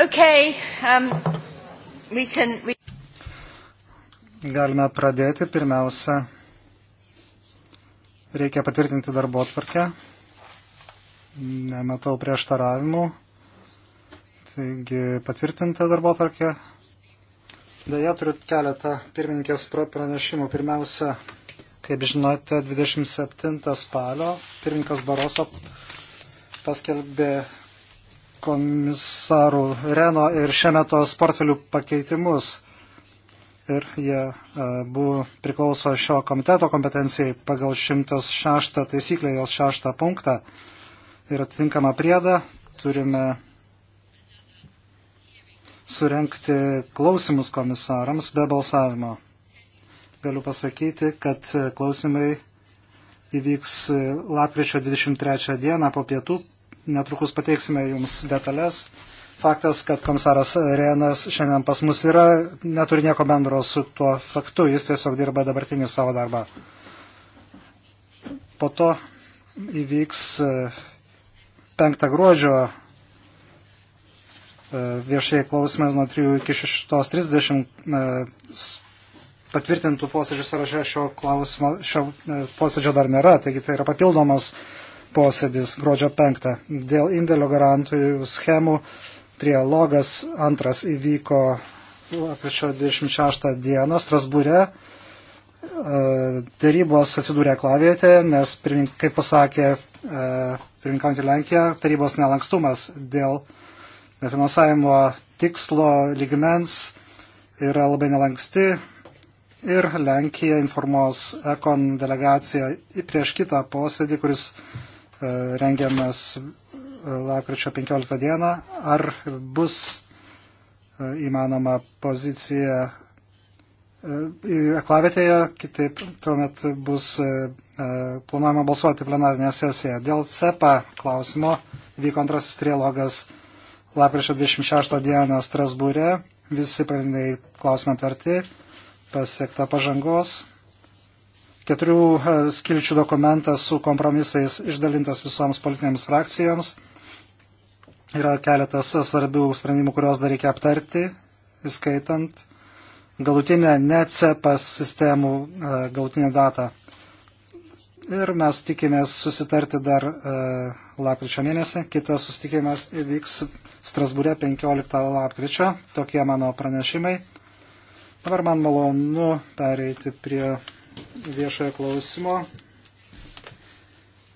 Okay, um, we can, we... Galime pradėti. Pirmiausia, reikia patvirtinti darbo atvarkę. Nematau prieštaravimų. Taigi patvirtinta darbo atvarkė. Deja, turiu keletą pirmininkės pranešimų. Pirmiausia, kaip žinote, 27 spalio pirmininkas Baroso paskelbė komisarų Reno ir Šemetos portfelių pakeitimus. Ir jie e, buvo priklauso šio komiteto kompetencijai pagal 106 taisyklę, jos 6 punktą. Ir atitinkamą priedą turime surenkti klausimus komisarams be balsavimo. Galiu pasakyti, kad klausimai įvyks lapkričio 23 dieną po pietų netrukus pateiksime jums detalės. Faktas, kad komisaras Renas šiandien pas mus yra, neturi nieko bendro su tuo faktu, jis tiesiog dirba dabartinį savo darbą. Po to įvyks 5 e, gruodžio e, viešai klausimai nuo 3 iki 6.30 e, patvirtintų posėdžių sąraše šio, klausimo, šio posėdžio dar nėra, taigi tai yra papildomas posėdis gruodžio 5. Dėl indėlio garantijų schemų trialogas antras įvyko apričio 26 dieną Strasbūre. E, tarybos atsidūrė klavietė, nes, kaip pasakė e, pirminkantį Lenkiją, tarybos nelankstumas dėl finansavimo tikslo ligmens yra labai nelanksti ir Lenkija informuos ekon delegaciją prieš kitą posėdį, kuris rengiamas e, lapkričio 15 dieną, ar bus e, įmanoma pozicija e, aklavėtėje, kitaip tuomet bus planuojama balsuoti plenarinėje sesijoje. Dėl CEPA klausimo vyko antrasis trilogas lapkričio 26 dieną Strasbūre, visi pagrindiniai klausimai aptarti, pasiekta pažangos, Keturių e, skilčių dokumentas su kompromisais išdalintas visoms politinėms frakcijoms. Yra keletas svarbių sprendimų, kuriuos dar reikia aptarti, įskaitant galutinę necepas sistemų e, galutinę datą. Ir mes tikimės susitarti dar e, lapkričio mėnesį. Kitas susitikimas įvyks Strasbūrė 15 lapkričio. Tokie mano pranešimai. Dabar man malonu pereiti prie viešojo klausimo.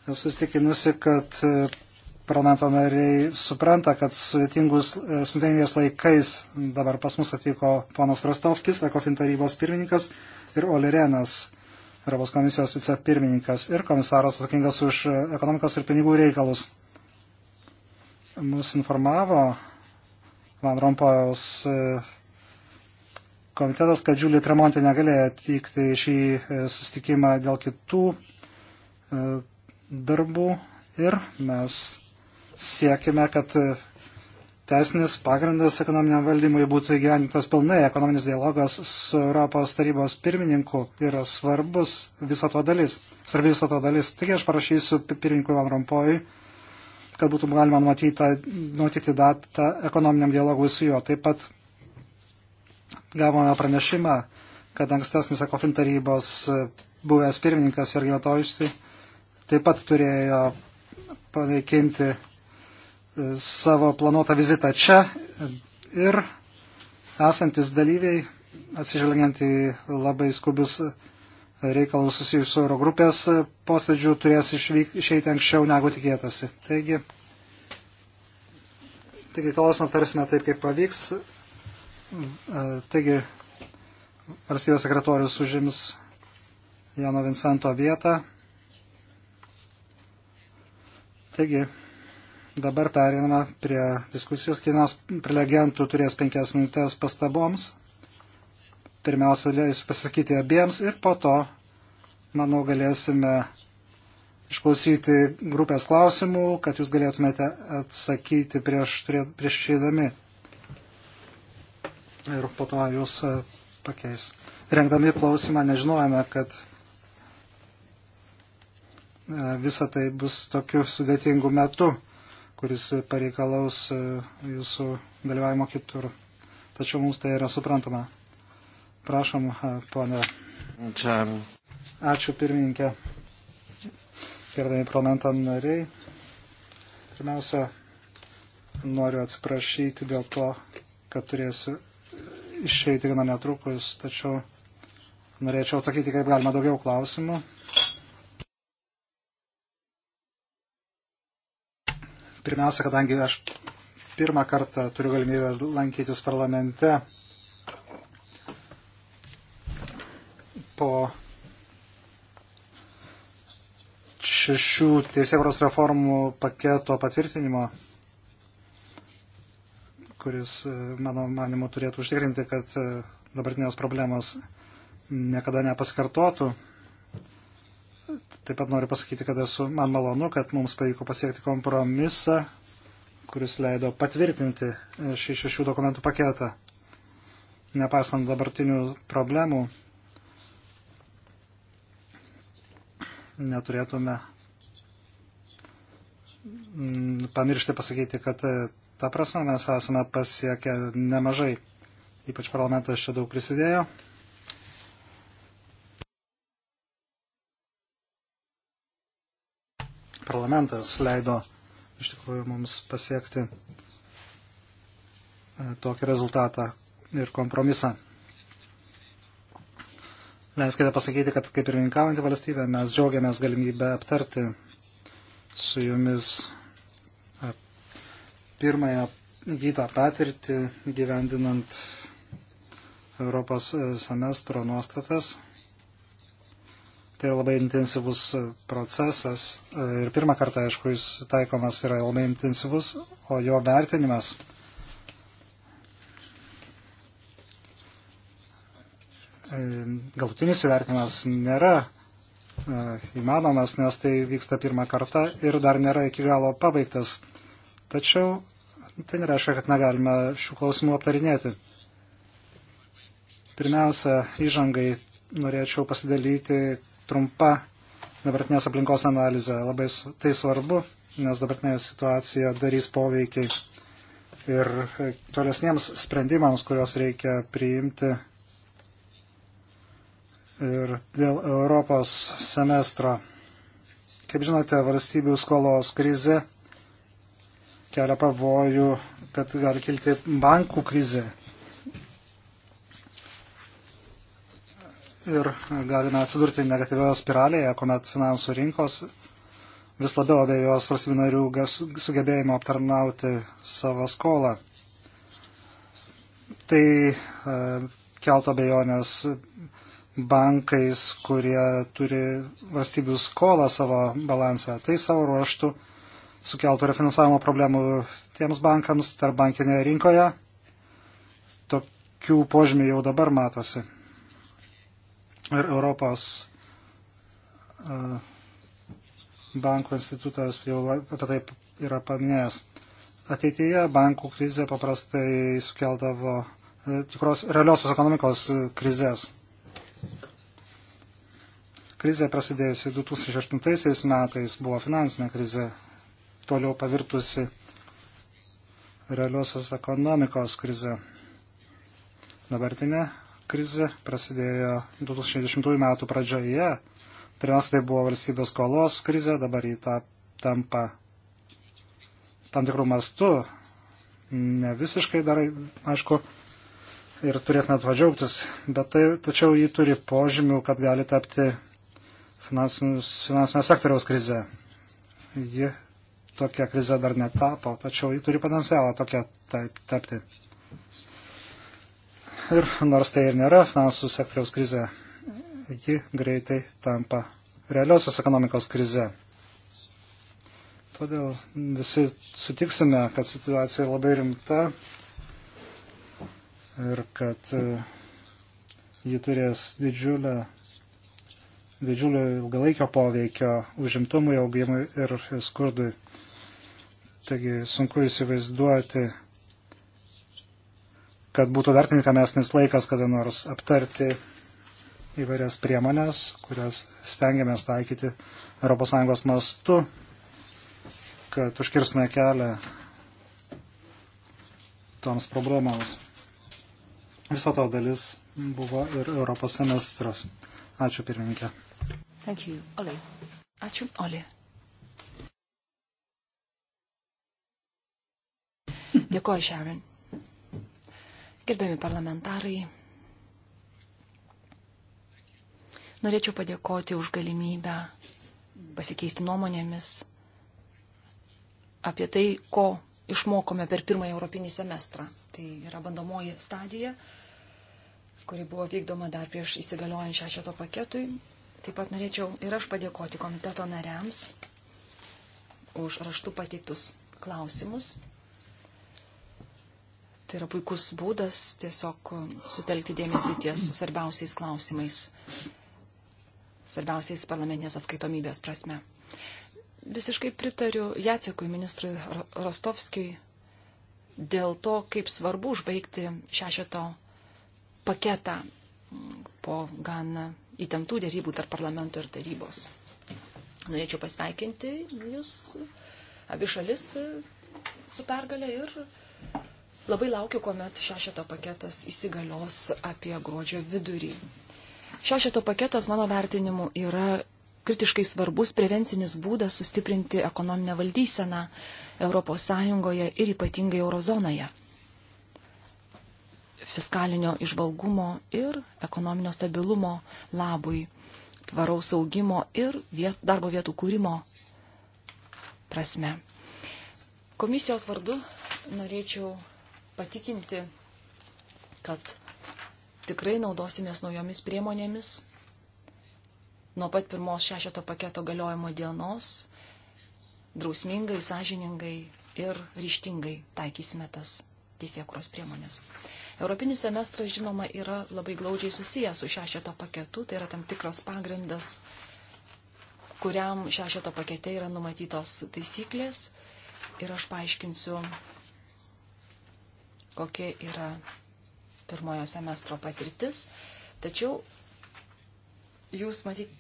Esu stikinusi, kad e, parlamento nariai supranta, kad e, sudėtingais laikais dabar pas mus atvyko ponas Rostovskis, Ekofin tarybos pirmininkas ir Olerenas, Europos komisijos vicepirmininkas ir komisaras atsakingas už e, ekonomikos ir pinigų reikalus. Mus informavo Van Rompojos komitetas, kad Džiulį Tremontį negalėjo atvykti į šį e, sustikimą dėl kitų e, darbų ir mes siekime, kad e, teisinis pagrindas ekonominiam valdymui būtų įgyvendintas pilnai. Ekonominis dialogas su Europos tarybos pirmininku yra svarbus viso to dalis. Svarbi viso to dalis. Tik aš parašysiu pirmininkui Van Rompojui, kad būtų galima numatyti, numatyti datą ekonominiam dialogui su juo. Taip pat gavome pranešimą, kad ankstesnis Ekofin tarybos e, buvęs pirmininkas Jurgio Tojusi taip pat turėjo panaikinti e, savo planuotą vizitą čia ir esantis dalyviai, atsižvelgiant į labai skubius reikalus susijusių Eurogrupės posėdžių, turės išvyk, išeiti anksčiau negu tikėtasi. Taigi, taigi klausimą tarsime taip, kaip pavyks. E, taigi, valstybės sekretorius užims Jano Vincento vietą. Taigi, dabar periname prie diskusijos. Kiekvienas prelegentų turės penkias minutės pastaboms. Pirmiausia, leisiu pasakyti abiems ir po to, manau, galėsime išklausyti grupės klausimų, kad jūs galėtumėte atsakyti prieš, prieš išėdami ir po to jūs e, pakeis. Rengdami klausimą nežinojame, kad e, visa tai bus tokiu sudėtingu metu, kuris pareikalaus e, jūsų dalyvavimo kitur. Tačiau mums tai yra suprantama. Prašom, ponė. Čia. Ačiū pirmininkė. Gerbami parlamento nariai. Pirmiausia, noriu atsiprašyti dėl to, kad turėsiu išeiti gana netrukus, tačiau norėčiau atsakyti, kaip galima daugiau klausimų. Pirmiausia, kadangi aš pirmą kartą turiu galimybę lankytis parlamente po šešių teisėvros reformų paketo patvirtinimo kuris, e, mano manimu, turėtų užtikrinti, kad e, dabartinės problemos niekada nepaskartotų. Taip pat noriu pasakyti, kad esu man malonu, kad mums pavyko pasiekti kompromisą, kuris leido patvirtinti e, šį šešių dokumentų paketą. Nepasant dabartinių problemų, neturėtume mm, pamiršti pasakyti, kad Ta prasme, mes esame pasiekę nemažai. Ypač parlamentas čia daug prisidėjo. Parlamentas leido iš tikrųjų mums pasiekti e, tokį rezultatą ir kompromisą. Leiskite pasakyti, kad kaip ir minkaujantį valstybę mes džiaugiamės galimybę aptarti su jumis pirmąją įgytą patirtį gyvendinant Europos e, semestro nuostatas. Tai labai intensyvus e, procesas e, ir pirmą kartą, aišku, jis taikomas yra labai intensyvus, o jo vertinimas galutinis įvertinimas nėra įmanomas, nes tai vyksta pirmą kartą ir dar nėra iki galo pabaigtas. Tačiau tai nereiškia, kad negalime šių klausimų aptarinėti. Pirmiausia, įžangai norėčiau pasidalyti trumpa dabartinės aplinkos analizė. Labai tai svarbu, nes dabartinė situacija darys poveikiai ir e, tolesniems sprendimams, kuriuos reikia priimti ir dėl Europos semestro. Kaip žinote, valstybių skolos krize kelia pavojų, kad gali kilti bankų krizė. Ir galime atsidurti negatyvioje spiralėje, kuomet finansų rinkos vis labiau abejos valstybių narių sugebėjimo aptarnauti savo skolą. Tai e, kelto abejonės bankais, kurie turi valstybių skolą savo balansą. Tai savo ruoštų sukeltų refinansavimo problemų tiems bankams tarp bankinėje rinkoje. Tokių požymių jau dabar matosi. Ir Europos e, bankų institutas jau apie tai yra paminėjęs. Ateityje bankų krizė paprastai sukeldavo e, tikros realiosios ekonomikos e, krizės. Krizė prasidėjusi 2008 metais buvo finansinė krizė toliau pavirtusi realiosios ekonomikos krize. Dabartinė krize prasidėjo 2010 metų pradžioje. Pirmiausia, tai buvo valstybės skolos krize, dabar jį ta, tampa tam tikrų mastų, ne visiškai dar, aišku, ir turėtume tuo džiaugtis, bet tai, tačiau jį turi požymių, kad gali tapti finansinio sektoriaus krize. Ji tokia krize dar netapo, tačiau ji turi potencialą tokia taip, tapti. Ir nors tai ir nėra finansų sektoriaus krize, ji greitai tampa realiosios ekonomikos krize. Todėl visi sutiksime, kad situacija labai rimta ir kad e, ji turės didžiulę didžiulio ilgalaikio poveikio užimtumui, augimui ir skurdui. Taigi sunku įsivaizduoti, kad būtų dar tinkamesnis laikas kada nors aptarti įvairias priemonės, kurias stengiamės taikyti ES mastu, kad užkirstume kelią toms problemams. Viso to dalis buvo ir Europos semestras. Ačiū pirmininkė. Ačiū, Oli. Ačiū, Oli. Dėkuoju, Sharon. Gerbiami parlamentarai, norėčiau padėkoti už galimybę pasikeisti nuomonėmis apie tai, ko išmokome per pirmąjį europinį semestrą. Tai yra bandomoji stadija, kuri buvo vykdoma dar prieš įsigaliojant šešeto paketui. Taip pat norėčiau ir aš padėkoti komiteto nariams už raštų pateiktus klausimus. Tai yra puikus būdas tiesiog sutelkti dėmesį ties svarbiausiais klausimais, svarbiausiais parlamentinės atskaitomybės prasme. Visiškai pritariu Jacekui, ministrui Rostovskijui, dėl to, kaip svarbu užbaigti šešito paketą po gan įtemptų dėrybų tarp parlamento ir tarybos. Norėčiau pasveikinti jūs abi šalis su pergalė ir Labai laukiu, kuomet šešeto paketas įsigalios apie gruodžio vidurį. Šešeto paketas, mano vertinimu, yra kritiškai svarbus prevencinis būdas sustiprinti ekonominę valdyseną ES ir ypatingai eurozonoje. Fiskalinio išvalgumo ir ekonominio stabilumo labui, tvaraus augimo ir viet, darbo vietų kūrimo prasme. Komisijos vardu norėčiau patikinti, kad tikrai naudosimės naujomis priemonėmis nuo pat pirmos šešeto paketo galiojimo dienos drausmingai, sąžiningai ir ryštingai taikysime tas teisėkuros priemonės. Europinis semestras, žinoma, yra labai glaudžiai susijęs su šešeto paketu, tai yra tam tikras pagrindas, kuriam šešeto pakete yra numatytos taisyklės ir aš paaiškinsiu kokia yra pirmojo semestro patirtis. Tačiau jūs matyt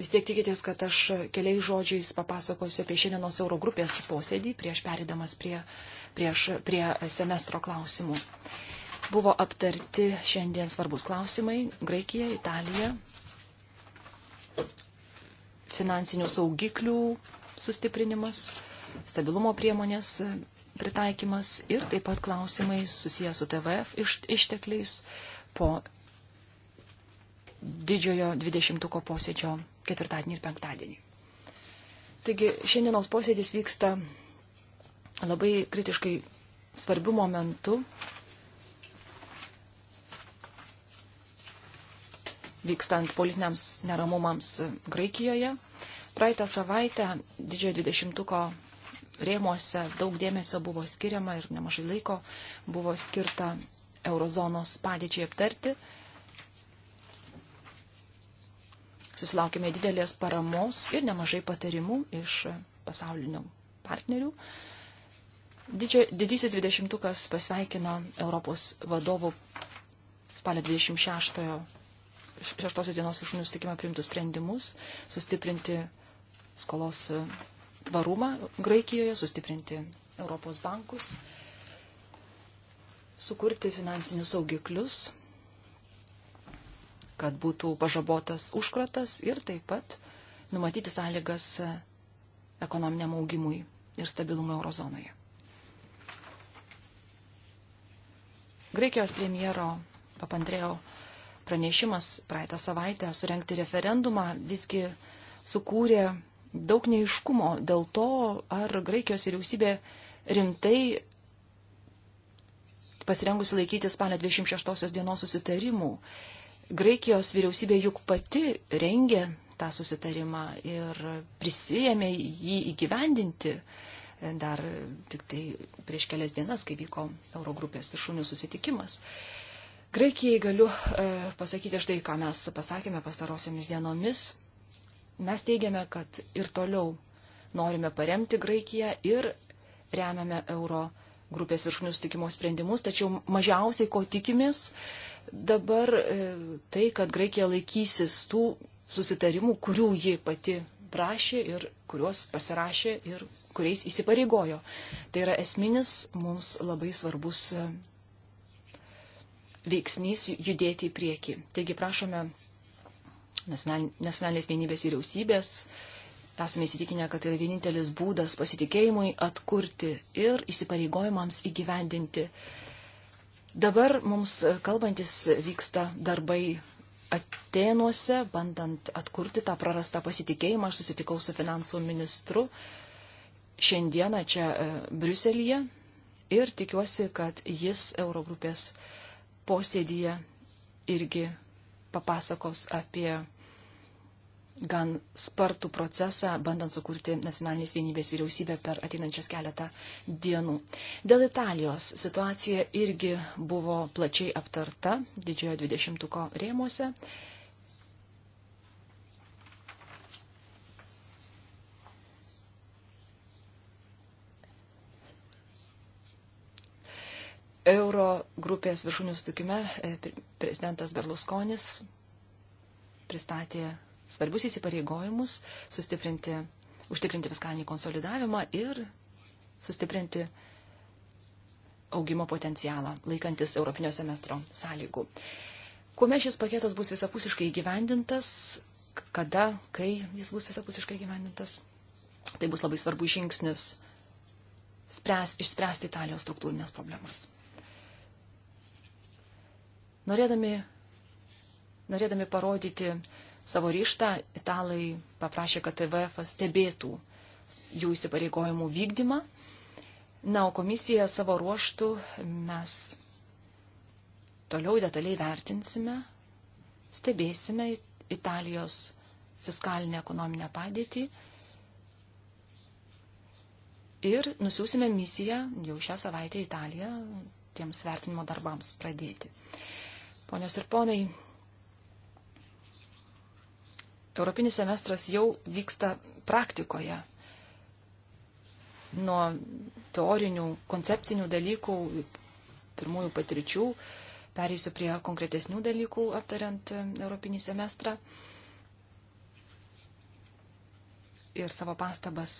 vis tiek tikitės, kad aš keliais žodžiais papasakosiu apie šiandienos Eurogrupės posėdį prieš perėdamas prie, prieš, prie semestro klausimų. Buvo aptarti šiandien svarbus klausimai - Graikija, Italija, finansinių saugiklių sustiprinimas, stabilumo priemonės, pritaikymas ir taip pat klausimai susijęs su TVF iš, ištekliais po didžiojo 20-ko posėdžio ketvirtadienį ir penktadienį. Taigi šiandienos posėdis vyksta labai kritiškai svarbių momentų. Vykstant politiniams neramumams Graikijoje. Praeitą savaitę didžiojo 20-ko rėmuose daug dėmesio buvo skiriama ir nemažai laiko buvo skirta eurozonos padėčiai aptarti. Susilaukime didelės paramos ir nemažai patarimų iš pasaulinių partnerių. Didysis dvidešimtukas pasveikino Europos vadovų spalio 26 šeštosios dienos viršūnių sutikimą priimtus sprendimus, sustiprinti skolos tvarumą Graikijoje, sustiprinti Europos bankus, sukurti finansinius saugiklius, kad būtų pažabotas užkratas ir taip pat numatyti sąlygas ekonominiam augimui ir stabilumui eurozonoje. Graikijos premjero Papandrėjo pranešimas praeitą savaitę surenkti referendumą visgi sukūrė daug neiškumo dėl to, ar Graikijos vyriausybė rimtai pasirengusi laikyti spalio 26 dienos susitarimų. Graikijos vyriausybė juk pati rengė tą susitarimą ir prisijėmė jį įgyvendinti dar tik tai prieš kelias dienas, kai vyko Eurogrupės viršūnių susitikimas. Graikijai galiu e, pasakyti štai, ką mes pasakėme pastarosiomis dienomis mes teigiame, kad ir toliau norime paremti Graikiją ir remiame euro grupės viršūnių sutikimo sprendimus, tačiau mažiausiai ko tikimės dabar e, tai, kad Graikija laikysis tų susitarimų, kurių ji pati prašė ir kuriuos pasirašė ir kuriais įsipareigojo. Tai yra esminis mums labai svarbus e, veiksnys judėti į priekį. Taigi prašome nacionalinės vienybės vyriausybės. Esame įsitikinę, kad tai yra vienintelis būdas pasitikėjimui atkurti ir įsipareigojimams įgyvendinti. Dabar mums kalbantis vyksta darbai Atenuose, bandant atkurti tą prarastą pasitikėjimą. Aš susitikau su finansų ministru šiandieną čia e, Briuselėje ir tikiuosi, kad jis Eurogrupės posėdyje irgi papasakos apie gan spartų procesą, bandant sukurti nacionalinės vienybės vyriausybę per ateinančias keletą dienų. Dėl Italijos situacija irgi buvo plačiai aptarta didžiojo dvidešimtuko rėmuose. Euro grupės viršūnių sutikime e, prezidentas Berlusconis pristatė svarbius įsipareigojimus, sustiprinti, užtikrinti fiskalinį konsolidavimą ir sustiprinti augimo potencialą, laikantis Europinio semestro sąlygų. Kuomet šis paketas bus visapusiškai gyvendintas, kada, kai jis bus visapusiškai gyvendintas, tai bus labai svarbu žingsnis spręs, išspręsti Italijos struktūrinės problemas. Norėdami, norėdami parodyti savo ryštą italai paprašė, kad TVF stebėtų jų įsipareigojimų vykdymą. Na, o komisija savo ruoštų mes toliau detaliai vertinsime, stebėsime Italijos fiskalinę ekonominę padėtį ir nusiūsime misiją jau šią savaitę į Italiją tiems vertinimo darbams pradėti. Ponios ir ponai, Europinis semestras jau vyksta praktikoje. Nuo teorinių, koncepcinių dalykų, pirmųjų patirčių, pereisiu prie konkretesnių dalykų aptariant e, Europinį semestrą. Ir savo pastabas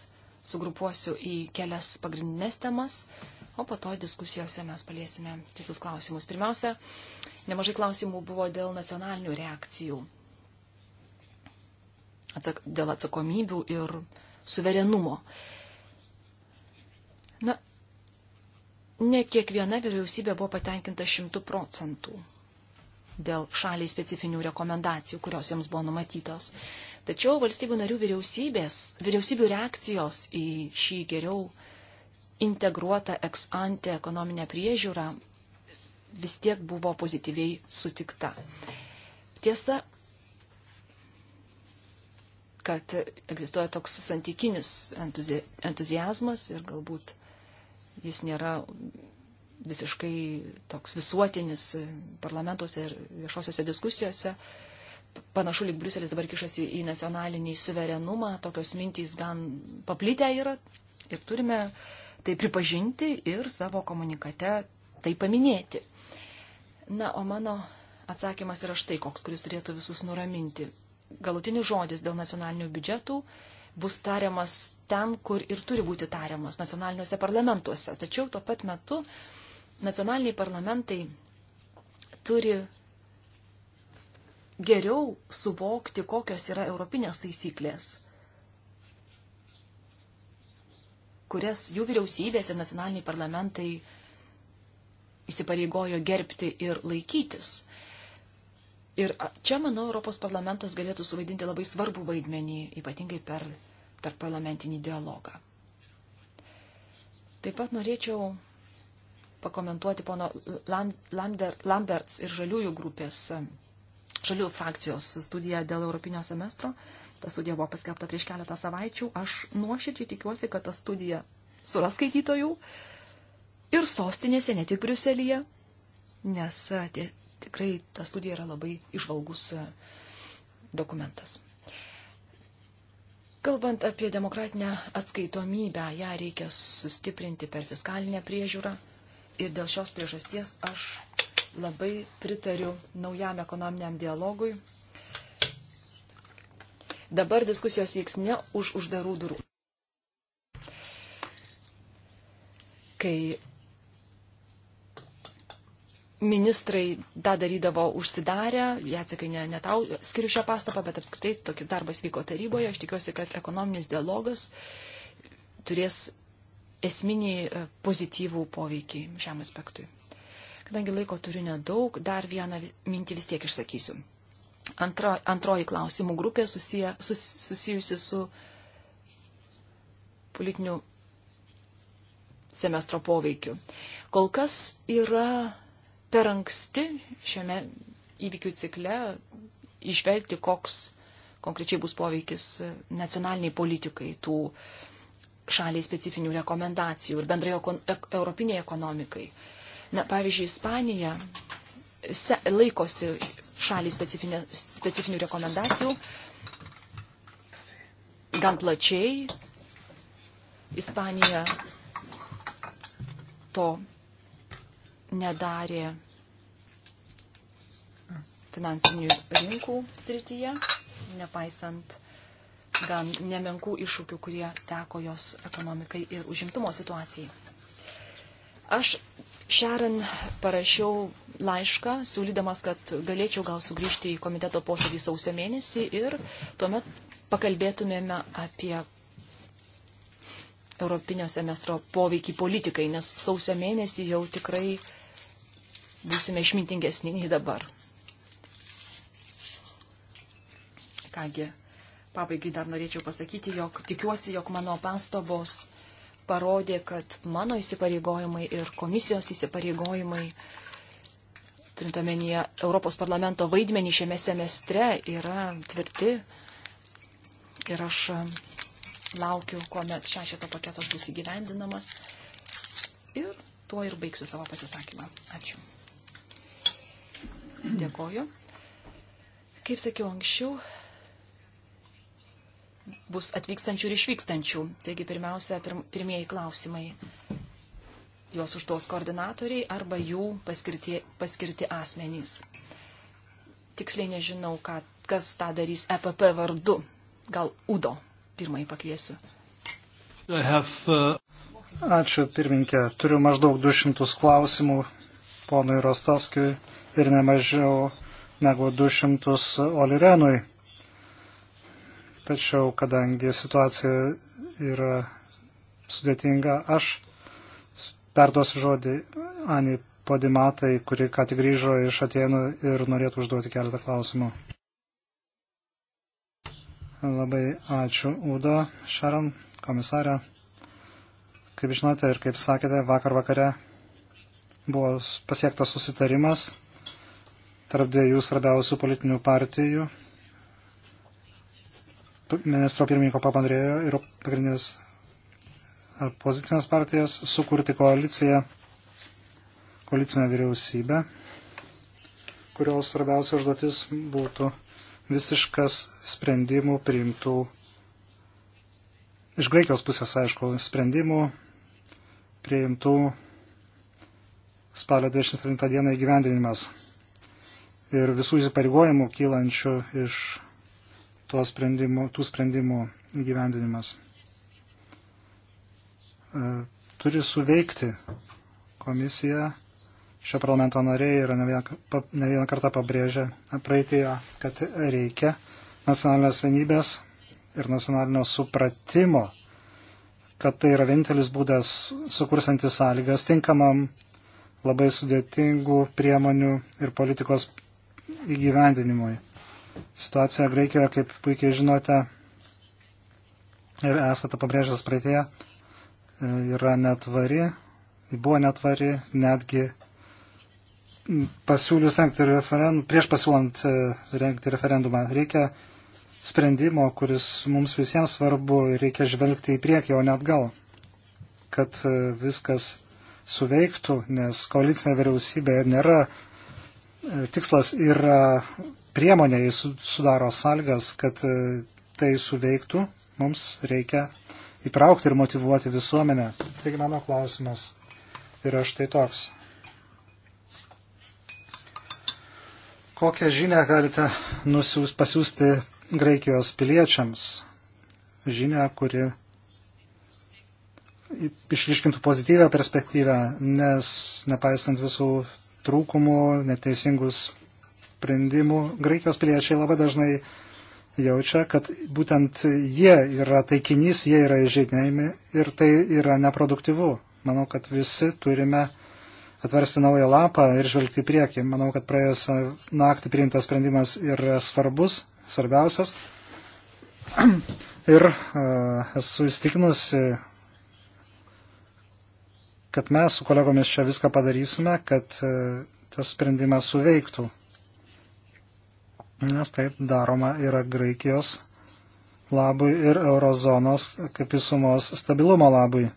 sugrupuosiu į kelias pagrindinės temas, o po to diskusijose mes paliesime kitus klausimus. Pirmiausia, nemažai klausimų buvo dėl nacionalinių reakcijų atsak dėl atsakomybių ir suverenumo. Na, ne kiekviena vyriausybė buvo patenkinta šimtų procentų dėl šaliai specifinių rekomendacijų, kurios jiems buvo numatytos. Tačiau valstybių narių vyriausybės, vyriausybių reakcijos į šį geriau integruotą ex ante ekonominę priežiūrą vis tiek buvo pozityviai sutikta. Tiesa, kad egzistuoja toks santykinis entuzijazmas ir galbūt jis nėra visiškai toks visuotinis parlamentuose ir viešosiose diskusijose. Panašu, lyg Briuselis dabar kišasi į nacionalinį suverenumą, tokios mintys gan paplitę yra ir turime tai pripažinti ir savo komunikate tai paminėti. Na, o mano atsakymas yra štai koks, kuris turėtų visus nuraminti galutinis žodis dėl nacionalinių biudžetų bus tariamas ten, kur ir turi būti tariamas - nacionaliniuose parlamentuose. Tačiau tuo pat metu nacionaliniai parlamentai turi geriau suvokti, kokios yra europinės taisyklės, kurias jų vyriausybės ir nacionaliniai parlamentai įsipareigojo gerbti ir laikytis. Ir čia, manau, Europos parlamentas galėtų suvaidinti labai svarbų vaidmenį, ypatingai per tarp parlamentinį dialogą. Taip pat norėčiau pakomentuoti pono Lamberts ir žaliųjų grupės, žaliųjų frakcijos studiją dėl Europinio semestro. Ta studija buvo paskelbta prieš keletą savaičių. Aš nuoširdžiai tikiuosi, kad ta studija suras skaitytojų ir sostinėse, ne tik Briuselėje, nes tie Tikrai ta studija yra labai išvalgus e, dokumentas. Kalbant apie demokratinę atskaitomybę, ją reikia sustiprinti per fiskalinę priežiūrą. Ir dėl šios priežasties aš labai pritariu naujam ekonominiam dialogui. Dabar diskusijos vyks ne už uždarų durų. Kai ministrai tą darydavo užsidarę, Jacekai, ne, ne tau skiriu šią pastabą, bet apskritai tokį darbas vyko taryboje. Aš tikiuosi, kad ekonominis dialogas turės esminį e, pozityvų poveikį šiam aspektui. Kadangi laiko turiu nedaug, dar vieną mintį vis tiek išsakysiu. Antro, antroji klausimų grupė susiję, sus, susijusi su politiniu semestro poveikiu. Kol kas yra per anksti šiame įvykių cikle išvelgti, koks konkrečiai bus poveikis nacionaliniai politikai tų šaliai specifinių rekomendacijų ir bendrai europiniai ekonomikai. Na, pavyzdžiui, Ispanija se, laikosi šaliai specifinių rekomendacijų gan plačiai. Ispanija to nedarė finansinių rinkų srityje, nepaisant gan nemenkų iššūkių, kurie teko jos ekonomikai ir užimtumo situacijai. Aš Šaran parašiau laišką, siūlydamas, kad galėčiau gal sugrįžti į komiteto posėdį sausio mėnesį ir tuomet pakalbėtumėme apie Europinio semestro poveikį politikai, nes sausio mėnesį jau tikrai būsime išmintingesni nei dabar. Kągi, pabaigai dar norėčiau pasakyti, jog tikiuosi, jog mano pastabos parodė, kad mano įsipareigojimai ir komisijos įsipareigojimai, turintamenyje Europos parlamento vaidmenį šiame semestre, yra tvirti. Ir aš um, laukiu, kuomet šešito paketas bus įgyvendinamas. Ir tuo ir baigsiu savo pasisakymą. Ačiū. Dėkoju. Kaip sakiau anksčiau, bus atvykstančių ir išvykstančių. Taigi pirmiausia, pirmieji klausimai. Juos užduos koordinatoriai arba jų paskirti, paskirti asmenys. Tiksliai nežinau, ką, kas tą darys EPP vardu. Gal Udo pirmąjį pakviesiu. Have, uh... Ačiū pirminkė. Turiu maždaug 200 klausimų ponui Rostovskijui ir nemažiau negu 200 Olirenui. Tačiau, kadangi situacija yra sudėtinga, aš perduosiu žodį Ani Podimatai, kuri ką tik grįžo iš Atenų ir norėtų užduoti keletą klausimų. Labai ačiū, Udo, Šaran, komisarė. Kaip žinote ir kaip sakėte, vakar vakare buvo pasiektas susitarimas tarp dviejų svarbiausių politinių partijų ministro pirmininko papandrėjo ir pagrindinės pozicinės partijas sukurti koaliciją, koalicinę vyriausybę, kurios svarbiausia užduotis būtų visiškas sprendimų priimtų iš Graikijos pusės, aišku, sprendimų priimtų spalio 27 dieną įgyvendinimas ir visų įsipareigojimų kylančių iš sprendimų, tų sprendimų įgyvendinimas. E, turi suveikti komisija. Šio parlamento nariai yra ne vieną kartą pabrėžę praeitėje, kad reikia nacionalinės vienybės ir nacionalinio supratimo, kad tai yra vienintelis būdas sukursantis sąlygas tinkamam labai sudėtingų priemonių ir politikos įgyvendinimui. Situacija Graikijoje, kaip puikiai žinote, ir esate pabrėžęs praeitėje, e, yra netvari, buvo netvari, netgi pasiūlius rengti referendumą, prieš pasiūlant e, rengti referendumą, reikia sprendimo, kuris mums visiems svarbu ir reikia žvelgti į priekį, o ne atgal, kad e, viskas suveiktų, nes koalicinė vyriausybė nėra, tikslas yra priemonė sudaro sąlygas, kad e, tai suveiktų, mums reikia įtraukti ir motivuoti visuomenę. Taigi mano klausimas yra štai toks. Kokią žinę galite nusiūs, pasiūsti Graikijos piliečiams? Žinę, kuri išriškintų pozityvę perspektyvę, nes nepaisant visų trūkumų, neteisingus sprendimų, Graikijos piliečiai labai dažnai jaučia, kad būtent jie yra taikinys, jie yra įžeidinėjami ir tai yra neproduktyvu. Manau, kad visi turime atversti naują lapą ir žvelgti į priekį. Manau, kad praėjusią naktį priimtas sprendimas yra svarbus, svarbiausias. Ir uh, esu įstikinusi, kad mes su kolegomis čia viską padarysime, kad uh, tas sprendimas suveiktų nes taip daroma yra Graikijos labui ir eurozonos kaip visumos stabilumo labui.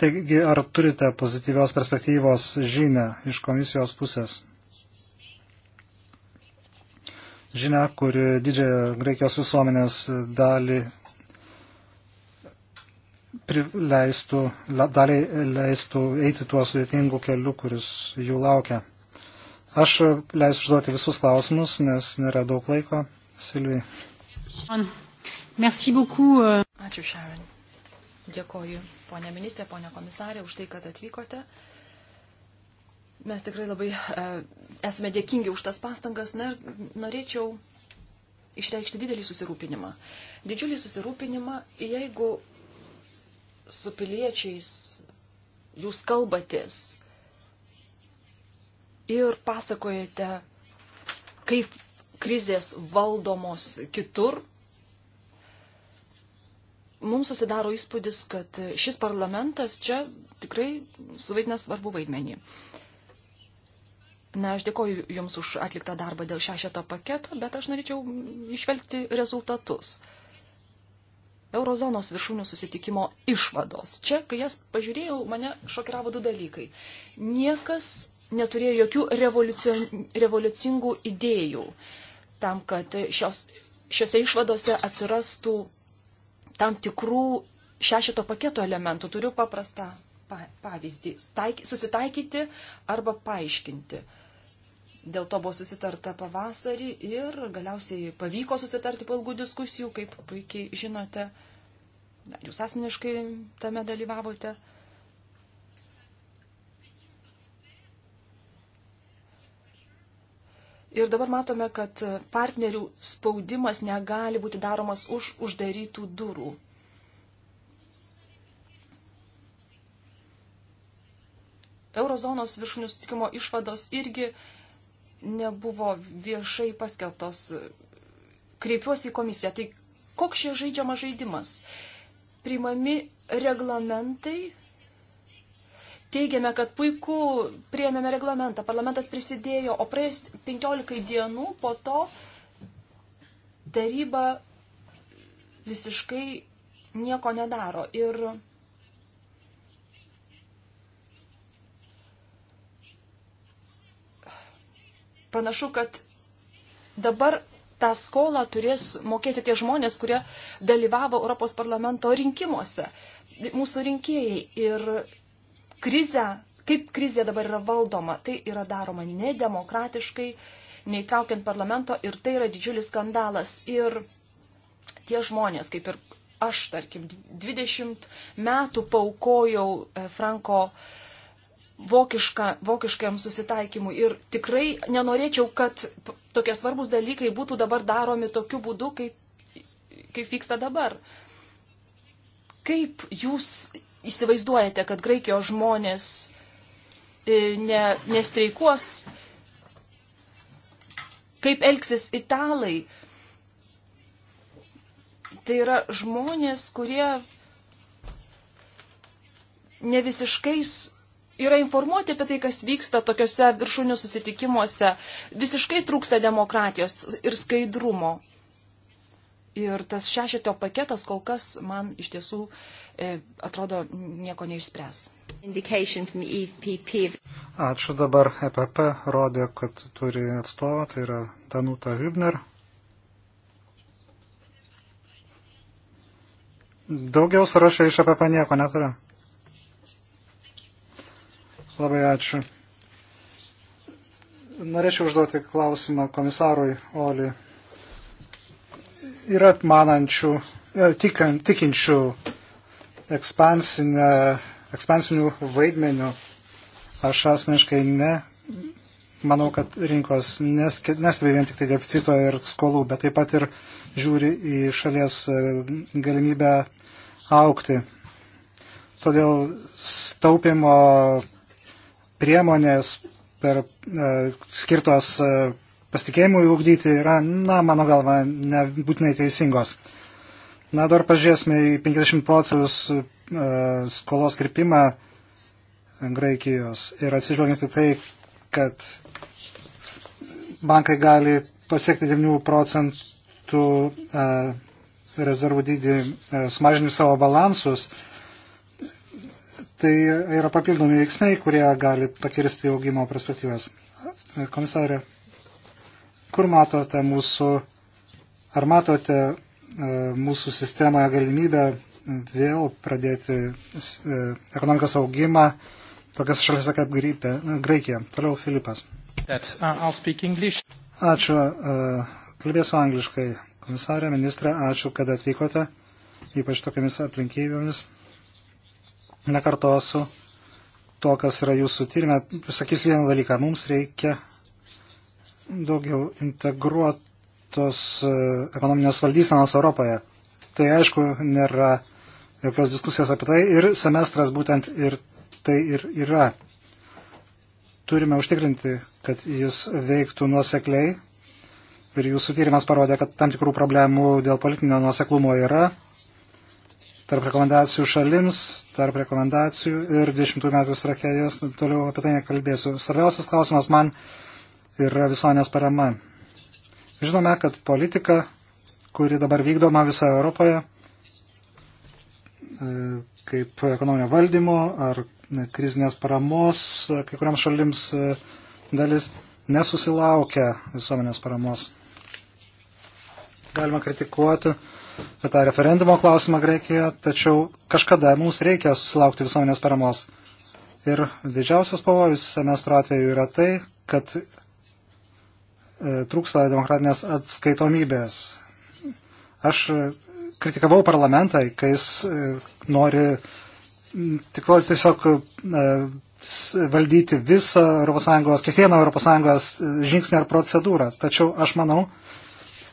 Taigi, ar turite pozityvios perspektyvos žinę iš komisijos pusės? Žinia, kuri didžiąją Graikijos visuomenės dalį leistų, daliai leistų eiti tuo sudėtingu keliu, kuris jų laukia. Aš leisiu užduoti visus klausimus, nes nėra daug laiko. Silvijai. Merci beaucoup. Euh. Ačiū, Sharon. Dėkoju, ponė ministrė, ponė komisarė, už tai, kad atvykote. Mes tikrai labai e, esame dėkingi už tas pastangas. Na, norėčiau išreikšti didelį susirūpinimą. Didžiulį susirūpinimą, jeigu su piliečiais, jūs kalbatės ir pasakojate, kaip krizės valdomos kitur. Mums susidaro įspūdis, kad šis parlamentas čia tikrai suvaidina svarbu vaidmenį. Na, aš dėkoju Jums už atliktą darbą dėl šešeto paketo, bet aš norėčiau išvelgti rezultatus. Uh, Eurozonos viršūnių susitikimo išvados. Čia, kai jas pažiūrėjau, mane šokiravo du dalykai. Niekas neturėjo jokių revoliucingų idėjų tam, kad šios, šiose išvadose atsirastų tam tikrų šešito paketo elementų. Turiu paprastą pavyzdį. Taik, susitaikyti arba paaiškinti. Uh, Dėl to buvo susitarta pavasarį ir galiausiai pavyko susitarti po ilgų diskusijų, kaip puikiai žinote. Na, jūs asmeniškai tame dalyvavote. Ir dabar matome, kad partnerių spaudimas negali būti daromas už uždarytų durų. Eurozonos viršūnių sutikimo išvados irgi nebuvo viešai paskelbtos. Kreipiuosi į komisiją. Tai koks čia žaidžiamas žaidimas? Primami reglamentai. Teigiame, kad puiku priėmėme reglamentą, parlamentas prisidėjo, o praėjus 15 dienų po to taryba visiškai nieko nedaro. Ir panašu, kad dabar tą skolą turės mokėti tie žmonės, kurie dalyvavo Europos parlamento rinkimuose, mūsų rinkėjai. Ir krizę, kaip krizė dabar yra valdoma, tai yra daroma nedemokratiškai, neįtraukiant parlamento ir tai yra didžiulis skandalas. Ir tie žmonės, kaip ir aš, tarkim, 20 metų paukojau e, Franko uh, vokiška, vokiškiam susitaikymui. Ir tikrai nenorėčiau, kad tokie svarbus dalykai būtų dabar daromi tokiu būdu, kaip, kaip vyksta dabar. Kaip jūs įsivaizduojate, kad Graikijos žmonės e, ne, nestreikuos? Kaip elgsis italai? Tai yra žmonės, kurie ne visiškais yra informuoti apie tai, kas vyksta tokiuose viršūnių susitikimuose. Visiškai trūksta demokratijos ir skaidrumo. Ir tas šešito paketas kol kas man iš tiesų e, atrodo nieko neišspręs. E Ačiū dabar EPP rodė, kad turi atstovą, tai yra Danuta Hübner. Daugiau sąrašai iš EPP nieko neturiu. Labai ačiū. Norėčiau užduoti klausimą komisarui Oli. Yra manančių, e, tikinčių ekspansinių vaidmenių. Aš asmeniškai ne. Manau, kad rinkos nestebi vien tik tai deficito ir skolų, bet taip pat ir žiūri į šalies e, galimybę aukti. Todėl staupimo priemonės per, e, skirtos e, pasitikėjimui ugdyti yra, na, mano galva, nebūtinai teisingos. Na, dar pažiūrėsime į 50 procentus e, skolos kirpimą Graikijos ir atsižvelgiant į tai, kad bankai gali pasiekti 9 procentų e, rezervų dydį e, sumažinti savo balansus, e, tai yra papildomi veiksmai, kurie gali pakirsti augimo perspektyvas. Komisarė, kur matote mūsų, ar matote e, mūsų sistemoje galimybę vėl pradėti e, ekonomikos augimą tokias šalise kaip e, Graikija? Toliau Filipas. Uh, ačiū. Kalbėsiu angliškai. Komisarė, ministrė, ačiū, kad atvykote, ypač tokiamis aplinkybėmis nekartosiu to, kas yra jūsų tyrimė. Sakysiu vieną dalyką. Mums reikia daugiau integruotos e, ekonominės valdysenos Europoje. Tai aišku, nėra jokios diskusijos apie tai ir semestras būtent ir tai ir yra. Turime užtikrinti, kad jis veiktų nuosekliai ir jūsų tyrimas parodė, kad tam tikrų problemų dėl politinio nuoseklumo yra tarp rekomendacijų šalims, tarp rekomendacijų ir 20 metų strategijos, toliau apie tai nekalbėsiu. Svarbiausias klausimas man yra visuomenės parama. Žinome, kad politika, kuri dabar vykdoma visoje Europoje, e, kaip ekonominio valdymo ar krizinės paramos kai kuriam šalims e, dalis nesusilaukia visuomenės paramos. Galima kritikuoti tą referendumo klausimą Graikijoje, tačiau kažkada mums reikia susilaukti visuomenės paramos. Ir didžiausias pavojus semestro atveju yra tai, kad e, trūksta demokratinės atskaitomybės. Aš e, kritikavau parlamentą, kai jis e, nori tik tiesiog e, valdyti visą ES, kiekvieną ES e, žingsnį ar procedūrą. Tačiau aš manau,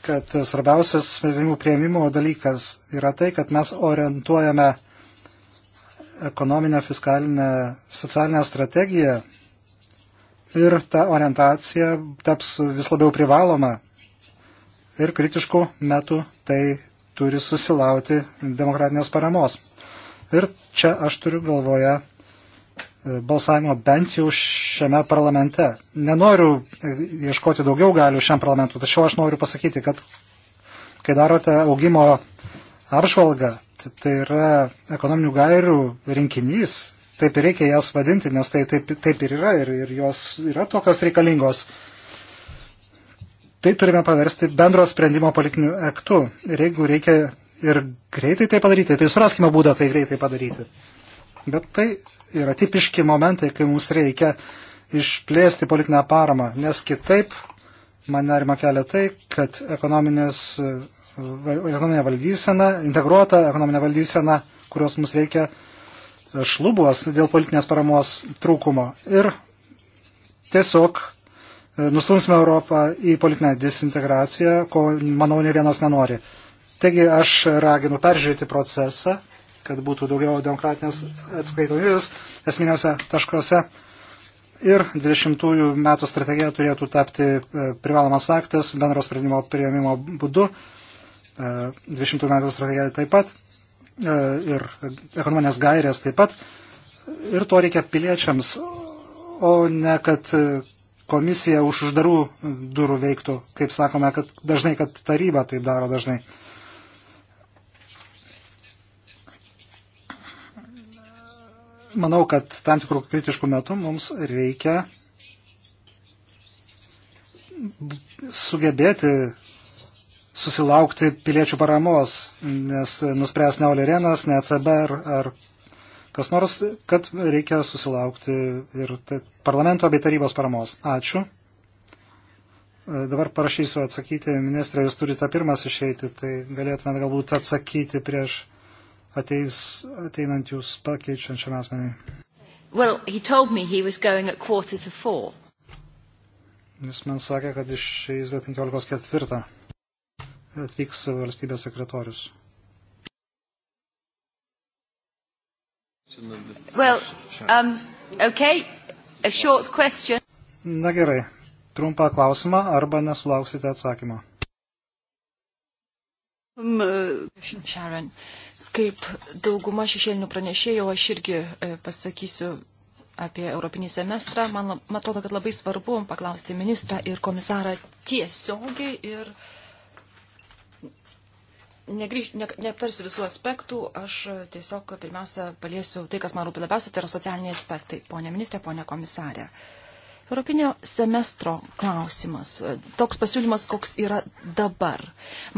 kad svarbiausias sprendimų prieimimo dalykas yra tai, kad mes orientuojame ekonominę, fiskalinę, socialinę strategiją ir ta orientacija taps vis labiau privaloma ir kritiškų metų tai turi susilauti demokratinės paramos. Ir čia aš turiu galvoje E, balsavimo bent jau šiame parlamente. Nenoriu e, ieškoti daugiau galių šiam parlamentu, tačiau aš noriu pasakyti, kad kai darote augimo apžvalgą, tai, tai yra ekonominių gairių rinkinys, taip ir reikia jas vadinti, nes tai taip, taip ir yra ir, ir jos yra tokios reikalingos. Tai turime paversti bendro sprendimo politiniu aktu. Ir jeigu reikia ir greitai tai padaryti, tai suraskime būdą tai greitai padaryti. Bet tai yra tipiški momentai, kai mums reikia išplėsti politinę paramą, nes kitaip man nerima kelia tai, kad e, ekonominė valdysena, integruota ekonominė valdysena, kurios mums reikia šlubuos dėl politinės paramos trūkumo. Ir tiesiog e, nustumsime Europą į politinę disintegraciją, ko, manau, ne vienas nenori. Taigi aš raginu peržiūrėti procesą kad būtų daugiau demokratinės atskaitomybės esminiuose taškuose. Ir 20 metų strategija turėtų tapti e, privalomas aktas bendros sprendimo prieimimo būdu. 20 e, metų strategija taip pat e, ir ekonominės gairės taip pat. Ir to reikia piliečiams, o ne kad komisija už uždarų durų veiktų, kaip sakome, kad dažnai, kad taryba taip daro dažnai. manau, kad tam tikrų kritiškų metų mums reikia sugebėti susilaukti piliečių paramos, nes nuspręs ne Olerenas, ne ECB ar, ar kas nors, kad reikia susilaukti ir parlamento bei tarybos paramos. Ačiū. Dabar parašysiu atsakyti, ministrė, jūs turite pirmas išeiti, tai galėtumėte galbūt atsakyti prieš ateis ateinant jūs pakeičiančiam asmeniui? Well, he told me he was going at quarter to four. Jis man sakė, kad išeis be 15.4. Atvyks valstybės sekretorius. Well, um, okay, a short question. Na gerai, trumpą klausimą arba nesulauksite atsakymą. Um, uh, Sharon. Uh, Kaip dauguma šešėlinių pranešėjų, aš irgi e, pasakysiu apie Europinį semestrą. Man, man atrodo, kad labai svarbu paklausti ministrą ir komisarą tiesiogiai ir negrįž, ne, neaptarsiu visų aspektų, aš e, tiesiog pirmiausia paliesiu tai, kas man rūpi labiausiai, tai yra socialiniai aspektai. Pone ministrė, pone komisarė. Uh, Europinio semestro klausimas. Toks pasiūlymas, koks yra dabar.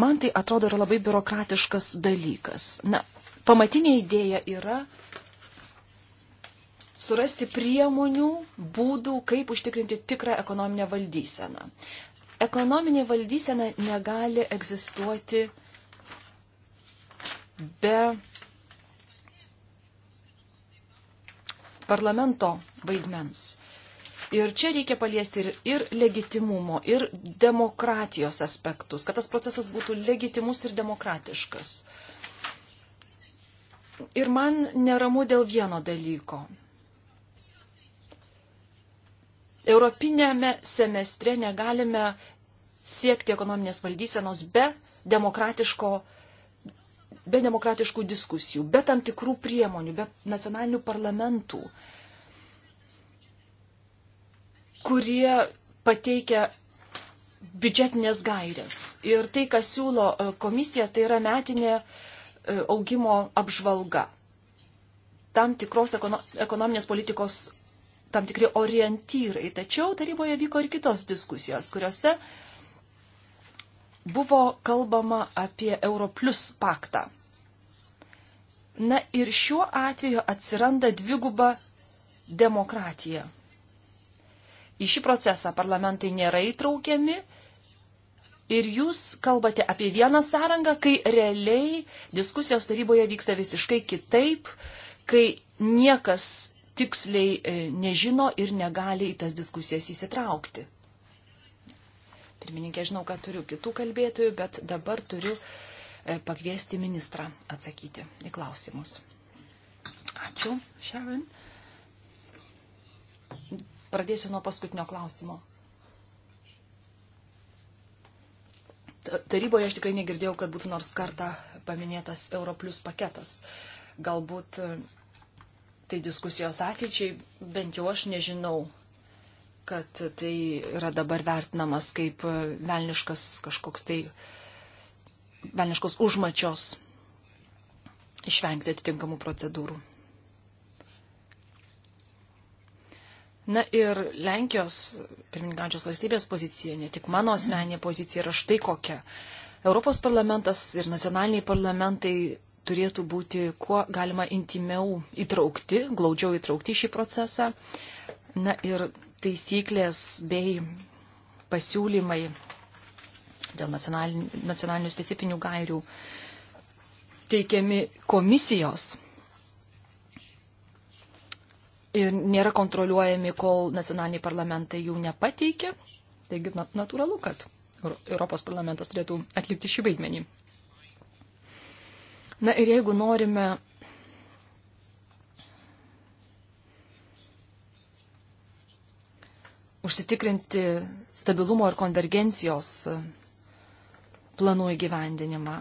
Man tai atrodo yra labai biurokratiškas dalykas. Na, pamatinė idėja yra surasti priemonių, būdų, kaip užtikrinti tikrą ekonominę valdyseną. Ekonominė valdysena negali egzistuoti be parlamento vaidmens. Ir čia reikia paliesti ir, ir legitimumo, ir demokratijos aspektus, kad tas procesas būtų legitimus ir demokratiškas. Ir man neramu dėl vieno dalyko. Europinėme semestre negalime siekti ekonominės valdysenos be demokratiško be demokratiškų diskusijų, be tam tikrų priemonių, be nacionalinių parlamentų. Uh, kurie pateikia biudžetinės gairės. Ir tai, kas siūlo e, komisija, tai yra metinė e, augimo apžvalga. Tam tikros ekonominės politikos tam tikri orientyrai. Tačiau taryboje vyko ir kitos diskusijos, kuriuose buvo kalbama apie Europlus paktą. Na ir šiuo atveju atsiranda dviguba demokratija į šį procesą parlamentai nėra įtraukiami. Ir jūs kalbate apie vieną sąrangą, kai realiai diskusijos taryboje vyksta visiškai kitaip, kai niekas tiksliai e, nežino ir negali į tas diskusijas įsitraukti. Pirmininkė, žinau, kad turiu kitų kalbėtojų, bet dabar turiu e, pakviesti ministrą atsakyti į klausimus. Ačiū, Sharon. Pradėsiu nuo paskutinio klausimo. Taryboje aš tikrai negirdėjau, kad būtų nors kartą paminėtas Europlius paketas. Galbūt e, tai diskusijos ateičiai, bent jau aš nežinau, kad tai yra dabar vertinamas kaip e, velniškas kažkoks tai velniškos užmačios išvengti atitinkamų procedūrų. Na ir Lenkijos pirmininkančios valstybės pozicija, ne tik mano asmeninė pozicija, yra štai kokia. Europos parlamentas ir nacionaliniai parlamentai turėtų būti kuo galima intimiau įtraukti, glaudžiau įtraukti šį procesą. Na ir taisyklės bei pasiūlymai dėl nacionalinių, nacionalinių specifinių gairių teikiami komisijos ir nėra kontroliuojami, kol nacionaliniai parlamentai jų nepateikia. Taigi natūralu, kad Europos parlamentas turėtų atlikti šį vaidmenį. Na ir jeigu norime užsitikrinti stabilumo ir konvergencijos planų įgyvendinimą,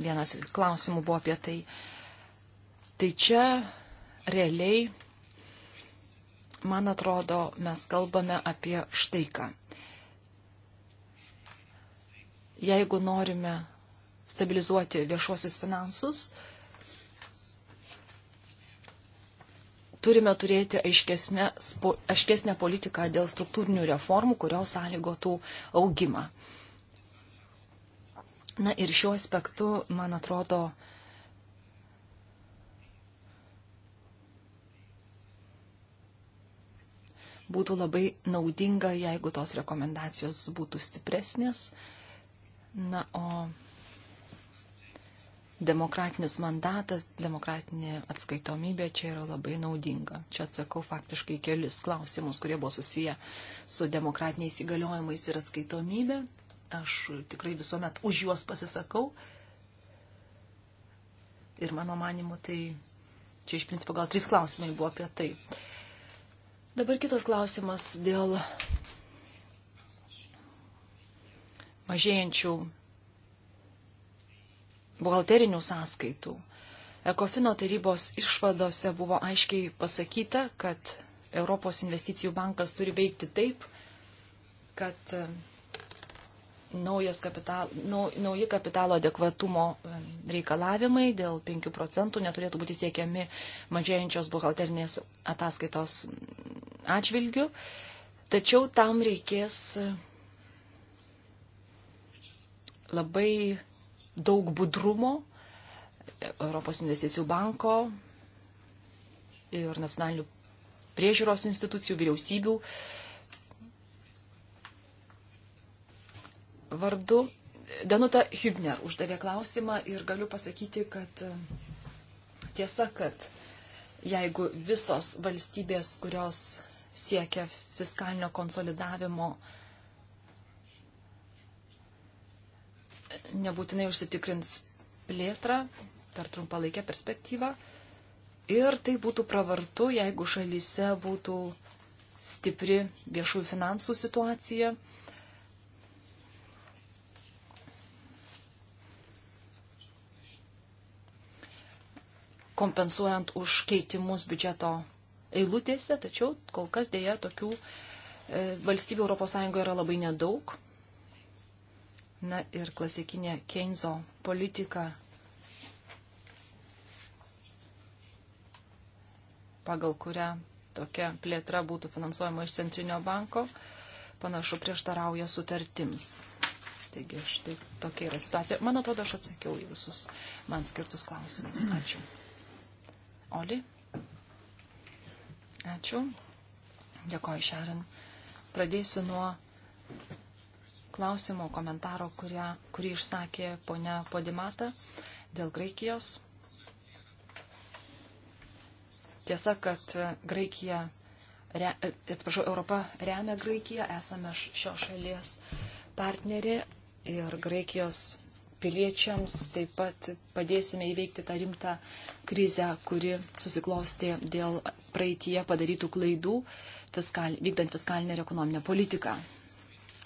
vienas klausimų buvo apie tai, tai čia realiai man atrodo, mes kalbame apie štai ką. Jeigu norime stabilizuoti viešuosius finansus, turime turėti aiškesnę, aiškesnę politiką dėl struktūrinių reformų, kurios sąlygotų augimą. Na ir šiuo aspektu, man atrodo, būtų labai naudinga, jeigu tos rekomendacijos būtų stipresnės. Na, o demokratinis mandatas, demokratinė atskaitomybė čia yra labai naudinga. Čia atsakau faktiškai kelis klausimus, kurie buvo susiję su demokratiniais įgaliojimais ir atskaitomybė. Aš tikrai visuomet už juos pasisakau. Ir mano manimu, tai čia iš principo gal trys klausimai buvo apie tai. Uh, Dabar kitas klausimas dėl mažėjančių buhalterinių sąskaitų. Ekofino tarybos išvadose buvo aiškiai pasakyta, kad Europos investicijų bankas turi veikti taip, kad e, naujas kapital, nau, nauji kapitalo adekvatumo e, reikalavimai dėl 5 procentų neturėtų būti siekiami mažėjančios buhalterinės ataskaitos atžvilgių, tačiau tam reikės labai daug budrumo Europos investicijų banko ir nacionalinių priežiūros institucijų, vyriausybių vardu. Danuta Hübner uždavė klausimą ir galiu pasakyti, kad e, tiesa, kad jeigu visos valstybės, kurios siekia fiskalinio konsolidavimo, nebūtinai užsitikrins plėtrą per trumpalaikę perspektyvą. Ir tai būtų pravartu, jeigu šalyse būtų stipri viešųjų finansų situacija. kompensuojant už keitimus biudžeto eilutėse, tačiau kol kas dėja tokių e, valstybių ES yra labai nedaug. Na ir klasikinė Keynes'o politika pagal kurią tokia plėtra būtų finansuojama iš Centrinio banko, panašu prieštarauja sutartims. Taigi štai tokia yra situacija. Man atrodo, aš atsakiau į visus man skirtus klausimus. Ačiū. Oli? Ačiū. Dėkoju, Šarin. Pradėsiu nuo klausimo, komentaro, kurią, kurį išsakė ponia Podimata dėl Graikijos. Tiesa, kad Graikija, re, atsiprašau, Europa remia Graikiją, esame šios šalies partnerė ir Graikijos piliečiams, taip pat padėsime įveikti tą rimtą krizę, kuri susiklosti dėl praeitie padarytų klaidų fiskal, vykdant fiskalinę ir ekonominę politiką.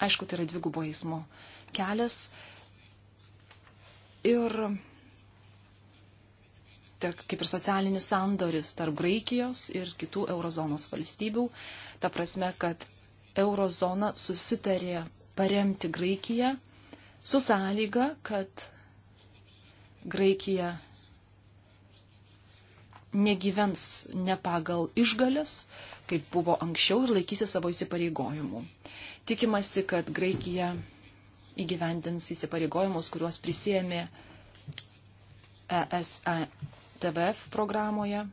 Aišku, tai yra dvigubo eismo kelias. Ir tarp, kaip ir socialinis sandoris tarp Graikijos ir kitų eurozonos valstybių. Ta prasme, kad eurozona susitarė paremti Graikiją su sąlyga, kad Graikija negyvens ne pagal išgalės, kaip buvo anksčiau ir laikysi savo įsipareigojimų. Tikimasi, kad Graikija įgyvendins įsipareigojimus, kuriuos prisėmė ESTVF e programoje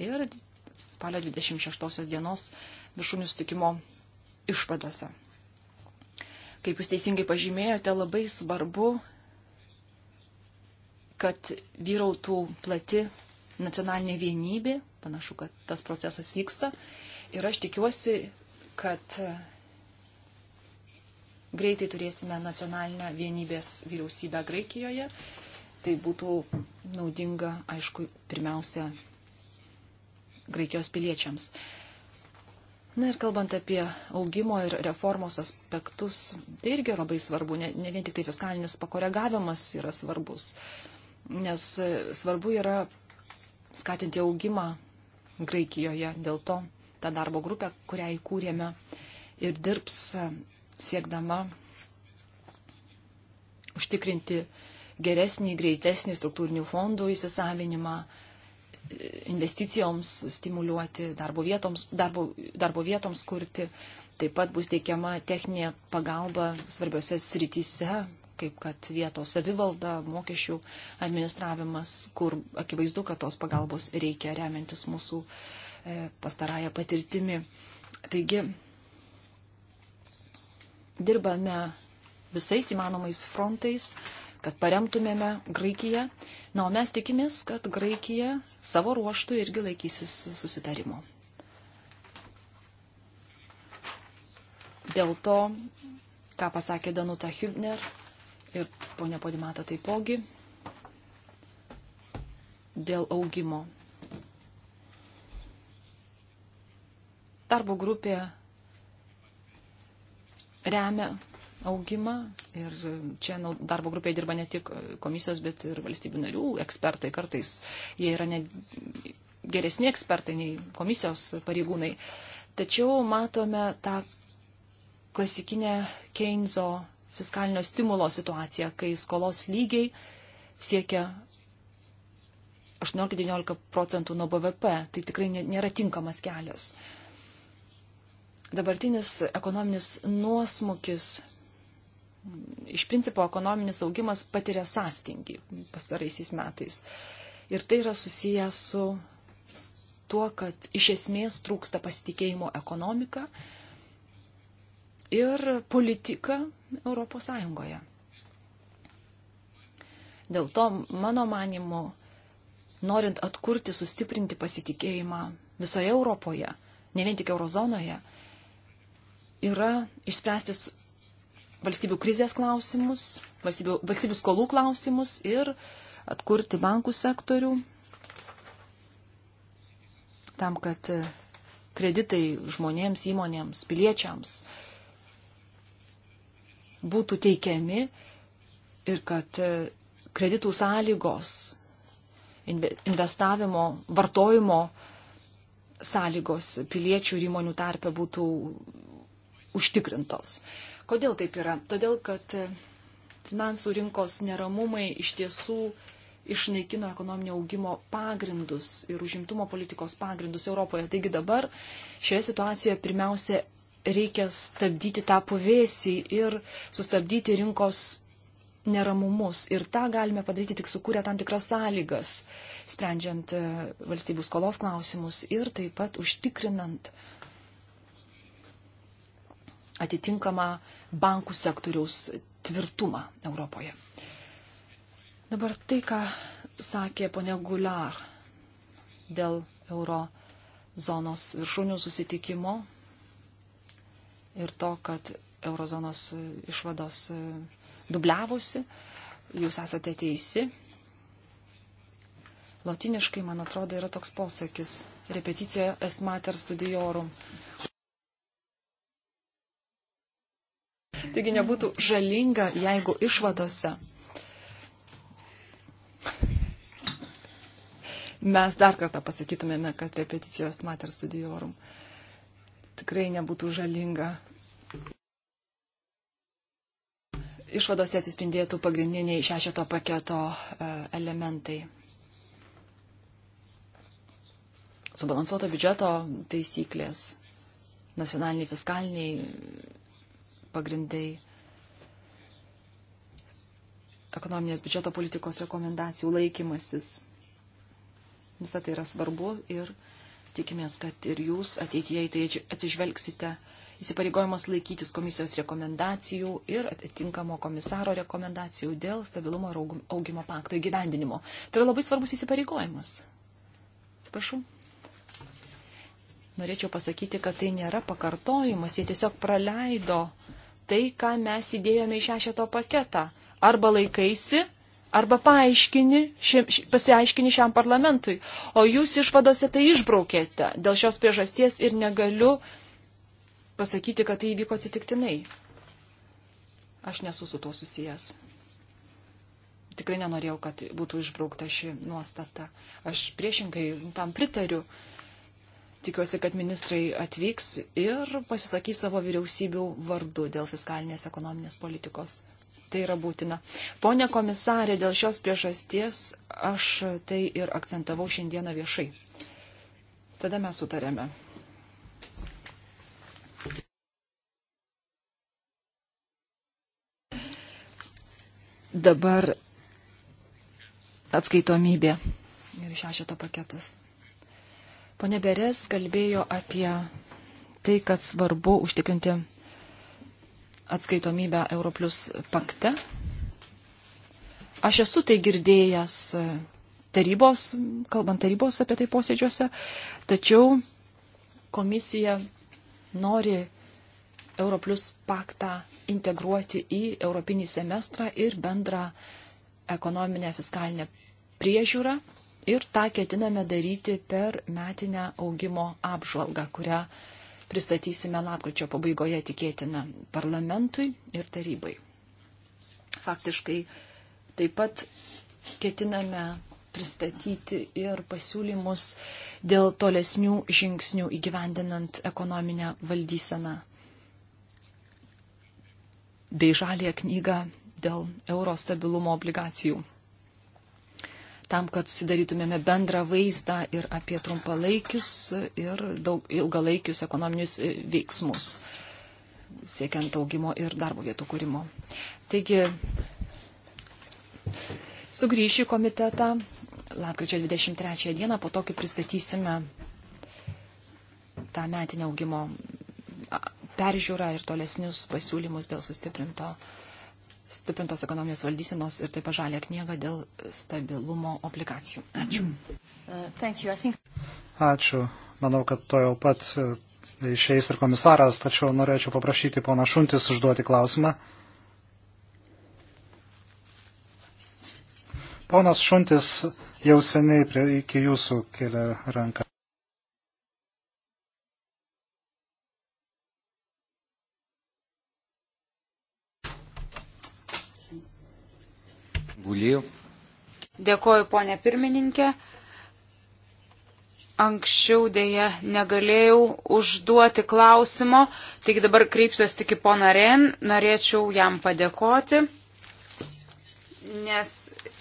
ir spalio 26 dienos viršūnių sutikimo išvadose kaip jūs teisingai pažymėjote, labai svarbu, kad vyrautų plati nacionalinė vienybė, panašu, kad tas procesas vyksta. Ir aš tikiuosi, kad greitai turėsime nacionalinę vienybės vyriausybę Graikijoje. Tai būtų naudinga, aišku, pirmiausia, Graikijos piliečiams. Na ir kalbant apie augimo ir reformos aspektus, tai irgi labai svarbu, ne, ne vien tik tai fiskalinis pakoregavimas yra svarbus, nes svarbu yra skatinti augimą Graikijoje, dėl to tą darbo grupę, kurią įkūrėme ir dirbs siekdama užtikrinti geresnį, greitesnį struktūrinių fondų įsisavinimą, investicijoms stimuliuoti, darbo vietoms, darbo, darbo vietoms kurti. Taip pat bus teikiama techninė pagalba svarbiose srityse, kaip kad vietos savivalda, mokesčių administravimas, kur akivaizdu, kad tos pagalbos reikia remiantis mūsų e, pastarąją patirtimi. Taigi, dirbame visais įmanomais frontais, kad paremtumėme Graikiją. Na, o mes tikimės, kad Graikija savo ruoštų irgi laikysis susitarimo. Dėl to, ką pasakė Danuta Hübner ir ponia Podimata taipogi, dėl augimo. Darbo grupė remia augimą. Ir čia darbo grupėje dirba ne tik komisijos, bet ir valstybių narių ekspertai. Kartais jie yra ne geresni ekspertai nei komisijos pareigūnai. Tačiau matome tą klasikinę Keynes'o fiskalinio stimulo situaciją, kai skolos lygiai siekia 18-19 procentų nuo BVP. Tai tikrai nėra tinkamas kelias dabartinis ekonominis nuosmukis iš principo ekonominis augimas patiria sąstingį pastaraisiais metais. Ir tai yra susiję su tuo, kad iš esmės trūksta pasitikėjimo ekonomika ir politika Europos Sąjungoje. Dėl to, mano manimu, norint atkurti, sustiprinti pasitikėjimą visoje Europoje, ne vien tik eurozonoje, yra išspręsti valstybių krizės klausimus, valstybių, valstybių skolų klausimus ir atkurti bankų sektorių tam, kad e, kreditai žmonėms, įmonėms, piliečiams būtų teikiami ir kad e, kreditų sąlygos, investavimo, vartojimo sąlygos piliečių ir įmonių tarpe būtų užtikrintos. Kodėl taip yra? Todėl, kad e, finansų rinkos neramumai iš tiesų išnaikino ekonominio augimo pagrindus ir užimtumo politikos pagrindus Europoje. Taigi dabar šioje situacijoje pirmiausia reikia stabdyti tą puvėsį ir sustabdyti rinkos neramumus. Ir tą galime padaryti tik sukūrę tam tikras sąlygas, sprendžiant e, valstybių skolos klausimus ir taip pat užtikrinant uh, atitinkamą bankų sektoriaus tvirtumą Europoje. Dabar tai, ką sakė ponia Gular dėl euro zonos viršūnių susitikimo ir to, kad eurozonos išvados e, dubliavusi, jūs esate teisi. Latiniškai, man atrodo, yra toks posakis - repeticija est mater studiorum. Taigi nebūtų žalinga, jeigu išvadose mes dar kartą pasakytumėme, kad repeticijos mater studiorum tikrai nebūtų žalinga. Išvadose atsispindėtų pagrindiniai šešeto paketo e, elementai. Subalansuoto biudžeto taisyklės, nacionaliniai fiskaliniai pagrindai ekonominės biudžeto politikos rekomendacijų laikymasis. Visą tai yra svarbu ir tikimės, kad ir jūs ateityje į tai atsižvelgsite. Įsipareigojimas laikytis komisijos rekomendacijų ir atitinkamo komisaro rekomendacijų dėl stabilumo ir augimo pakto įgyvendinimo. Tai yra labai svarbus įsipareigojimas. Atsiprašau. Norėčiau pasakyti, kad tai nėra pakartojimas, jie tiesiog praleido uh, tai, ką mes įdėjome į šešeto paketą. Arba laikaisi, arba paaiškini, ši, pasiaiškini šiam parlamentui. O jūs išvadose tai išbraukėte. Dėl šios priežasties ir negaliu pasakyti, kad tai įvyko atsitiktinai. Aš nesu su tuo susijęs. Tikrai nenorėjau, kad būtų išbraukta ši nuostata. Aš priešingai tam pritariu. Uh, Tikiuosi, kad ministrai atvyks ir pasisakys savo vyriausybių vardu dėl fiskalinės ekonominės politikos. Tai yra būtina. Pone komisarė, dėl šios priežasties aš tai ir akcentavau šiandieną viešai. Tada mes sutarėme. Dabar atskaitomybė ir šešito paketas. Pone Beres kalbėjo apie tai, kad svarbu užtikrinti atskaitomybę Europlius pakte. Aš esu tai girdėjęs e, tarybos, kalbant tarybos apie tai posėdžiuose, tačiau komisija nori Europlius paktą integruoti į Europinį semestrą ir bendrą ekonominę fiskalinę priežiūrą Ir tą ketiname daryti per metinę augimo apžvalgą, kurią pristatysime lapkričio pabaigoje tikėtina parlamentui ir tarybai. Faktiškai taip pat ketiname pristatyti ir pasiūlymus dėl tolesnių žingsnių įgyvendinant ekonominę valdyseną bei žalėje knygą dėl euro stabilumo obligacijų tam, kad susidarytumėme bendrą vaizdą ir apie trumpalaikius ir daug ilgalaikius ekonominius e, veiksmus, siekiant augimo ir darbo vietų kūrimo. Taigi, sugrįšiu į komitetą lapkričio 23 dieną, po to, kai pristatysime tą metinę augimo peržiūrą ir tolesnius pasiūlymus dėl sustiprinto stiprintos ekonominės valdysenos ir taip pat žalę knygą dėl stabilumo obligacijų. Ačiū. Mm. Uh, Ačiū. Manau, kad to jau pat uh, išeis ir komisaras, tačiau norėčiau paprašyti pona Šuntis užduoti klausimą. Ponas Šuntis jau seniai prie, iki jūsų kelia ranką. gulėjo. Dėkoju, ponė pirmininkė. Anksčiau dėja negalėjau užduoti klausimo, taigi dabar kreipsiuosi tik į poną Ren, norėčiau jam padėkoti, nes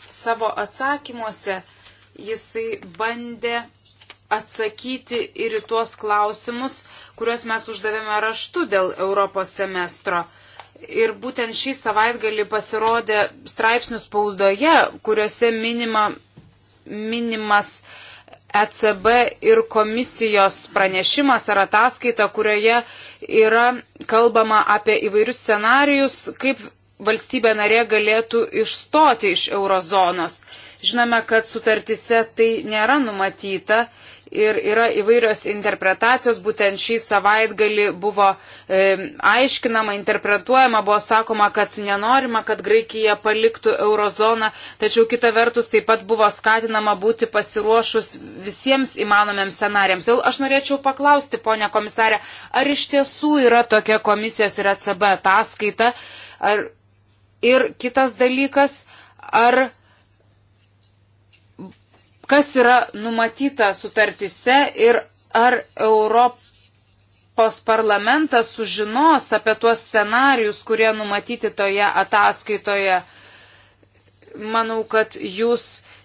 savo atsakymuose jisai bandė atsakyti ir į tuos klausimus, kuriuos mes uždavėme raštu dėl Europos semestro. Uh, Ir būtent šį savaitgalį pasirodė straipsnių spaudoje, kuriuose minima, minimas ECB ir komisijos pranešimas ar ataskaita, kurioje yra kalbama apie įvairius scenarius, kaip valstybė narė galėtų išstoti iš eurozonos. Žinome, kad sutartise tai nėra numatyta ir yra įvairios interpretacijos. Būtent šį savaitgalį buvo e, aiškinama, interpretuojama, buvo sakoma, kad nenorima, kad Graikija paliktų eurozoną, tačiau kita vertus taip pat buvo skatinama būti pasiruošus visiems įmanomiems scenariams. Jau aš norėčiau paklausti, ponė komisarė, ar iš tiesų yra tokia komisijos ir ECB ataskaita? Ar, ir kitas dalykas, ar kas yra numatyta sutartise ir ar Europos parlamentas sužinos apie tuos scenarius, kurie numatyti toje ataskaitoje. Manau, kad jūs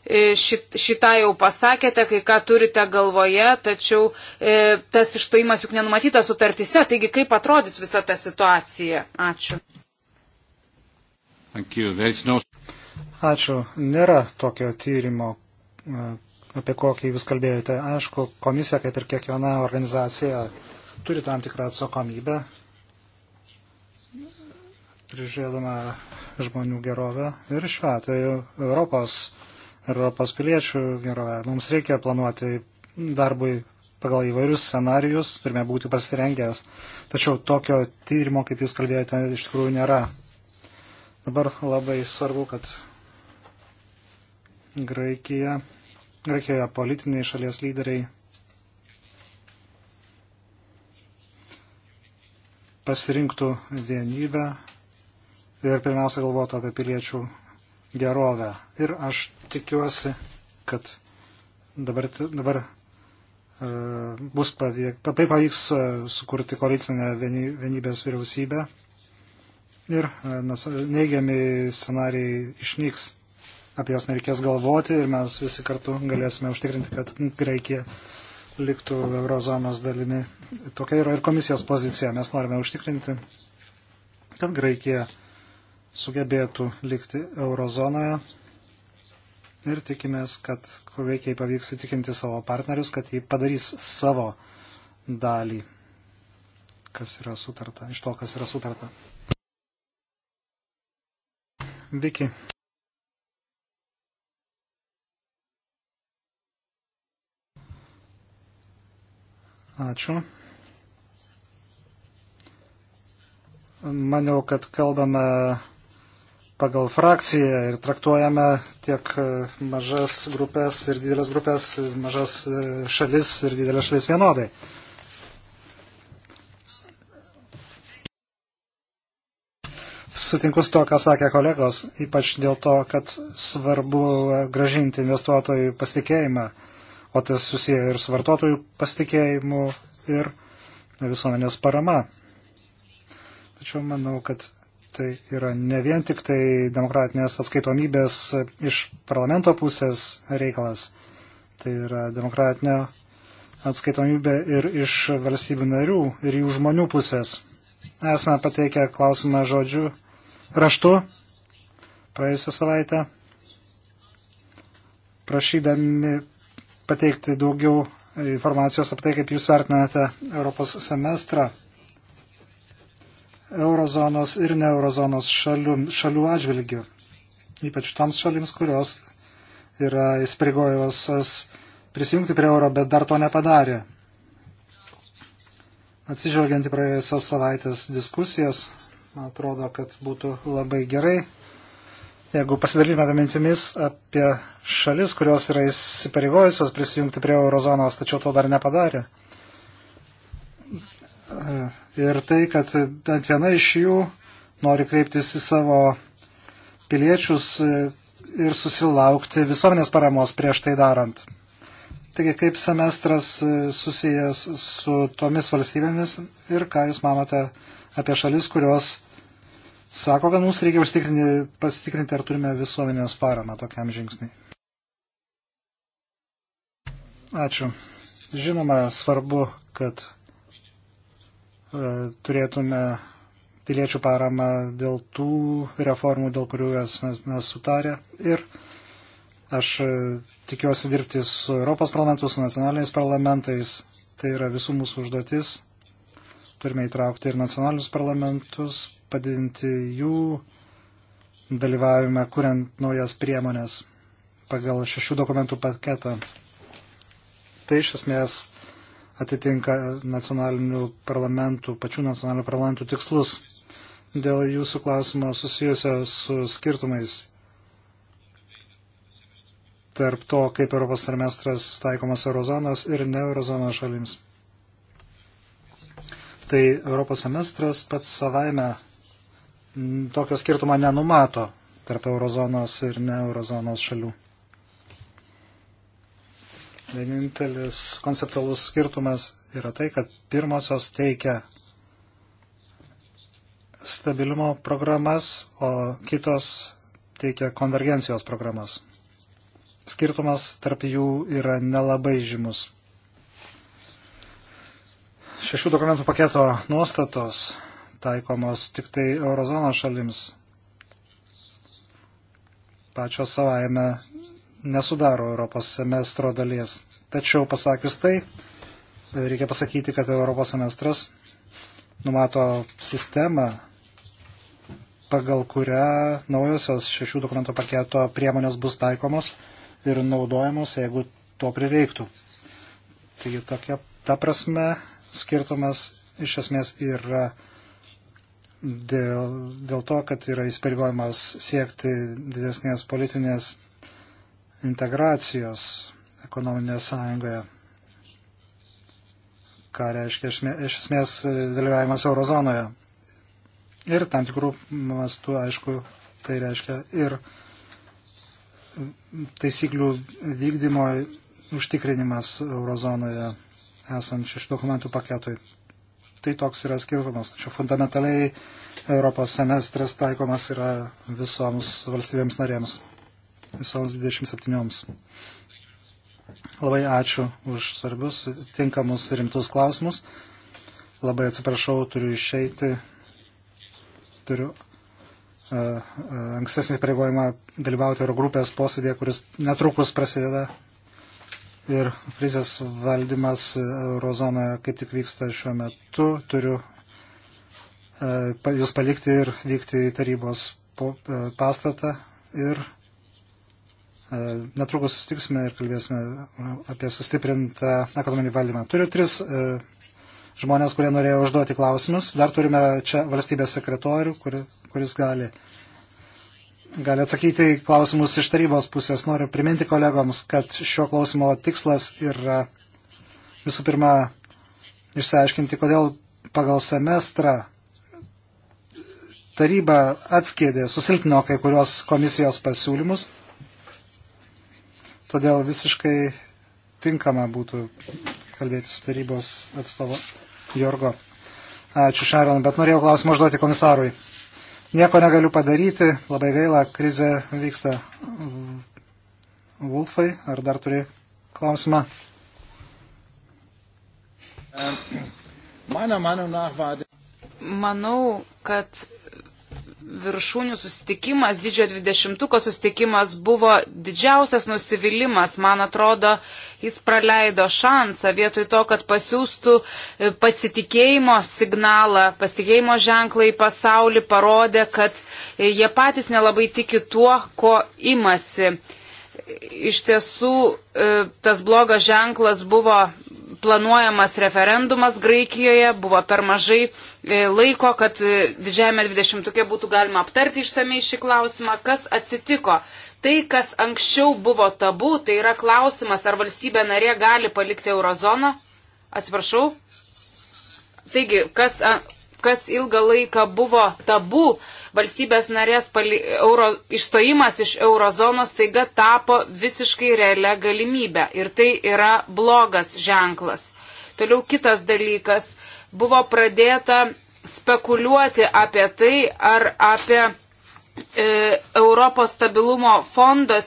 e, šit, šitą jau pasakėte, kai ką turite galvoje, tačiau e, tas išstojimas juk nenumatytas sutartise, taigi kaip atrodys visa ta situacija? Ačiū. Ačiū. Nėra tokio tyrimo, apie kokį jūs kalbėjote. Aišku, komisija, kaip ir kiekviena organizacija, turi tam tikrą atsakomybę, prižiūrėdama žmonių gerovę ir šiuo atveju Europos, Europos piliečių gerovę. Mums reikia planuoti darbui pagal įvairius scenarius, turime būti pasirengęs. Tačiau tokio tyrimo, kaip jūs kalbėjote, iš tikrųjų nėra. Dabar labai svarbu, kad Graikija, Graikijoje politiniai šalies lyderiai pasirinktų vienybę ir pirmiausia galvotų apie piliečių gerovę. Ir aš tikiuosi, kad dabar, dabar e, bus pavyk, tai pavyks e, sukurti koalicinę vienybės vyriausybę ir e, neigiami scenarijai išnyks apie jos nereikės galvoti ir mes visi kartu galėsime užtikrinti, kad Graikija liktų eurozonos dalimi. Tokia yra ir komisijos pozicija. Mes norime užtikrinti, kad Graikija sugebėtų likti eurozonoje ir tikimės, kad veikiai pavyks įtikinti savo partnerius, kad jį padarys savo dalį, kas yra sutarta, iš to, kas yra sutarta. Viki, Ačiū. Maniau, kad kalbame pagal frakciją ir traktuojame tiek mažas grupės ir didelės grupės, mažas e, šalis ir didelės šalis vienodai. Sutinku su to, ką sakė kolegos, ypač dėl to, kad svarbu gražinti investuotojų pasitikėjimą o tas susiję ir su vartotojų pasitikėjimu ir visuomenės parama. Tačiau manau, kad tai yra ne vien tik tai demokratinės atskaitomybės iš parlamento pusės reikalas. Tai yra demokratinė atskaitomybė ir iš valstybių narių ir jų žmonių pusės. Esame pateikę klausimą žodžiu raštu praėjusią savaitę, prašydami pateikti daugiau informacijos apie tai, kaip jūs vertinate Europos semestrą eurozonos ir ne eurozonos šalių, šalių atžvilgių, ypač toms šalims, kurios yra įsipareigojusios prisijungti prie euro, bet dar to nepadarė. Atsižvelgiant į praėjusios savaitės diskusijas, man atrodo, kad būtų labai gerai Jeigu pasidalymėte mintimis apie šalis, kurios yra įsipareigojusios prisijungti prie eurozonos, tačiau to dar nepadarė. Ir tai, kad bent viena iš jų nori kreiptis į savo piliečius ir susilaukti visuomenės paramos prieš tai darant. Taigi, kaip semestras susijęs su tomis valstybėmis ir ką Jūs manote apie šalis, kurios sako, kad mums reikia pasitikrinti, ar turime visuomenės paramą tokiam žingsniui. Ačiū. Žinoma, svarbu, kad e, turėtume piliečių paramą dėl tų reformų, dėl kurių mes, mes sutarė. Ir aš e, tikiuosi dirbti su Europos parlamentu, su nacionaliniais parlamentais. Tai yra visų mūsų užduotis. Turime įtraukti ir nacionalinius parlamentus, padidinti jų dalyvavimą, kuriant naujas priemonės pagal šešių dokumentų paketą. Tai iš esmės atitinka nacionalinių parlamentų, pačių nacionalinių parlamentų tikslus. Dėl jūsų klausimo susijusio su skirtumais tarp to, kaip Europos semestras taikomas eurozonos ir ne eurozonos šalims. Tai Europos semestras pats savaime Mm, tokio skirtumo nenumato tarp eurozonos ir ne eurozonos šalių. Vienintelis konceptualus skirtumas yra tai, kad pirmosios teikia stabilumo programas, o kitos teikia konvergencijos programas. Skirtumas tarp jų yra nelabai žymus. Šešių dokumentų paketo nuostatos taikomos tik tai eurozono šalims. Pačios savaime nesudaro Europos semestro dalies. Tačiau pasakius tai, reikia pasakyti, kad Europos semestras numato sistemą, pagal kurią naujosios šešių dokumentų paketo priemonės bus taikomos ir naudojamos, jeigu to prireiktų. Taigi tokia, ta prasme skirtumas iš esmės yra dėl, dėl to, kad yra įsipareigojimas siekti didesnės politinės integracijos ekonominėje sąjungoje. Ką reiškia iš esmės dalyvavimas eurozonoje. Ir tam tikrų mastų, aišku, tai reiškia ir taisyklių vykdymo užtikrinimas eurozonoje esant šešių dokumentų paketui. Tai toks yra skirtumas. Tačiau fundamentaliai Europos semestras taikomas yra visoms valstybėms narėms, visoms 27. Labai ačiū už svarbius, tinkamus ir rimtus klausimus. Labai atsiprašau, turiu išeiti. Turiu e, e, ankstesnį pareigojimą dalyvauti Euro grupės posėdėje, kuris netrukus prasideda ir krizės valdymas eurozonoje kaip tik vyksta šiuo metu. Turiu e, jūs palikti ir vykti į tarybos e, pastatą ir e, netrukus susitiksime ir kalbėsime apie sustiprintą ekonominį valdymą. Turiu tris žmonės, kurie norėjo užduoti klausimus. Dar turime čia valstybės sekretorių, kuris gali gali atsakyti į klausimus iš tarybos pusės. Noriu priminti kolegoms, kad šio klausimo tikslas yra visų pirma išsiaiškinti, kodėl pagal semestrą taryba atskėdė, susilpnino kai kurios komisijos pasiūlymus. Todėl visiškai tinkama būtų kalbėti su tarybos atstovu Jorgo. Ačiū, Šaron, bet norėjau klausimą užduoti komisarui. Nieko negaliu padaryti, labai gaila, krize vyksta. Wolfai, ar dar turi klausimą? Manau, kad viršūnių susitikimas, didžiojo dvidešimtuko susitikimas buvo didžiausias nusivylimas. Man atrodo, jis praleido šansą vietoj to, kad pasiūstų e, pasitikėjimo signalą, pasitikėjimo ženklą į pasaulį, parodė, kad e, jie patys nelabai tiki tuo, ko imasi. Iš tiesų, e, tas blogas ženklas buvo planuojamas referendumas Graikijoje, buvo per mažai e, laiko, kad e, didžiajame 20-ukė būtų galima aptarti išsamei šį klausimą, kas atsitiko. Tai, kas anksčiau buvo tabu, tai yra klausimas, ar valstybė narė gali palikti eurozoną. Atsiprašau. Taigi, kas kas ilgą laiką buvo tabu, valstybės narės pali, euro, išstojimas iš eurozonos taiga tapo visiškai realią galimybę. Ir tai yra blogas ženklas. Toliau kitas dalykas. Buvo pradėta spekuliuoti apie tai, ar apie E, Europos stabilumo fondos,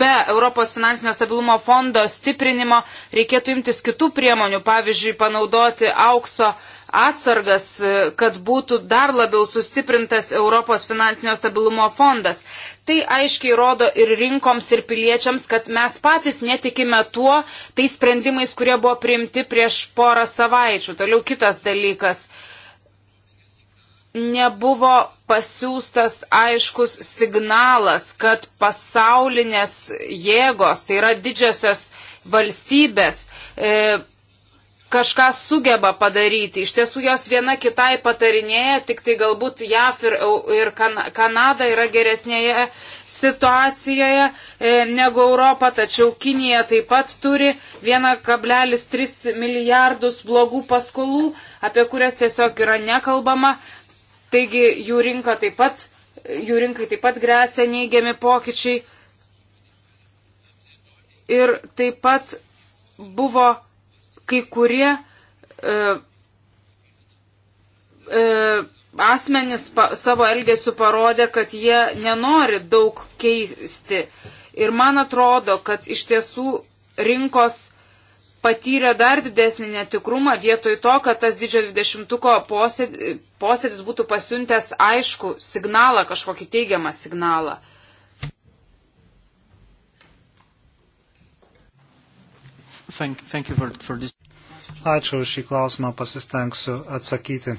be Europos finansinio stabilumo fondo stiprinimo reikėtų imtis kitų priemonių, pavyzdžiui, panaudoti aukso atsargas, e, kad būtų dar labiau sustiprintas Europos finansinio stabilumo fondas. Tai aiškiai rodo ir rinkoms, ir piliečiams, kad mes patys netikime tuo, tai sprendimais, kurie buvo priimti prieš porą savaičių. Toliau kitas dalykas. Uh, nebuvo pasiūstas aiškus signalas, kad pasaulinės jėgos, tai yra didžiosios valstybės, e, kažką sugeba padaryti. Iš tiesų jos viena kitai patarinėja, tik tai galbūt JAF ir, ir kan, Kanada yra geresnėje situacijoje e, negu Europa, tačiau Kinija taip pat turi 1,3 milijardus blogų paskolų, apie kurias tiesiog yra nekalbama. Taigi jų, rinka taip pat, jų rinkai taip pat grėsia neigiami pokyčiai. Ir taip pat buvo kai kurie e, e, asmenys pa, savo elgesiu parodė, kad jie nenori daug keisti. Ir man atrodo, kad iš tiesų rinkos patyrė dar didesnį netikrumą vietoj to, kad tas didžio 20-ko posėdis būtų pasiuntęs aišku signalą, kažkokį teigiamą signalą. Thank, thank you for, for this. Ačiū už šį klausimą, pasistengsiu atsakyti.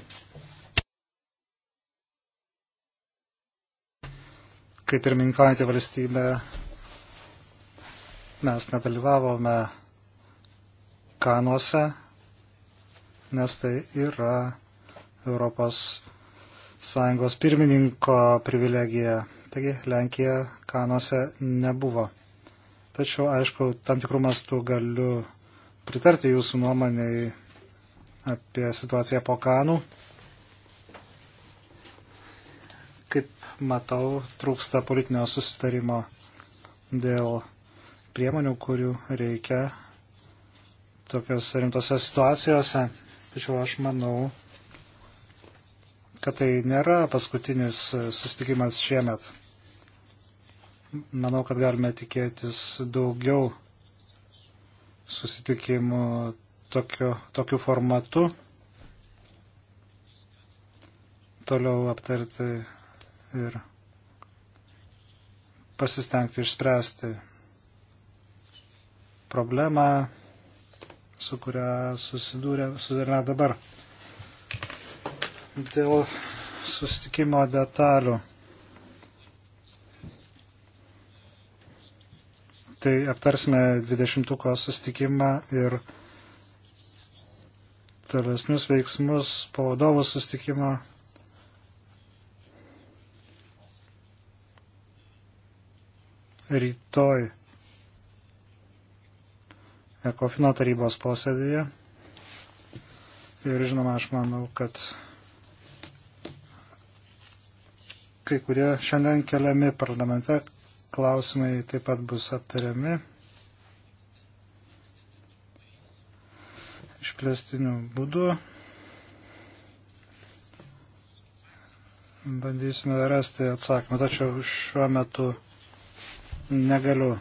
Kaip ir minkaujantį valstybę, mes nedalyvavome Balkanuose, nes tai yra Europos Sąjungos pirmininko privilegija. Taigi Lenkija Kanuose nebuvo. Tačiau, aišku, tam tikrų mastų galiu pritarti jūsų nuomonėj apie situaciją po Kanų. Kaip matau, trūksta politinio susitarimo dėl priemonių, kurių reikia tokiose rimtose situacijose. Tačiau aš manau, kad tai nėra paskutinis e, sustikimas šiemet. Manau, kad galime tikėtis daugiau susitikimų tokiu, tokiu formatu. Toliau aptarti ir pasistengti išspręsti problemą su kuria susidūrė, susidūrė dabar. Dėl sustikimo detalių. Tai aptarsime 20-ko sustikimą ir tolesnius veiksmus po vadovų sustikimo rytoj. Ekofino tarybos posėdėje. Ir žinoma, aš manau, kad kai kurie šiandien keliami parlamente klausimai taip pat bus aptariami išplėstiniu būdu. Bandysime rasti atsakymą, tačiau šiuo metu negaliu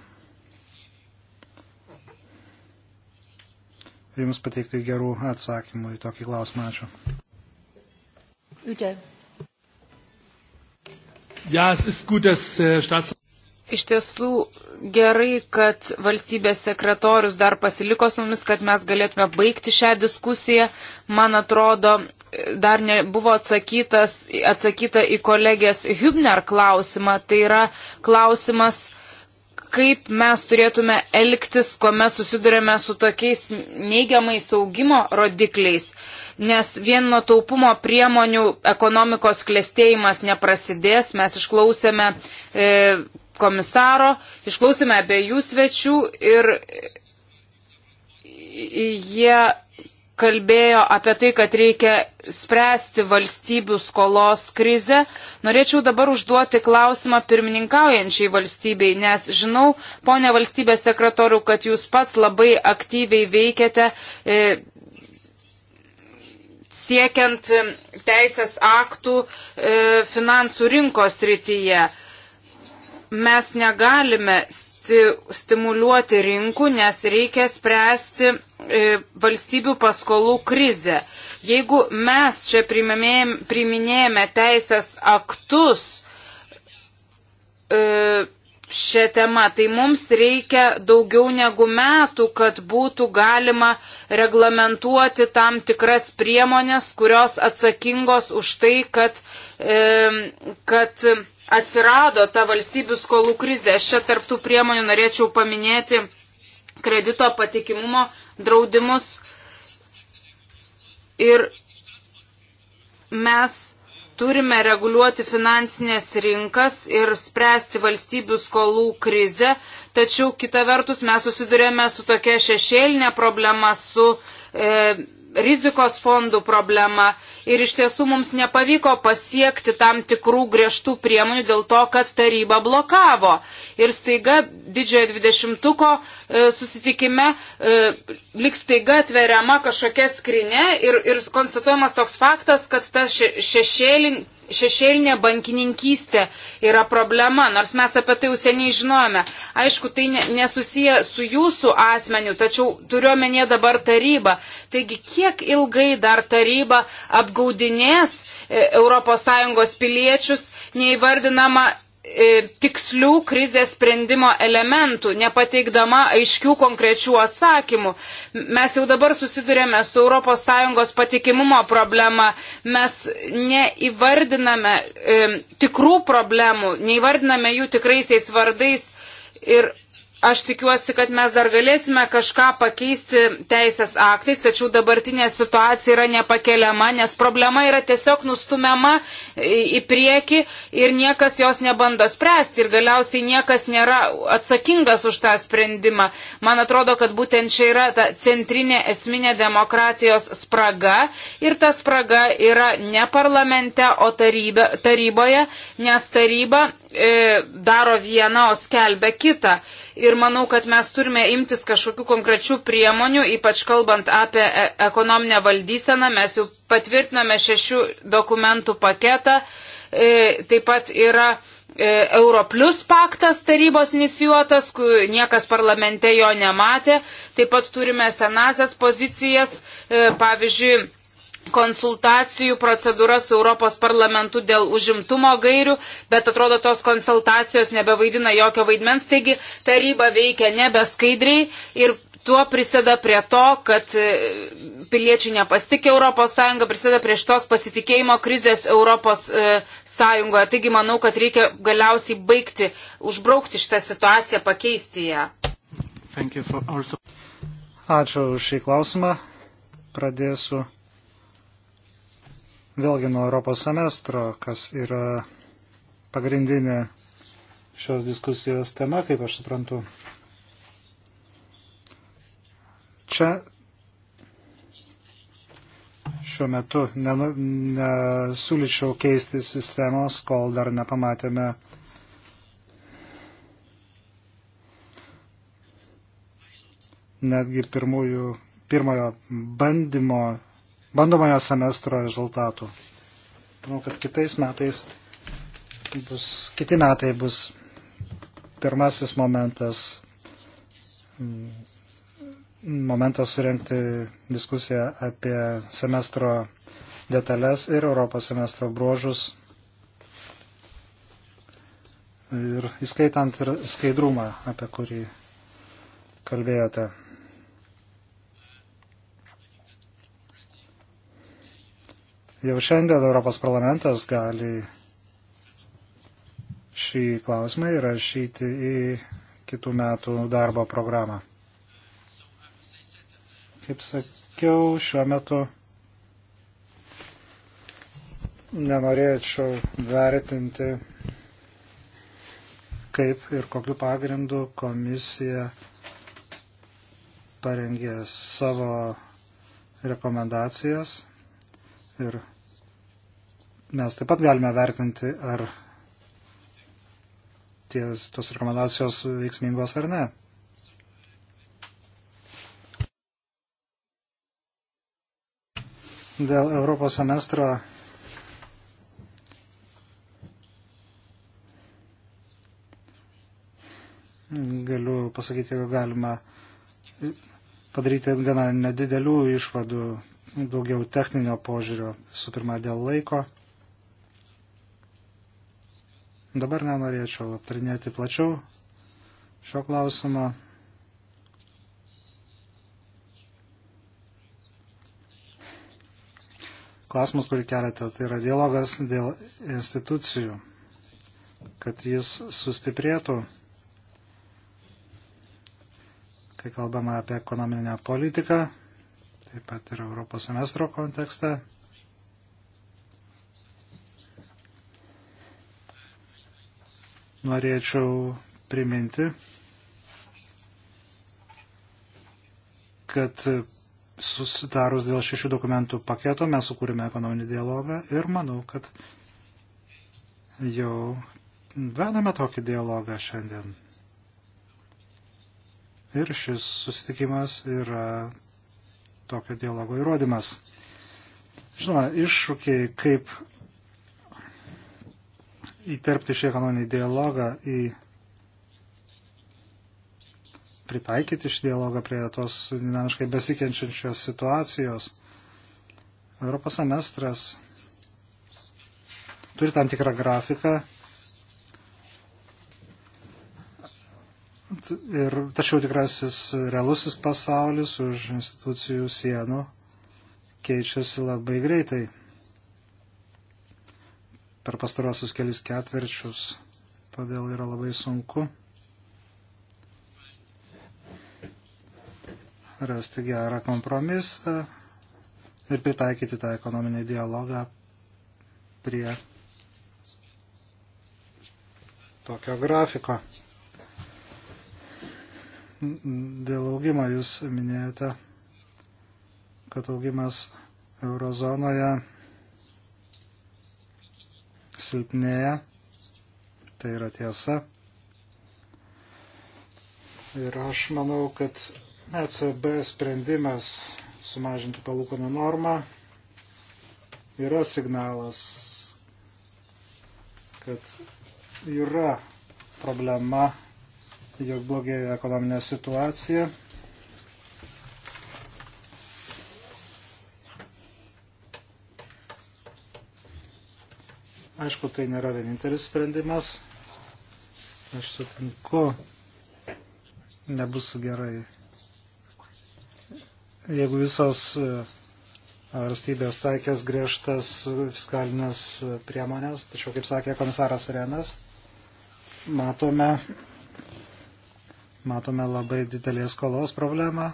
ir jums pateikti gerų atsakymų į tokį klausimą. Ačiū. Ute. Ja, es ist gut, dass äh, Staats Iš tiesų gerai, kad valstybės sekretorius dar pasiliko su mumis, kad mes galėtume baigti šią diskusiją. Man atrodo, dar nebuvo atsakyta į kolegės Hübner klausimą. Tai yra klausimas kaip mes turėtume elgtis, kuomet susidurėme su tokiais neigiamais augimo rodikliais, nes vien nuo taupumo priemonių ekonomikos klėstėjimas neprasidės. Mes išklausėme e, komisaro, išklausėme abiejų svečių ir jie kalbėjo apie tai, kad reikia spręsti valstybių skolos krizę, norėčiau dabar užduoti klausimą pirmininkaujančiai valstybei, nes žinau, ponė valstybės sekretorių, kad jūs pats labai aktyviai veikiate e, siekiant teisės aktų e, finansų rinkos rytyje. Mes negalime sti stimuliuoti rinkų, nes reikia spręsti e, valstybių paskolų krizę. Jeigu mes čia priminėjame teisės aktus e, šią temą, tai mums reikia daugiau negu metų, kad būtų galima reglamentuoti tam tikras priemonės, kurios atsakingos už tai, kad, e, kad atsirado ta valstybių skolų krizė. Aš čia tarptų priemonių norėčiau paminėti kredito patikimumo draudimus. Ir mes turime reguliuoti finansinės rinkas ir spręsti valstybių skolų krizę, tačiau kita vertus mes susidurėme su tokia šešėlinė problema, su e, rizikos fondų problema ir iš tiesų mums nepavyko pasiekti tam tikrų griežtų priemonių dėl to, kad taryba blokavo. Ir staiga didžiojo dvidešimtuko e, susitikime e, lik staiga atveriama kažkokia skrinė ir, ir konstatuojamas toks faktas, kad ta še, šešėlin, šešėlinė bankininkystė yra problema, nors mes apie tai jau seniai žinojame. Aišku, tai nesusiję su jūsų asmeniu, tačiau turiuomenė dabar taryba. Taigi, kiek ilgai dar taryba apgaudinės ES piliečius neįvardinama E, tikslių krizės sprendimo elementų, nepateikdama aiškių konkrečių atsakymų. Mes jau dabar susidurėme su ES patikimumo problema, mes neįvardiname e, tikrų problemų, neįvardiname jų tikraisiais vardais ir Aš tikiuosi, kad mes dar galėsime kažką pakeisti teisės aktais, tačiau dabartinė situacija yra nepakeliama, nes problema yra tiesiog nustumiama į priekį ir niekas jos nebando spręsti ir galiausiai niekas nėra atsakingas už tą sprendimą. Man atrodo, kad būtent čia yra ta centrinė esminė demokratijos spraga ir ta spraga yra ne parlamente, o tarybė, taryboje, nes taryba e, daro vieną, o skelbia kitą. Ir manau, kad mes turime imtis kažkokių konkrečių priemonių, ypač kalbant apie e, ekonominę valdyseną. Mes jau patvirtiname šešių dokumentų paketą. E, taip pat yra e, Europlius paktas tarybos inicijuotas, niekas parlamente jo nematė. Taip pat turime senasias pozicijas, e, pavyzdžiui, konsultacijų procedūra su Europos parlamentu dėl užimtumo gairių, bet atrodo tos konsultacijos nebevaidina jokio vaidmens, taigi taryba veikia nebeskaidriai ir tuo prisideda prie to, kad e, piliečiai nepasitikė ES, prisideda prie šitos pasitikėjimo krizės ES. E, taigi manau, kad reikia galiausiai baigti, užbraukti šitą situaciją, pakeisti ją. Also... Ačiū už šį klausimą. Pradėsiu vėlgi nuo Europos semestro, kas yra pagrindinė šios diskusijos tema, kaip aš suprantu. Čia šiuo metu nesiūlyčiau keisti sistemos, kol dar nepamatėme netgi pirmųjų, pirmojo bandymo bandomojo semestro rezultatų. Manau, kad kitais metais bus, kiti metai bus pirmasis momentas, mm, momentas surenkti diskusiją apie semestro detalės ir Europos semestro bruožus, ir įskaitant ir skaidrumą, apie kurį kalbėjote. Jau šiandien Europos parlamentas gali šį klausimą įrašyti į kitų metų darbo programą. Kaip sakiau, šiuo metu nenorėčiau vertinti, kaip ir kokiu pagrindu komisija parengė savo rekomendacijas ir mes taip pat galime vertinti, ar ties, tos rekomendacijos veiksmingos ar ne. Dėl Europos semestro galiu pasakyti, jeigu galima padaryti gana nedidelių išvadų, daugiau techninio požiūrio, su pirma dėl laiko. Dabar nenorėčiau aptarinėti plačiau šio klausimo. Klausimas, kurį keliate, tai yra dialogas dėl institucijų, kad jis sustiprėtų kai kalbama apie ekonominę politiką, taip pat ir Europos semestro kontekste. norėčiau priminti, kad susitarus dėl šešių dokumentų paketo mes sukūrėme ekonominį dialogą ir manau, kad jau vedame tokį dialogą šiandien. Ir šis susitikimas yra tokio dialogo įrodymas. Žinoma, iššūkiai, kaip įterpti šį ekonominį dialogą į pritaikyti šį dialogą prie tos dinamiškai besikenčiančios situacijos. Europos semestras turi tam tikrą grafiką. Ir, tačiau tikrasis realusis pasaulis už institucijų sienų keičiasi labai greitai per pastarosius kelis ketverčius, todėl yra labai sunku rasti gerą kompromisą ir pritaikyti tą ekonominį dialogą prie tokio grafiko. Dėl augimo jūs minėjote, kad augimas eurozonoje silpnėja. Tai yra tiesa. Ir aš manau, kad ECB sprendimas sumažinti palūkanų normą yra signalas, kad yra problema, jog blogėja ekonominė situacija Aišku, tai nėra vienintelis sprendimas. Aš sutinku, nebus gerai. Jeigu visos e, valstybės taikės griežtas fiskalinės priemonės, tačiau, kaip sakė komisaras Renas, matome, matome labai didelės skolos problemą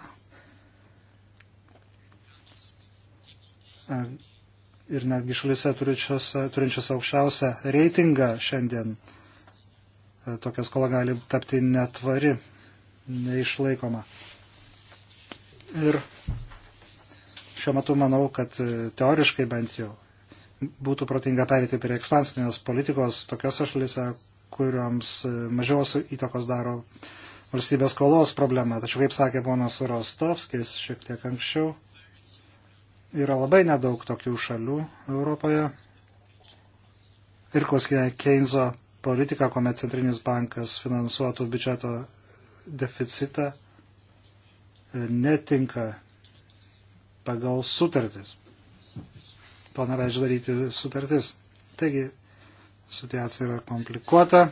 ir netgi šalise turinčios, turinčios aukščiausią reitingą šiandien e, tokia skola gali tapti netvari, neišlaikoma. Ir šiuo metu manau, kad e, teoriškai bent jau būtų protinga perėti prie ekspansinės politikos tokiose šalise, kuriuoms e, mažiausių įtakos daro valstybės skolos problema. Tačiau, kaip sakė ponas Rostovskis šiek tiek anksčiau, Yra labai nedaug tokių šalių Europoje. Ir klasikinė Keynes'o politika, kuomet centrinis bankas finansuotų biudžeto deficitą, netinka pagal sutartis. To neleidžia daryti sutartis. Taigi, situacija yra komplikuota.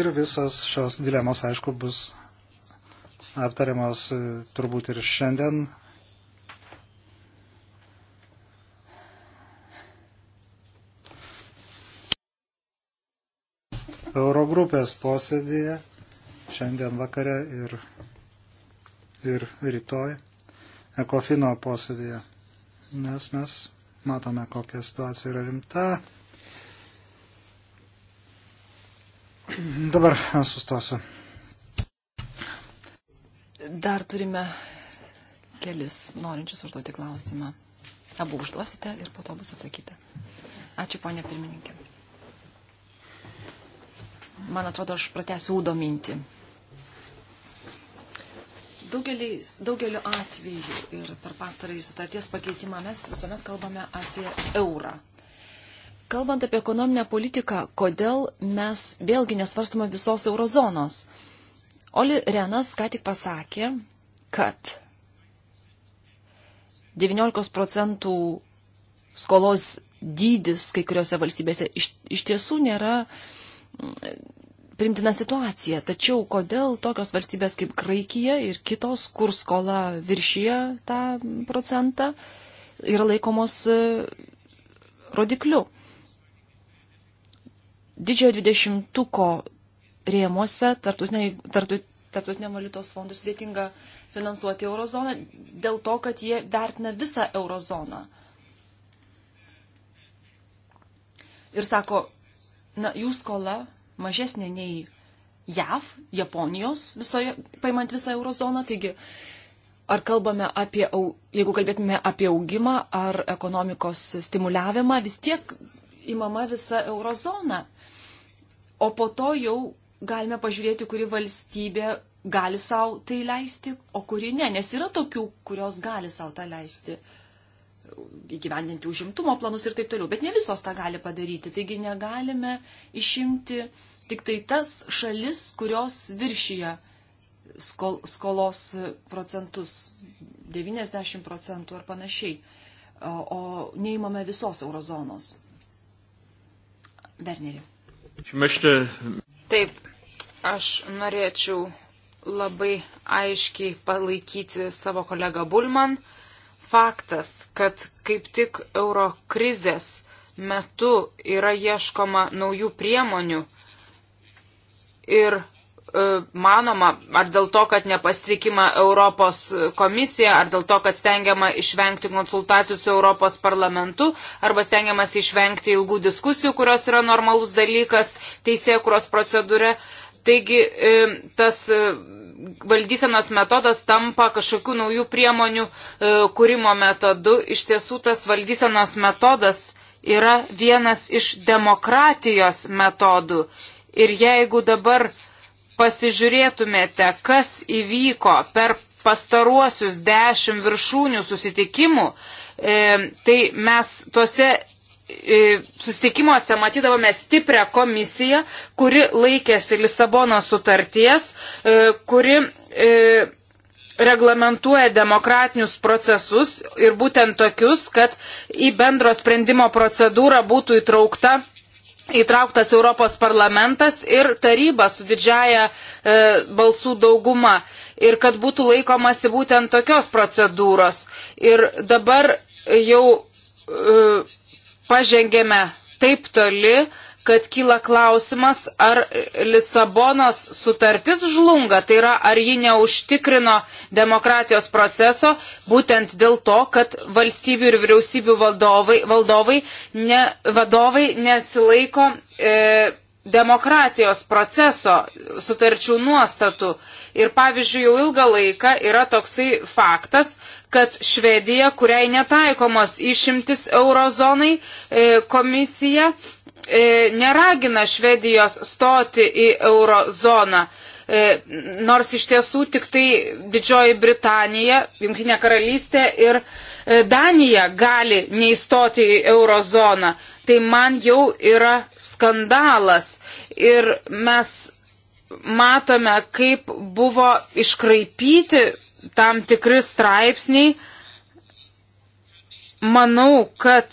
Ir visos šios dilemos, aišku, bus aptariamas e, turbūt ir šiandien. Eurogrupės posėdėje šiandien vakare ir, ir rytoj Ekofino posėdėje, nes mes matome, kokia situacija yra rimta. Dabar sustosiu. Dar turime kelis norinčius užduoti klausimą. Abu užduosite ir po to bus atsakyta. Ačiū, ponė pirmininkė. Man atrodo, aš pratęsiu ūdo mintį. Daugelį, daugeliu atveju ir per pastarąjį sutarties pakeitimą mes visuomet kalbame apie eurą. Kalbant apie ekonominę politiką, kodėl mes vėlgi nesvarstome visos eurozonos? Oli Renas ką tik pasakė, kad 19 procentų skolos dydis kai kuriuose valstybėse iš, iš tiesų nėra mm, primtina situacija. Tačiau kodėl tokios valstybės kaip Graikija ir kitos, kur skola viršyje tą procentą, yra laikomos e, rodikliu? Didžiojo dvidešimtuko rėmuose tarptautinio valiutos fondų sudėtinga finansuoti eurozoną dėl to, kad jie vertina visą eurozoną. Ir sako, na, jų skola mažesnė nei JAV, Japonijos, visoje, paimant visą eurozoną. Taigi, ar kalbame apie, jeigu kalbėtume apie augimą ar ekonomikos stimuliavimą, vis tiek imama visa eurozona. O po to jau galime pažiūrėti, kuri valstybė gali savo tai leisti, o kuri ne, nes yra tokių, kurios gali savo tą leisti įgyvendinti užimtumo planus ir taip toliau, bet ne visos tą gali padaryti, taigi negalime išimti tik tai tas šalis, kurios viršyje skol, skolos procentus, 90 procentų ar panašiai, o, o neįmame visos eurozonos. Werneri. Ich möchte Taip, aš norėčiau labai aiškiai palaikyti savo kolegą Bulman. Faktas, kad kaip tik euro krizės metu yra ieškoma naujų priemonių ir E, manoma, ar dėl to, kad nepasitikima Europos komisija, ar dėl to, kad stengiama išvengti konsultacijų su Europos parlamentu, arba stengiamas išvengti ilgų diskusijų, kurios yra normalus dalykas teisėkuros procedūre. Taigi e, tas e, valdysenos metodas tampa kažkokių naujų priemonių kūrimo metodu. Iš tiesų tas valdysenos metodas yra vienas iš demokratijos metodų. Ir jeigu dabar uh, pasižiūrėtumėte, kas įvyko per pastaruosius dešimt viršūnių susitikimų, e, tai mes tuose e, susitikimuose matydavome stiprią komisiją, kuri laikėsi Lisabono sutarties, e, kuri e, reglamentuoja demokratinius procesus ir būtent tokius, kad į bendro sprendimo procedūrą būtų įtraukta įtrauktas Europos parlamentas ir taryba su didžiaja e, balsų dauguma ir kad būtų laikomasi būtent tokios procedūros. Ir dabar jau e, pažengėme taip toli, kad kyla klausimas, ar Lisabonos sutartis žlunga, tai yra, ar ji neužtikrino demokratijos proceso, būtent dėl to, kad valstybių ir vyriausybių valdovai, valdovai ne, vadovai nesilaiko. E, demokratijos proceso sutarčių nuostatų. Ir pavyzdžiui, jau ilgą laiką yra toksai faktas, kad Švedija, kuriai netaikomos išimtis eurozonai, e, komisija e, neragina Švedijos stoti į eurozoną. E, nors iš tiesų tik tai Didžioji Britanija, Junktinė karalystė ir e, Danija gali neįstoti į eurozoną. Tai man jau yra skandalas. Ir mes matome, kaip buvo iškraipyti tam tikri straipsniai. Manau, kad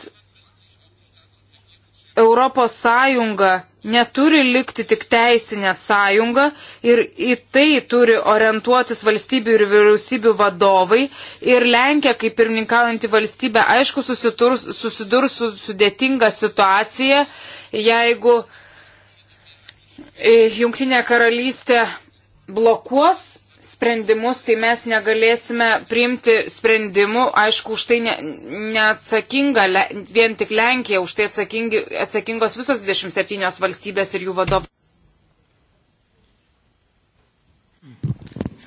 Europos Sąjunga neturi likti tik teisinė sąjunga ir į tai turi orientuotis valstybių ir vyriausybių vadovai. Ir Lenkija, kaip pirmininkaujanti valstybė, aišku, susiturs, susidurs su sudėtinga situacija, jeigu e, Jungtinė karalystė blokuos sprendimus, tai mes negalėsime priimti sprendimų. Aišku, už tai ne, neatsakinga le, vien tik Lenkija, už tai atsakingos visos 27 valstybės ir jų vadovai.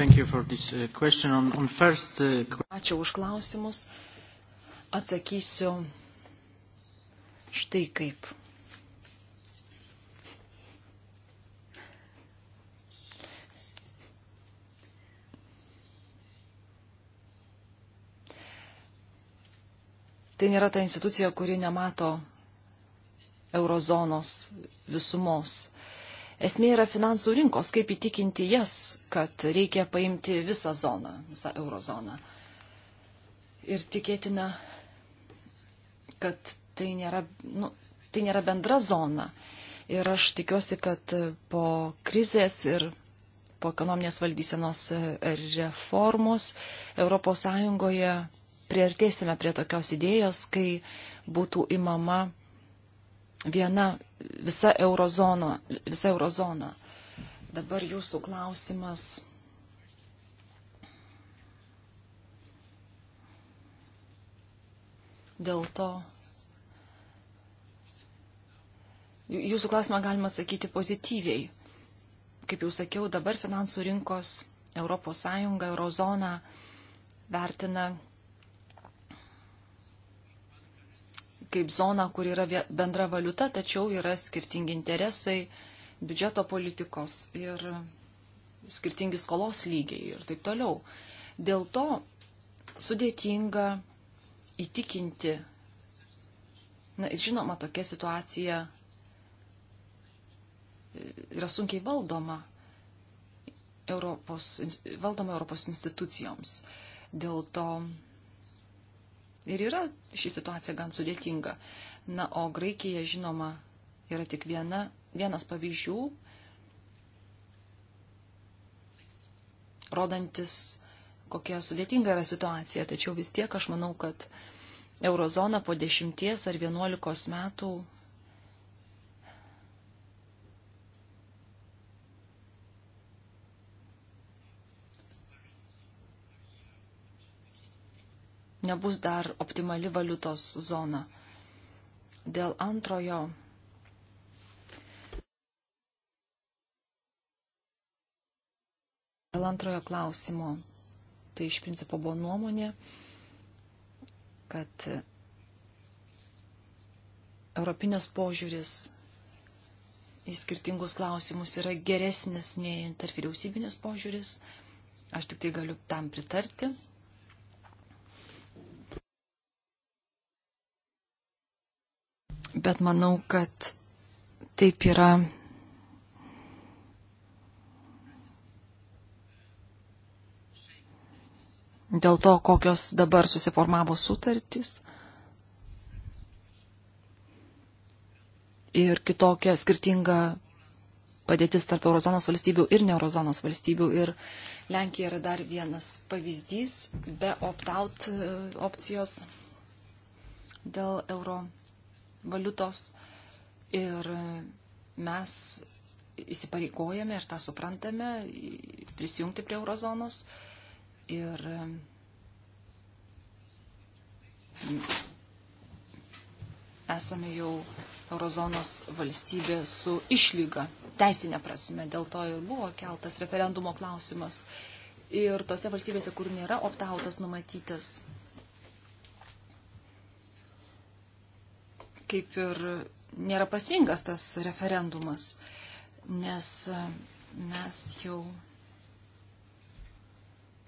Uh, first... Uh, Ačiū už klausimus. Atsakysiu štai kaip. Tai nėra ta institucija, kuri nemato eurozonos visumos. Esmė yra finansų rinkos, kaip įtikinti jas, kad reikia paimti visą zoną, visą eurozoną. Ir tikėtina, kad tai nėra, nu, tai nėra bendra zona. Ir aš tikiuosi, kad po krizės ir po ekonominės valdysenos reformos ES priartėsime prie tokios idėjos, kai būtų imama viena visa eurozona. Visa eurozona. Dabar jūsų klausimas. Dėl to. Jūsų klausimą galima atsakyti pozityviai. Kaip jau sakiau, dabar finansų rinkos ES, eurozona vertina kaip zoną, kur yra bendra valiuta, tačiau yra skirtingi interesai, biudžeto politikos ir skirtingi skolos lygiai ir taip toliau. Dėl to sudėtinga įtikinti. Na ir žinoma, tokia situacija e, yra sunkiai valdoma Europos, valdoma Europos institucijoms. Dėl to ir yra ši situacija gan sudėtinga. Na, o Graikija, žinoma, yra tik viena, vienas pavyzdžių, rodantis, kokia sudėtinga yra situacija. Tačiau vis tiek aš manau, kad eurozona po dešimties ar vienuolikos metų nebus dar optimali valiutos zona. Dėl antrojo Dėl antrojo klausimo, tai iš principo buvo nuomonė, kad europinės požiūris į skirtingus klausimus yra geresnis nei tarp vyriausybinės požiūris. Aš tik tai galiu tam pritarti. Bet manau, kad taip yra dėl to, kokios dabar susiformavo sutartys ir kitokia skirtinga padėtis tarp eurozonos valstybių ir neurozonos valstybių. Ir Lenkija yra dar vienas pavyzdys be opt-out e, opcijos dėl euro valiutos ir mes įsipareigojame ir tą suprantame prisijungti prie eurozonos ir mm, esame jau eurozonos valstybė su išlyga teisinė prasme, dėl to ir buvo keltas referendumo klausimas. Ir tose valstybėse, kur nėra optautas numatytas, kaip ir nėra prasmingas tas referendumas, nes e, mes jau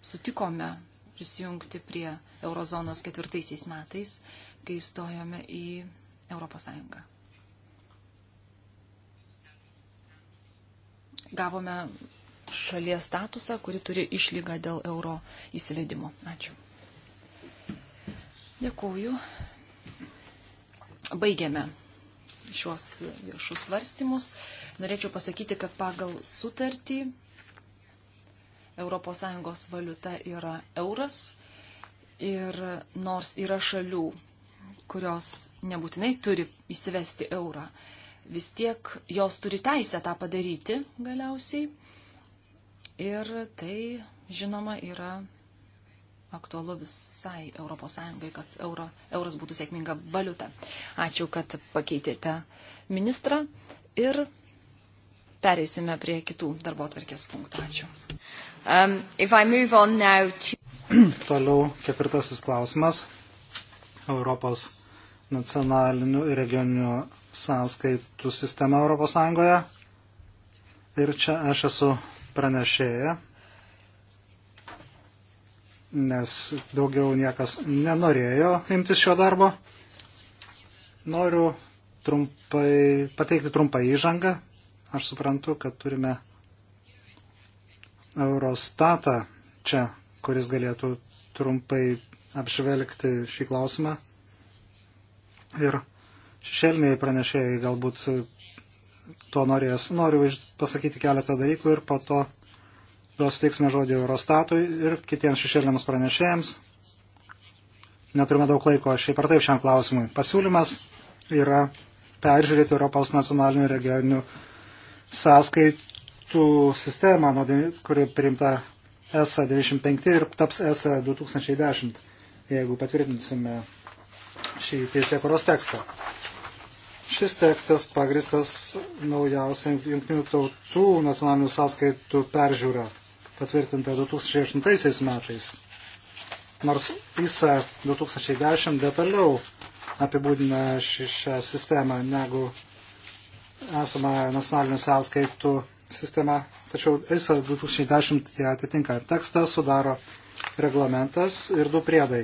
sutikome prisijungti prie Eurozonos ketvirtaisiais metais, kai įstojome į Europos Sąjungą. Gavome šalies statusą, kuri turi išlygą dėl euro įsileidimo. Ačiū. Dėkuoju baigiame šiuos viešus svarstymus. Norėčiau pasakyti, kad pagal sutartį ES valiuta yra euras ir nors yra šalių, kurios nebūtinai turi įsivesti eurą, vis tiek jos turi teisę tą padaryti galiausiai. Ir tai, žinoma, yra aktualu visai ES, kad euro, euras būtų sėkminga valiuta. Ačiū, kad pakeitėte ministrą ir pereisime prie kitų darbo atvarkės punktų. Ačiū. Um, to... Toliau ketvirtasis klausimas. Europos nacionalinių ir regioninių sąskaitų sistema ES. Ir čia aš esu pranešėja nes daugiau niekas nenorėjo imtis šio darbo. Noriu trumpai, pateikti trumpą įžangą. Aš suprantu, kad turime Eurostatą čia, kuris galėtų trumpai apžvelgti šį klausimą. Ir šešėliniai pranešėjai galbūt to norės. Noriu pasakyti keletą dalykų ir po to Tos teiksime žodį Eurostatui ir kitiems šešėliniams pranešėjams. Neturime daug laiko šiaip ar taip šiam klausimui. Pasiūlymas yra peržiūrėti Europos nacionalinių regioninių sąskaitų sistemą, kuri priimta ESA 95 ir taps ESA 2010, jeigu patvirtinsime šį teisėkuros tekstą. Šis tekstas pagristas naujausia jungtinių tautų nacionalinių sąskaitų peržiūra patvirtinta 2008 metais. Nors ISA 2010 detaliau apibūdina ši, šią sistemą negu esama nacionalinių sąskaitų sistema, tačiau ISA 2010 ją atitinka. Tekstą sudaro reglamentas ir du priedai.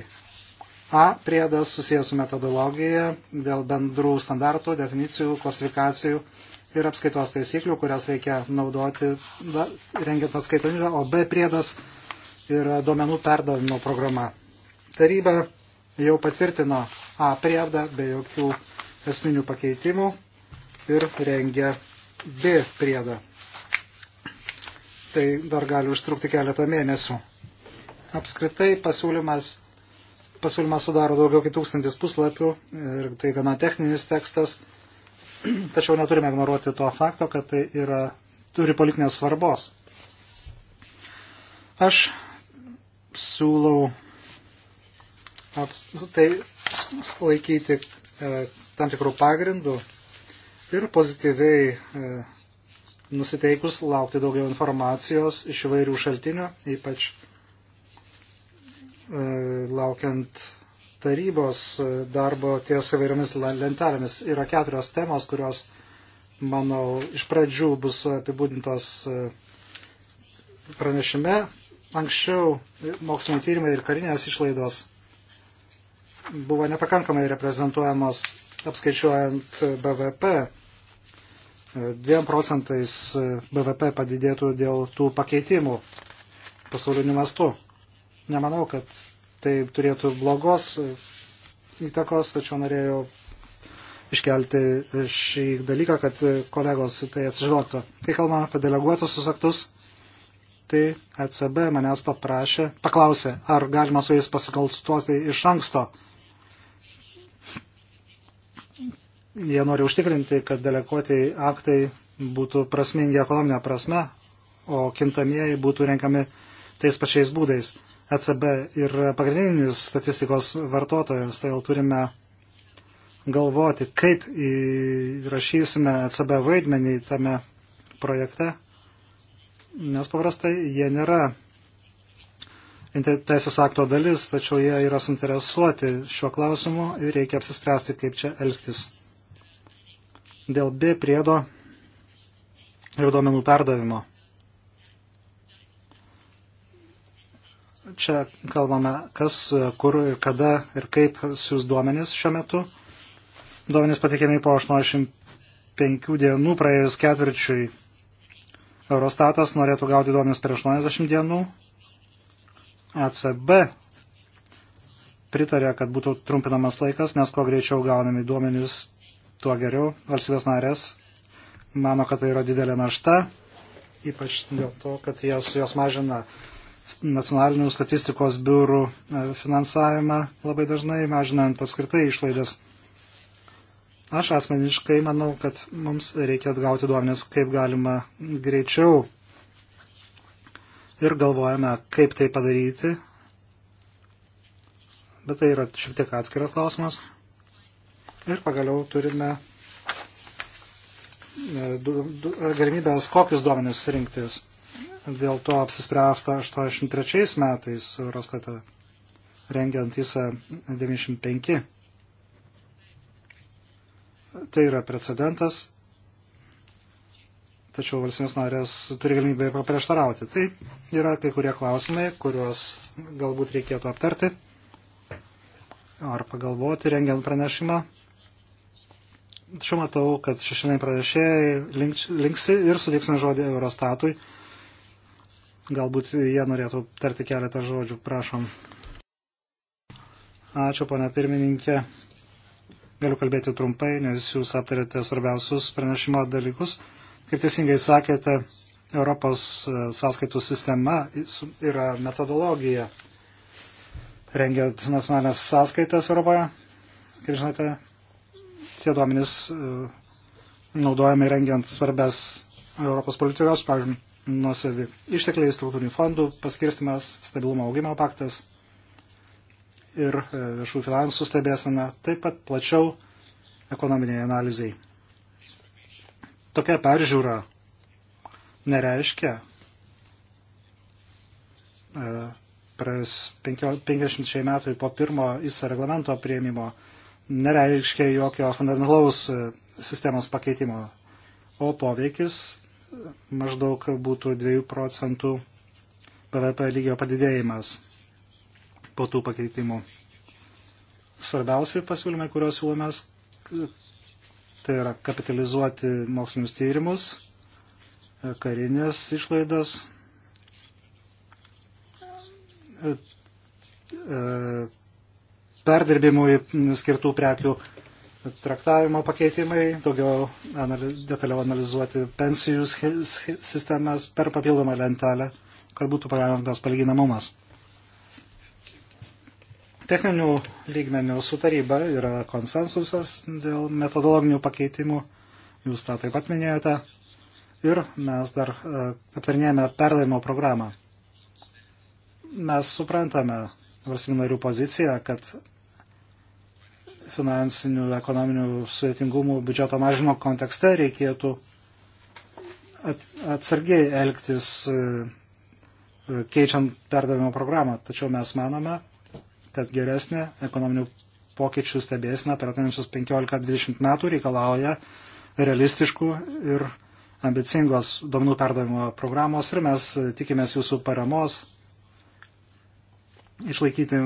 A priedas susijęs su metodologija dėl bendrų standartų, definicijų, klasifikacijų ir apskaitos taisyklių, kurias reikia naudoti da, rengiant atskaitomybę, o B priedas yra duomenų perdavimo programa. Taryba jau patvirtino A priedą be jokių esminių pakeitimų ir rengia B priedą. Tai dar gali užtrukti keletą mėnesių. Apskritai pasiūlymas pasiūlymas sudaro daugiau kaip tūkstantis puslapių ir tai gana techninis tekstas. Tačiau neturime ignoruoti to fakto, kad tai yra, turi politinės svarbos. Aš siūlau aps, tai laikyti e, tam tikrų pagrindų ir pozityviai e, nusiteikus laukti daugiau informacijos iš įvairių šaltinių, ypač e, laukiant tarybos e, darbo ties įvairiomis lentelėmis. Yra keturios temos, kurios, manau, iš pradžių bus apibūdintos e, pranešime. Anksčiau e, moksliniai tyrimai ir karinės išlaidos buvo nepakankamai reprezentuojamos apskaičiuojant BVP. 2 procentais BVP padidėtų dėl tų pakeitimų pasauliniu mastu. Nemanau, kad tai turėtų blogos e, įtakos, tačiau norėjau iškelti šį dalyką, kad kolegos tai atsižvelgtų. Kai kalbame apie deleguotusius aktus, tai ECB manęs paprašė, paklausė, ar galima su jais pasikalstuoti iš anksto. Jie nori užtikrinti, kad deleguotieji aktai būtų prasmingi ekonominė prasme, o kintamieji būtų renkami tais pačiais būdais. ECB ir pagrindinis statistikos vartotojas, tai jau turime galvoti, kaip įrašysime ECB vaidmenį tame projekte, nes paprastai jie nėra teisės akto dalis, tačiau jie yra suinteresuoti šiuo klausimu ir reikia apsispręsti, kaip čia elgtis. Dėl B priedo ir duomenų perdavimo. Čia kalbame, kas, kur ir kada ir kaip siūs duomenys šiuo metu. Duomenys pateikiami po 85 dienų praėjus ketvirčiui. Eurostatas norėtų gauti duomenys per 80 dienų. ECB pritarė, kad būtų trumpinamas laikas, nes kuo greičiau gaunami duomenys, tuo geriau. Valstybės narės mano, kad tai yra didelė našta, ypač dėl to, kad jas, jos mažina nacionalinių statistikos biurų e, finansavimą labai dažnai, mažinant apskritai išlaidas. Aš asmeniškai manau, kad mums reikia atgauti duomenis kaip galima greičiau ir galvojame, kaip tai padaryti. Bet tai yra šiek tiek atskiras klausimas. Ir pagaliau turime e, e, galimybės kokius duomenis rinktis dėl to apsispręsta 83 metais Eurostate, rengiant visą 95. Tai yra precedentas, tačiau valstybės narės turi galimybę paprieštarauti. Tai yra kai kurie klausimai, kuriuos galbūt reikėtų aptarti ar pagalvoti rengiant pranešimą. Tačiau matau, kad šešiniai pranešėjai linksi ir suteiksime žodį Eurostatui Galbūt jie norėtų tarti keletą žodžių, prašom. Ačiū, pana pirmininkė. Galiu kalbėti trumpai, nes jūs aptarėte svarbiausius pranešimo dalykus. Kaip teisingai sakėte, Europos e, sąskaitų sistema yra metodologija rengiant nacionalinės sąskaitas Europoje. Kaip žinote, tie duomenys e, naudojami rengiant svarbės Europos politikos, pavyzdžiui, nuosavi ištekliai, struktūrinių fondų paskirstimas, stabilumo augimo paktas ir e, viešų finansų stebėsena, taip pat plačiau ekonominiai analizai. Tokia peržiūra nereiškia e, praėjus 50 metų po pirmo ISA reglamento prieimimo nereiškia jokio fundamentalaus e, sistemos pakeitimo, o poveikis maždaug būtų 2 procentų BVP lygio padidėjimas po tų pakeitimų. Svarbiausi pasiūlymai, kuriuos siūlome, tai yra kapitalizuoti mokslinius tyrimus, karinės išlaidas, e, e, perdirbimui skirtų prekių traktavimo pakeitimai, daugiau analiz, detaliau analizuoti pensijų sistemas per papildomą lentelę, kad būtų pagerintas palyginamumas. Techninių lygmenių sutaryba yra konsensusas dėl metodologinių pakeitimų, jūs tą taip pat minėjote, ir mes dar e, aptarinėjame perdavimo programą. Mes suprantame valstybių narių poziciją, kad finansinių, ekonominių sudėtingumų biudžeto mažimo kontekste reikėtų atsargiai elgtis e, e, keičiant perdavimo programą. Tačiau mes manome, kad geresnė ekonominių pokyčių stebėsina per ateinančius 15-20 metų reikalauja realistiškų ir ambicingos duomenų perdavimo programos ir mes tikimės jūsų paramos išlaikyti,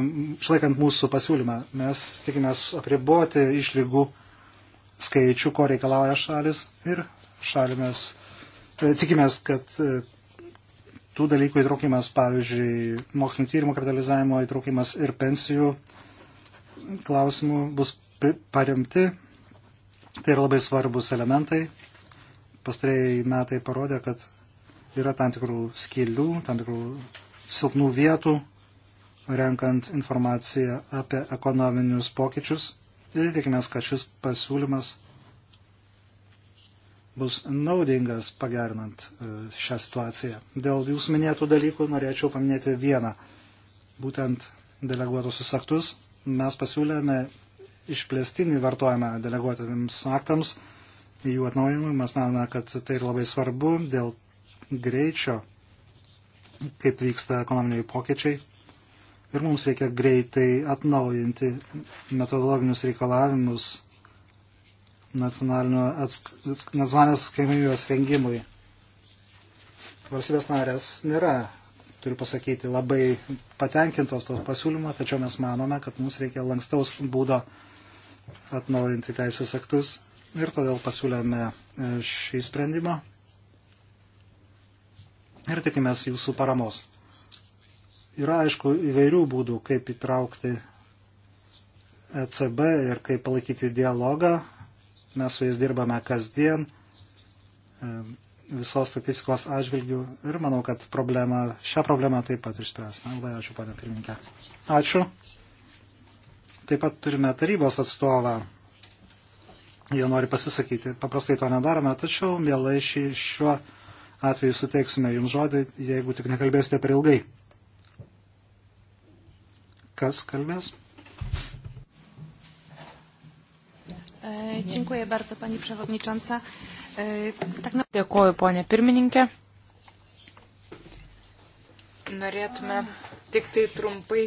išlaikant mūsų pasiūlymą. Mes tikimės apriboti išlygų skaičių, ko reikalauja šalis ir šalimės, e, tikimės, kad e, tų dalykų įtraukimas, pavyzdžiui, mokslinio tyrimo kapitalizavimo įtraukimas ir pensijų klausimų bus paremti. Tai yra labai svarbus elementai. Pastarėjai metai parodė, kad yra tam tikrų skilių, tam tikrų silpnų vietų renkant informaciją apie ekonominius pokyčius ir tikimės, kad šis pasiūlymas bus naudingas pagernant e, šią situaciją. Dėl jūsų minėtų dalykų norėčiau paminėti vieną. Būtent deleguotusius aktus mes pasiūlėme išplėstinį vartojimą deleguotėms aktams, jų atnaujimui. Mes manome, kad tai ir labai svarbu dėl greičio, kaip vyksta ekonominiai pokyčiai ir mums reikia greitai atnaujinti metodologinius reikalavimus nacionalinės kaimynijos rengimui. Varsybės narės nėra, turiu pasakyti, labai patenkintos tos pasiūlymo, tačiau mes manome, kad mums reikia lankstaus būdo atnaujinti teisės aktus ir todėl pasiūlėme e, šį sprendimą ir tikimės jūsų paramos. Yra aišku įvairių būdų, kaip įtraukti ECB ir kaip palaikyti dialogą. Mes su jais dirbame kasdien e, visos statistikos atžvilgių ir manau, kad problemą, šią problemą taip pat išspręsime. Labai ačiū, pane pirmininkė. Ačiū. Taip pat turime tarybos atstovą. Jie nori pasisakyti. Paprastai to nedarome, tačiau mielai šį, šiuo atveju suteiksime jums žodį, jeigu tik nekalbėsite per ilgai. Kas kalbės? E, dziękuję bardzo, pani przewodnicząca. E, tak na... Dėkuoju, ponė pirmininkė. Norėtume tik tai trumpai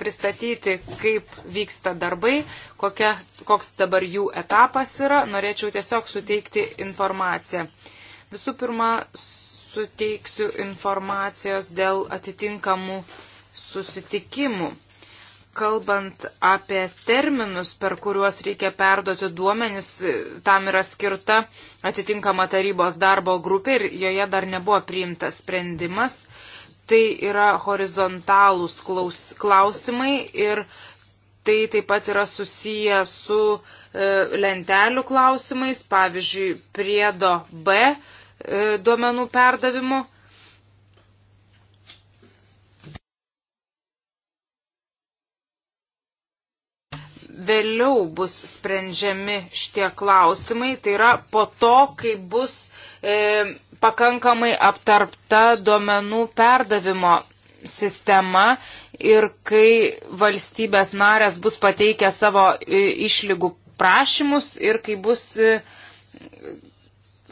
pristatyti, kaip vyksta darbai, kokia, koks dabar jų etapas yra. Norėčiau tiesiog suteikti informaciją. Visų pirma, suteiksiu informacijos dėl atitinkamų uh, susitikimų. Kalbant apie terminus, per kuriuos reikia perduoti duomenis, tam yra skirta atitinkama tarybos darbo grupė ir joje dar nebuvo priimtas sprendimas. Tai yra horizontalūs klaus, klausimai ir tai taip pat yra susiję su e, lentelių klausimais, pavyzdžiui, priedo B e, duomenų perdavimu. vėliau bus sprendžiami šitie klausimai, tai yra po to, kai bus e, pakankamai aptarpta duomenų perdavimo sistema ir kai valstybės narės bus pateikę savo e, išlygų prašymus ir kai bus e,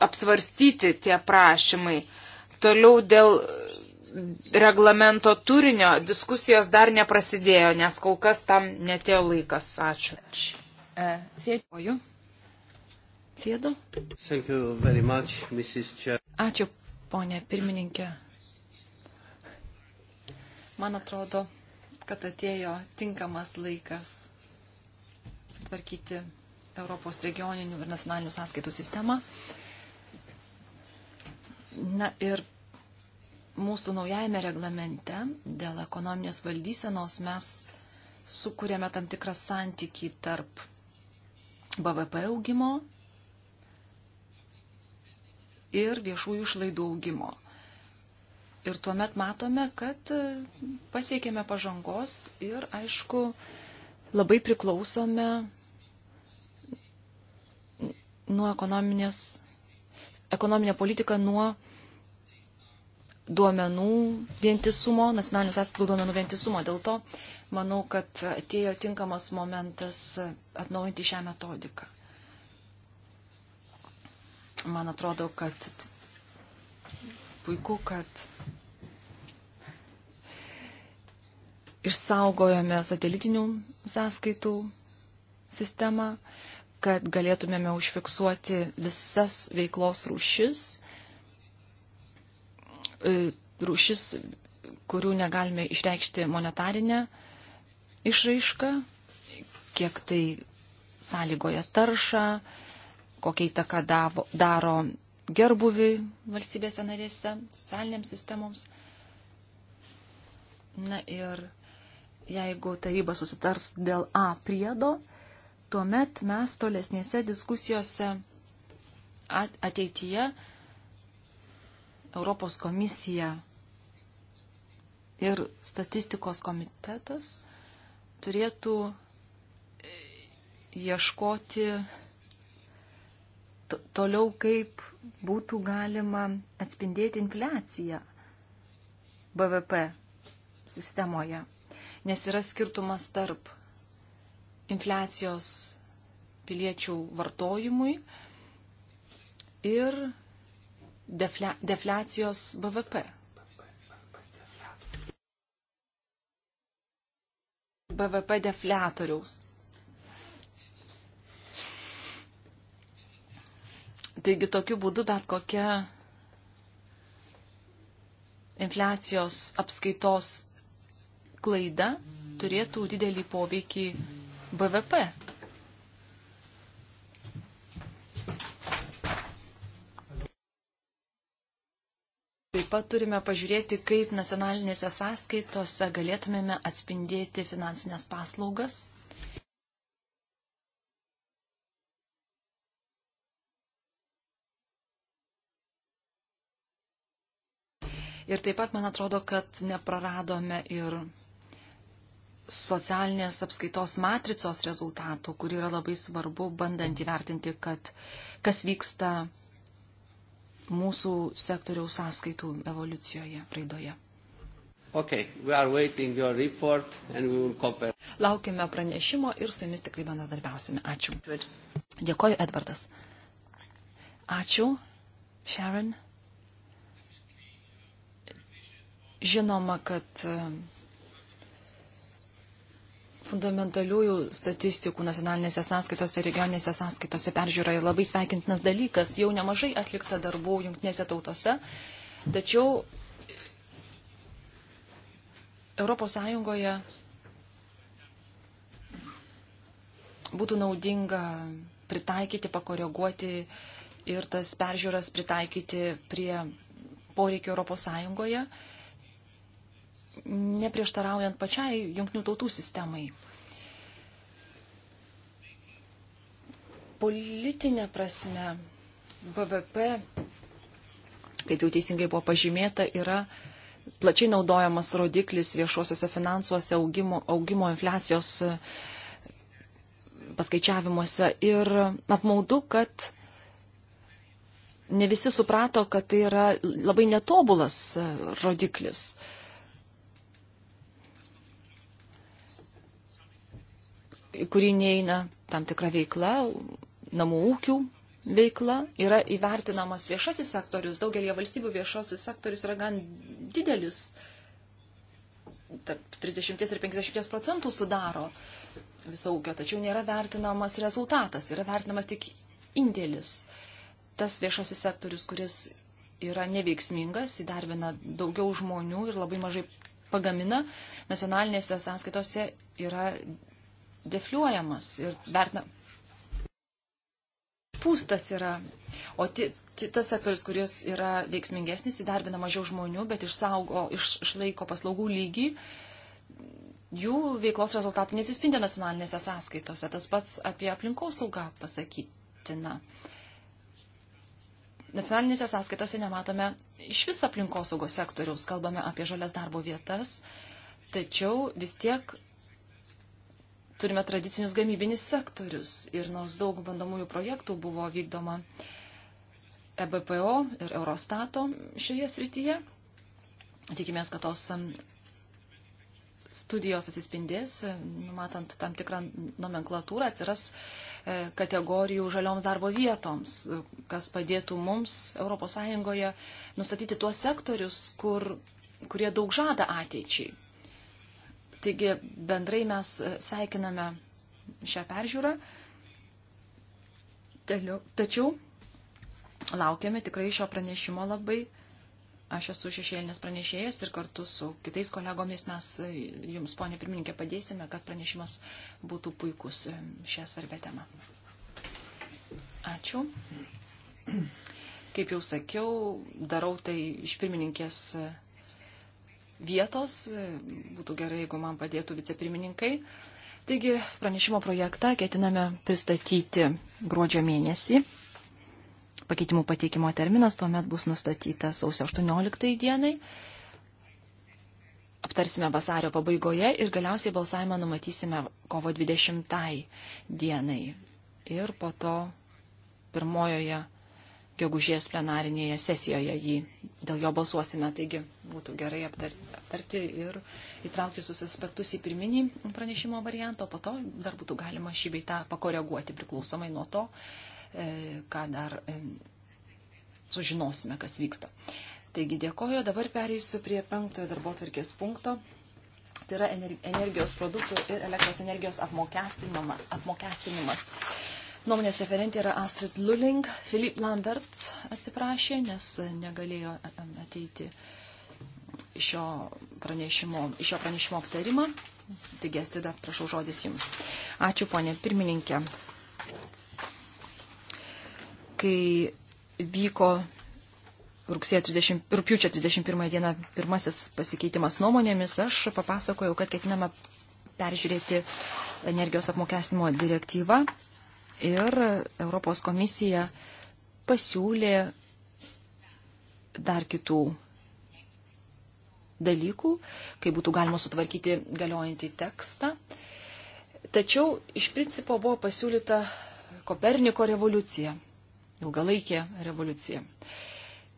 apsvarstyti tie prašymai. Toliau dėl reglamento turinio diskusijos dar neprasidėjo, nes kol kas tam netėjo laikas. Ačiū. Sėdėju. Sėdu. Ačiū, ponė pirmininkė. Man atrodo, kad atėjo tinkamas laikas sutvarkyti Europos regioninių ir nacionalinių sąskaitų sistemą. Na ir mūsų naujajame reglamente dėl ekonominės valdysenos mes sukūrėme tam tikrą santykį tarp BVP augimo ir viešųjų išlaidų augimo. Ir tuomet matome, kad pasiekėme pažangos ir, aišku, labai priklausome nuo ekonominės, ekonominė politika nuo duomenų vientisumo, nacionalinių sąskaitų duomenų vientisumo. Dėl to manau, kad atėjo tinkamas momentas atnaujinti šią metodiką. Man atrodo, kad puiku, kad išsaugojome satelitinių sąskaitų sistemą, kad galėtumėme užfiksuoti visas veiklos rūšis E, rūšis, kurių negalime išreikšti monetarinę išraišką, kiek tai sąlygoja taršą, kokia įtaka daro gerbuvi valstybėse narėse, socialiniams sistemoms. Na ir jeigu taryba susitars dėl A priedo, tuomet mes tolesnėse diskusijose ateityje Europos komisija ir statistikos komitetas turėtų e, ieškoti toliau, kaip būtų galima atspindėti infliaciją BVP sistemoje. Nes yra skirtumas tarp infliacijos piliečių vartojimui ir defle, defliacijos BVP. BVP defliatoriaus. Taigi tokiu būdu bet kokia infliacijos apskaitos klaida turėtų didelį poveikį BVP Taip pat turime pažiūrėti, kaip nacionalinėse sąskaitose galėtumėme atspindėti finansinės paslaugas. Ir taip pat man atrodo, kad nepraradome ir socialinės apskaitos matricos rezultatų, kur yra labai svarbu, bandant įvertinti, kad kas vyksta mūsų sektoriaus sąskaitų evoliucijoje, raidoje. Okay, Laukime pranešimo ir su jumis tikrai bendradarbiausime. Ačiū. Dėkoju, Edvardas. Ačiū, Sharon. Žinoma, kad fundamentaliųjų statistikų nacionalinėse sąskaitose, regioninėse sąskaitose peržiūra yra labai sveikintinas dalykas. Jau nemažai atlikta darbų jungtinėse tautose, tačiau ES būtų naudinga pritaikyti, pakoreguoti ir tas peržiūras pritaikyti prie poreikio ES neprieštaraujant pačiai jungtinių tautų sistemai. Politinė prasme BVP, kaip jau teisingai buvo pažymėta, yra plačiai naudojamas rodiklis viešuosiuose finansuose augimo, augimo infliacijos e, paskaičiavimuose. Ir apmaudu, kad ne visi suprato, kad tai yra labai netobulas e, rodiklis. kurį neina tam tikra veikla, namų ūkių veikla, yra įvertinamas viešasis sektorius. Daugelie valstybių viešasis sektorius yra gan didelis, tarp 30 ir 50 procentų sudaro viso ūkio, tačiau nėra vertinamas rezultatas, yra vertinamas tik indėlis. Tas viešasis sektorius, kuris yra neveiksmingas, įdarbina daugiau žmonių ir labai mažai pagamina, nacionalinėse sąskaitose yra defliuojamas ir vertina. Pūstas yra. O ti, ti, tas sektoris, kuris yra veiksmingesnis, įdarbina mažiau žmonių, bet išsaugo, iš, išlaiko paslaugų lygį, jų veiklos rezultatų nesispindė nacionalinėse sąskaitose. Tas pats apie aplinkosaugą pasakytina. Nacionalinėse sąskaitose nematome iš viso aplinkosaugos sektoriaus, kalbame apie žalias darbo vietas, tačiau vis tiek turime tradicinius gamybinis sektorius ir nors daug bandomųjų projektų buvo vykdoma EBPO ir Eurostato šioje srityje, tikimės, kad tos studijos atsispindės, numatant tam tikrą nomenklatūrą, atsiras e, kategorijų žalioms darbo vietoms, kas padėtų mums ES nustatyti tuos sektorius, kur, kurie daug žada ateičiai Taigi bendrai mes sveikiname šią peržiūrą. Tačiau laukiame tikrai šio pranešimo labai. Aš esu šešėlinės pranešėjas ir kartu su kitais kolegomis mes e, jums, ponė pirmininkė, padėsime, kad pranešimas būtų puikus e, šią svarbę temą. Ačiū. Kaip jau sakiau, darau tai iš pirmininkės e, vietos. Būtų gerai, jeigu man padėtų vicepirmininkai. Taigi pranešimo projektą ketiname pristatyti gruodžio mėnesį. Pakeitimų pateikimo terminas tuomet bus nustatytas sausio 18 dienai. Aptarsime vasario pabaigoje ir galiausiai balsavimą numatysime kovo 20 dienai. Ir po to pirmojoje gegužės plenarinėje sesijoje jį, dėl jo balsuosime, taigi būtų gerai aptarti ir įtraukti visus aspektus į pirminį pranešimo variantą, o po to dar būtų galima šį beitą pakoreguoti priklausomai nuo to, e, ką dar e, sužinosime, kas vyksta. Taigi dėkoju, dabar pereisiu prie penktojo darbo tvarkės punkto. Tai yra energijos produktų ir elektros energijos apmokestinimas. Nuomonės referentė yra Astrid Lulling. Filip Lambert atsiprašė, nes negalėjo ateiti šio pranešimo, šio pranešimo aptarimą. Taigi, Astrid, prašau žodis Jums. Ačiū, ponė pirmininkė. Kai vyko rugsėjo 30, rūpiučio 31 dieną pirmasis pasikeitimas nuomonėmis, aš papasakojau, kad ketiname peržiūrėti energijos apmokestinimo direktyvą ir Europos komisija pasiūlė dar kitų dalykų, kai būtų galima sutvarkyti galiojantį tekstą. Tačiau iš principo buvo pasiūlyta Koperniko revoliucija, ilgalaikė revoliucija.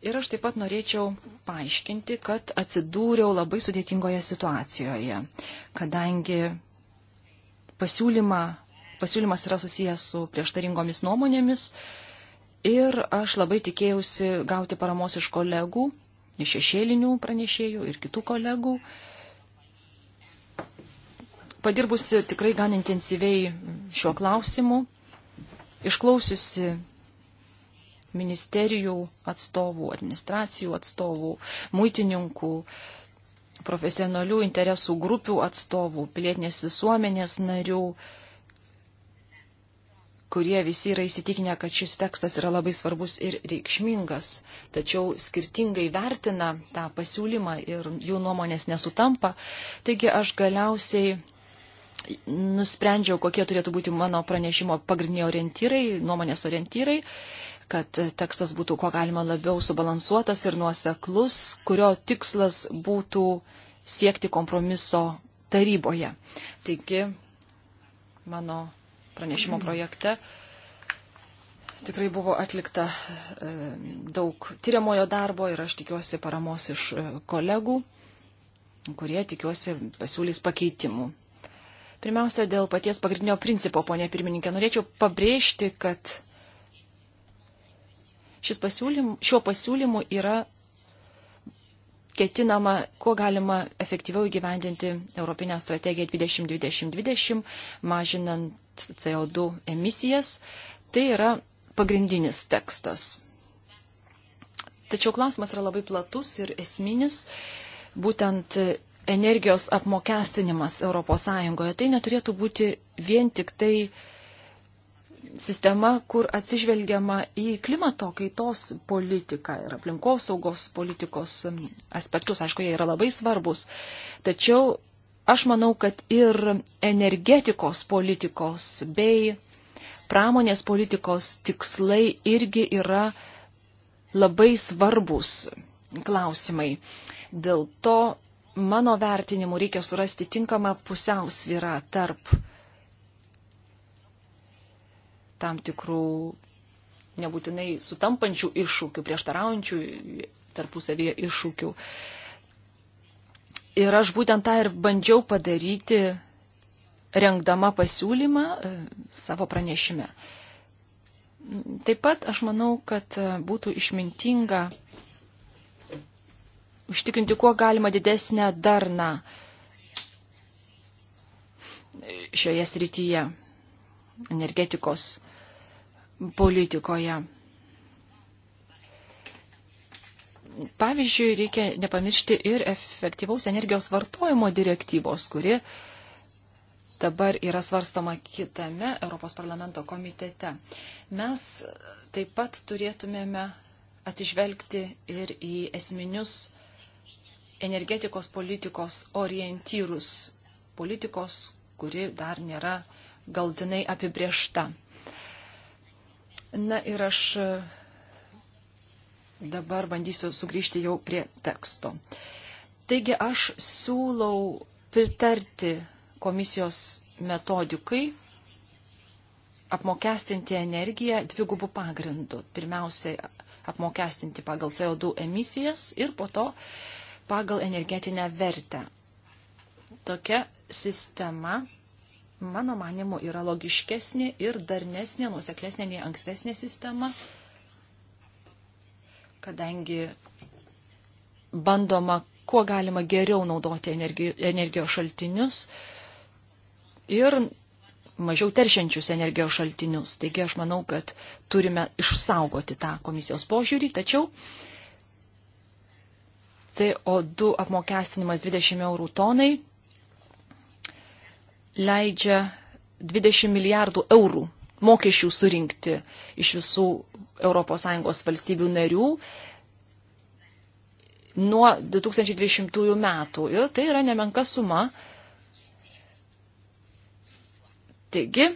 Ir aš taip pat norėčiau paaiškinti, kad atsidūriau labai sudėtingoje situacijoje, kadangi pasiūlymą pasiūlymas yra susijęs su prieštaringomis nuomonėmis ir aš labai tikėjausi gauti paramos iš kolegų, iš šešėlinių pranešėjų ir kitų kolegų. Padirbusi tikrai gan intensyviai šiuo klausimu, išklausiusi ministerijų atstovų, administracijų atstovų, muitininkų, profesionalių interesų grupių atstovų, pilietinės visuomenės narių, kurie visi yra įsitikinę, kad šis tekstas yra labai svarbus ir reikšmingas, tačiau skirtingai vertina tą pasiūlymą ir jų nuomonės nesutampa. Taigi aš galiausiai nusprendžiau, kokie turėtų būti mano pranešimo pagrindiniai orientyrai, nuomonės orientyrai kad tekstas būtų kuo galima labiau subalansuotas ir nuoseklus, kurio tikslas būtų siekti kompromiso taryboje. Taigi, mano pranešimo mhm. projekte tikrai buvo atlikta e, daug tyriamojo darbo ir aš tikiuosi paramos iš e, kolegų, kurie tikiuosi pasiūlys pakeitimų. Pirmiausia, dėl paties pagrindinio principo, ponė pirmininkė, norėčiau pabrėžti, kad pasiūlym, šiuo pasiūlymu yra ketinama, kuo galima efektyviau įgyvendinti Europinę strategiją 2020-2020, mažinant CO2 emisijas. Tai yra pagrindinis tekstas. Tačiau klausimas yra labai platus ir esminis. Būtent energijos apmokestinimas ES. Tai neturėtų būti vien tik tai uh, sistema, kur atsižvelgiama į klimato kaitos politiką ir aplinkosaugos politikos um, aspektus. Aišku, jie yra labai svarbus. Tačiau aš manau, kad ir energetikos politikos bei pramonės politikos tikslai irgi yra labai svarbus klausimai. Dėl to mano vertinimu reikia surasti tinkamą pusiausvyrą tarp tam tikrų nebūtinai sutampančių iššūkių, prieštaraujančių tarpusavėje iššūkių. Ir aš būtent tą ir bandžiau padaryti, rengdama pasiūlymą e, savo pranešime. Taip pat aš manau, kad e, būtų išmintinga užtikrinti kuo galima didesnę darną šioje srityje energetikos politikoje. Pavyzdžiui, reikia nepamiršti ir efektyvaus energijos vartojimo direktyvos, kuri dabar yra svarstoma kitame Europos parlamento komitete. Mes taip pat turėtumėme atsižvelgti ir į esminius energetikos politikos orientyrus, politikos, kuri dar nėra galtinai apibriešta. Na ir aš e, dabar bandysiu sugrįžti jau prie teksto. Taigi aš siūlau pritarti komisijos metodikai apmokestinti energiją dvigubų pagrindų. Pirmiausiai apmokestinti pagal CO2 emisijas ir po to pagal energetinę vertę. Tokia sistema mano manimu, yra logiškesnė ir darnesnė, nuoseklesnė nei ankstesnė sistema, kadangi bandoma kuo galima geriau naudoti energijos šaltinius ir mažiau teršiančius energijos šaltinius. Taigi aš manau, kad turime išsaugoti tą komisijos požiūrį, tačiau CO2 apmokestinimas 20 eurų tonai leidžia 20 milijardų eurų mokesčių surinkti iš visų ES valstybių narių nuo 2020 metų. Ir tai yra nemenka suma. Taigi,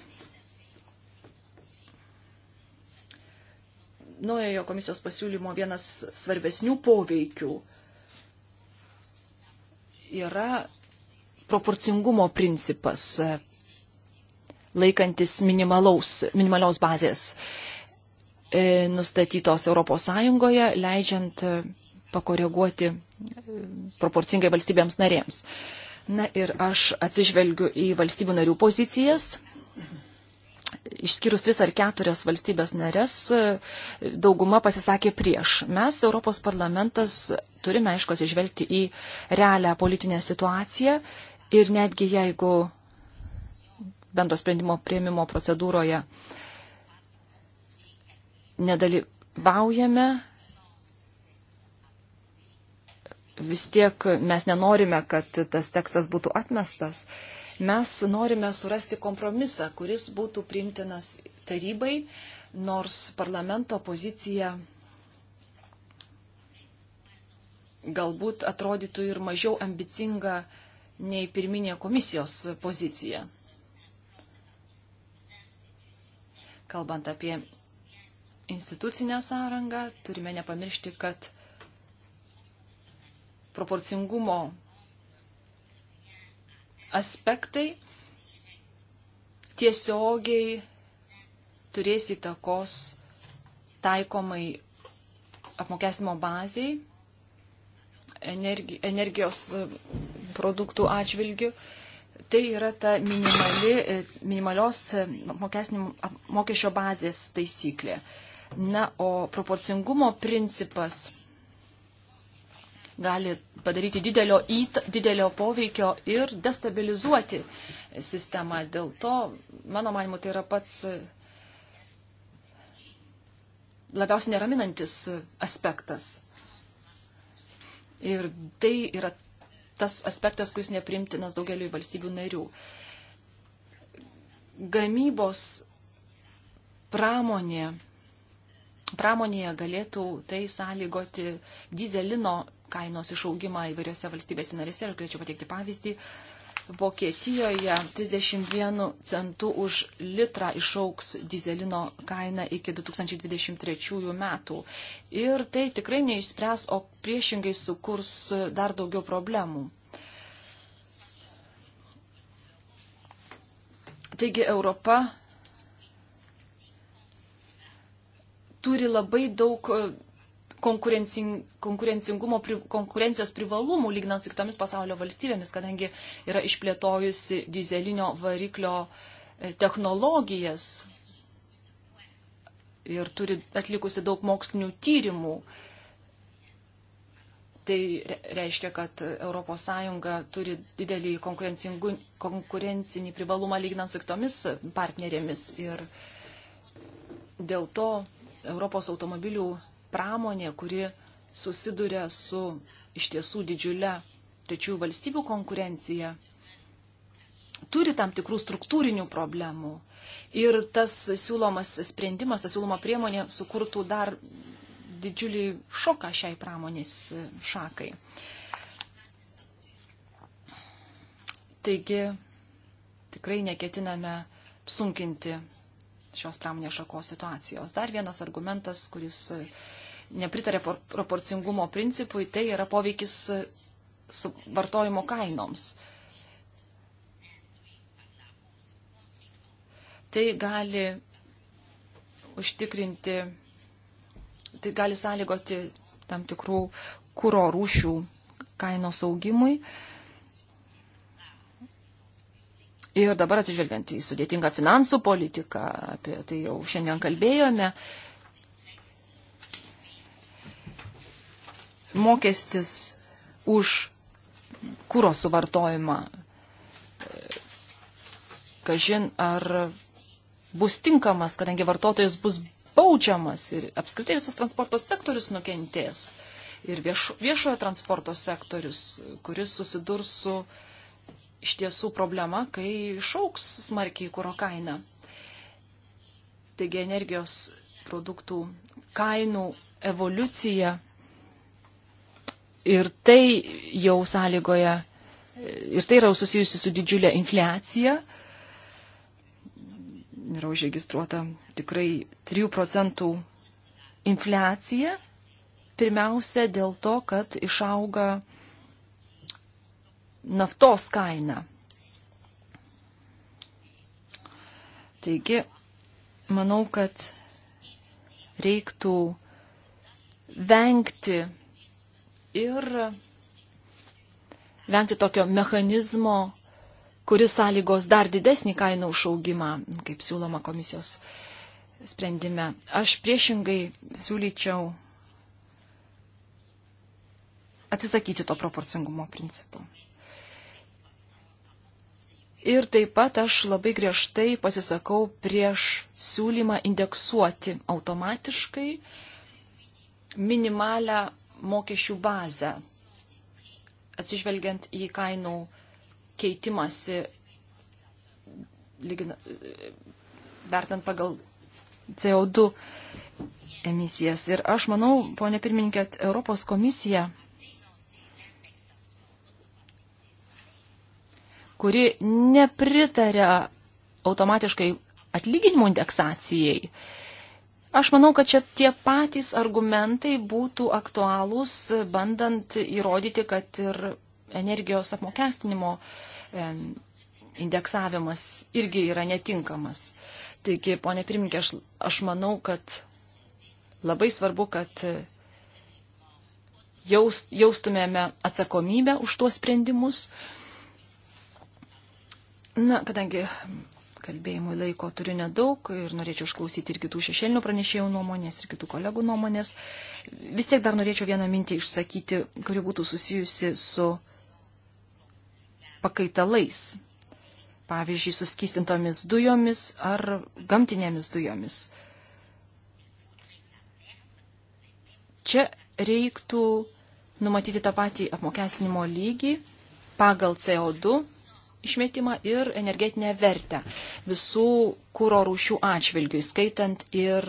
naujojo komisijos pasiūlymo vienas svarbesnių poveikių yra proporcingumo principas, laikantis minimalios bazės e, nustatytos ES, leidžiant e, pakoreguoti e, proporcingai valstybėms narėms. Na ir aš atsižvelgiu į valstybių narių pozicijas. Išskyrus tris ar keturias valstybės narės, dauguma pasisakė prieš. Mes, Europos parlamentas, turime aišku atsižvelgti į realią politinę situaciją Ir netgi jeigu bendro sprendimo prieimimo procedūroje nedalyvaujame, vis tiek mes nenorime, kad tas tekstas būtų atmestas. Mes norime surasti kompromisą, kuris būtų priimtinas tarybai, nors parlamento pozicija galbūt atrodytų ir mažiau ambicinga nei pirminė komisijos pozicija. Kalbant apie institucinę sąrangą, turime nepamiršti, kad proporcingumo aspektai tiesiogiai turės įtakos taikomai apmokestimo baziai energijos produktų atžvilgių. Tai yra ta minimali, minimalios mokesčio bazės taisyklė. Na, o proporcingumo principas gali padaryti didelio, įta, didelio poveikio ir destabilizuoti sistemą. Dėl to, mano manimu, tai yra pats labiausiai neraminantis aspektas. Ir tai yra tas aspektas, kuris neprimtinas daugeliu valstybių narių. Gamybos pramonė, pramonėje galėtų tai sąlygoti dizelino kainos išaugimą įvairiose valstybėse narėse. Aš galėčiau pateikti pavyzdį. Uh, Vokietijoje 31 centų už litrą išauks dizelino kaina iki 2023 metų. Ir tai tikrai neišspręs, o priešingai sukurs dar daugiau problemų. Taigi Europa turi labai daug konkurencingumo, konkurencijos privalumų lygnant su kitomis pasaulio valstybėmis, kadangi yra išplėtojusi dizelinio variklio e, technologijas ir turi atlikusi daug mokslinių tyrimų. Tai reiškia, kad ES turi didelį konkurencinį privalumą lyginant su kitomis partnerėmis ir dėl to Europos automobilių pramonė, kuri susiduria su iš tiesų didžiulė trečiųjų valstybių konkurencija, turi tam tikrų struktūrinių problemų. Ir tas siūlomas sprendimas, ta siūloma priemonė sukurtų dar didžiulį šoką šiai pramonės šakai. Taigi tikrai neketiname sunkinti šios pramonės šakos situacijos. Dar vienas argumentas, kuris nepritarė proporcingumo principui, tai yra poveikis e, vartojimo kainoms. Tai gali užtikrinti, tai gali sąlygoti tam tikrų kūro rūšių kainos augimui. Ir dabar atsižvelgiant į sudėtingą finansų politiką, apie tai jau šiandien kalbėjome, mokestis už kūro suvartojimą. Kažin, ar bus tinkamas, kadangi vartotojas bus baudžiamas ir apskritai visas transporto sektorius nukentės. Ir viešo, viešojo transporto sektorius, kuris susidurs su iš tiesų problema, kai išauks smarkiai kūro kaina. Taigi energijos produktų kainų evoliucija ir tai jau sąlygoja, ir tai yra susijusi su didžiulė infliacija. Yra užregistruota tikrai 3 procentų infliacija. Pirmiausia dėl to, kad išauga naftos kaina. Taigi, manau, kad reiktų vengti ir vengti tokio mechanizmo, kuris sąlygos dar didesnį kainų užaugimą, kaip siūloma komisijos sprendime. Aš priešingai siūlyčiau atsisakyti to proporcingumo principo. Ir taip pat aš labai griežtai pasisakau prieš siūlymą indeksuoti automatiškai minimalę mokesčių bazę, atsižvelgiant į kainų keitimąsi, lygina, vertant pagal CO2 emisijas. Ir aš manau, ponė pirmininkė, Europos komisija, kuri nepritaria automatiškai atlyginimų indeksacijai, Aš manau, kad čia tie patys argumentai būtų aktualūs, bandant įrodyti, kad ir energijos apmokestinimo indeksavimas irgi yra netinkamas. Taigi, ponė pirmininkė, aš, aš manau, kad labai svarbu, kad jaus, jaustumėme atsakomybę už tuos sprendimus. Na, kadangi kalbėjimui laiko turiu nedaug ir norėčiau išklausyti ir kitų šešėlinių pranešėjų nuomonės, ir kitų kolegų nuomonės. Vis tiek dar norėčiau vieną mintį išsakyti, kuri būtų susijusi su pakaitalais. Pavyzdžiui, suskistintomis dujomis ar gamtinėmis dujomis. Čia reiktų numatyti tą patį apmokestinimo lygį pagal CO2 išmetimą ir energetinę vertę visų kūro rūšių atžvilgių, skaitant ir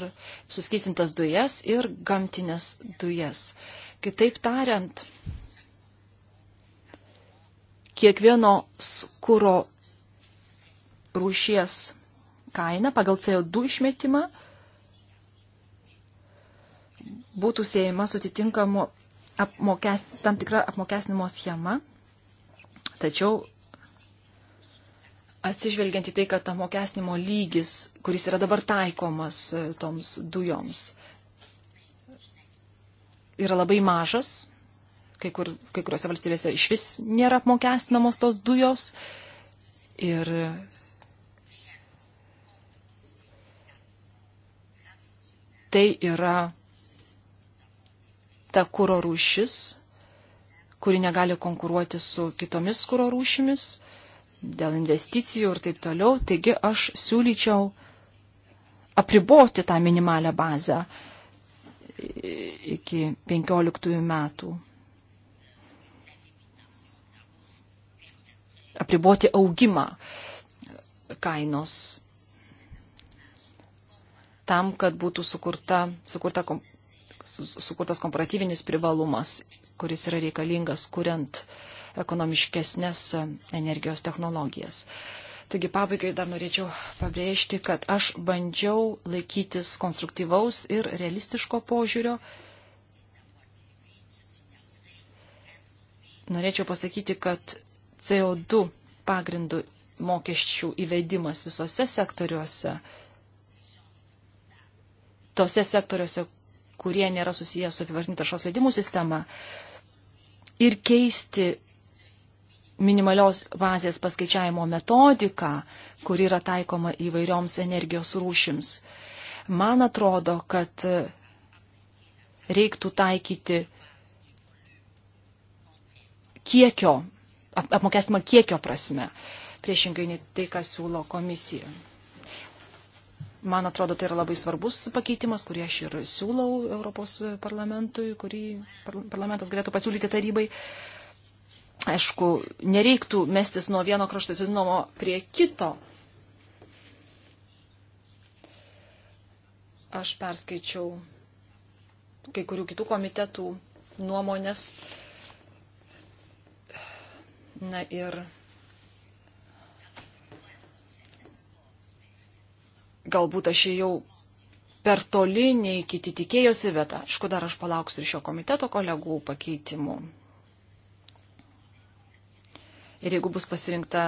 suskysintas dujas ir gamtinės dujas. Kitaip tariant, kiekvienos kūro rūšies kaina pagal CO2 išmetimą būtų siejama su atitinkamu apmokest, tam tikra apmokestinimo schema, tačiau atsižvelgiant į tai, kad apmokestinimo lygis, kuris yra dabar taikomas e, toms dujoms, yra labai mažas, kai, kur, kai kuriuose valstybėse iš vis nėra apmokestinamos tos dujos. Ir tai yra ta kūro rūšis, kuri negali konkuruoti su kitomis kūro rūšimis dėl investicijų ir taip toliau. Taigi aš siūlyčiau apriboti tą minimalę bazę iki 15 metų. Apriboti augimą kainos tam, kad būtų sukurta, sukurta, sukurtas komparatyvinis privalumas, kuris yra reikalingas, kuriant uh, ekonomiškesnės energijos technologijas. Taigi pabaigai dar norėčiau pabrėžti, kad aš bandžiau laikytis konstruktyvaus ir realistiško požiūrio. Norėčiau pasakyti, kad CO2 pagrindų mokesčių įvedimas visose sektoriuose, tose sektoriuose, kurie nėra susijęs su apivartinta šos leidimų sistema, ir keisti minimalios bazės paskaičiavimo metodiką, kuri yra taikoma įvairioms energijos rūšims. Man atrodo, kad reiktų taikyti kiekio, apmokestimą kiekio prasme, priešingai nei tai, ką siūlo komisija. Man atrodo, tai yra labai svarbus pakeitimas, kurį aš ir siūlau Europos parlamentui, kurį parlamentas galėtų pasiūlyti tarybai. Uh, aišku, nereiktų mestis nuo vieno kraštutinumo prie kito. Aš perskaičiau kai kurių kitų komitetų nuomonės. Na ir galbūt aš jau per toli nei kiti tikėjosi, bet aišku, dar aš palauksiu ir šio komiteto kolegų pakeitimų. Ir jeigu bus pasirinkta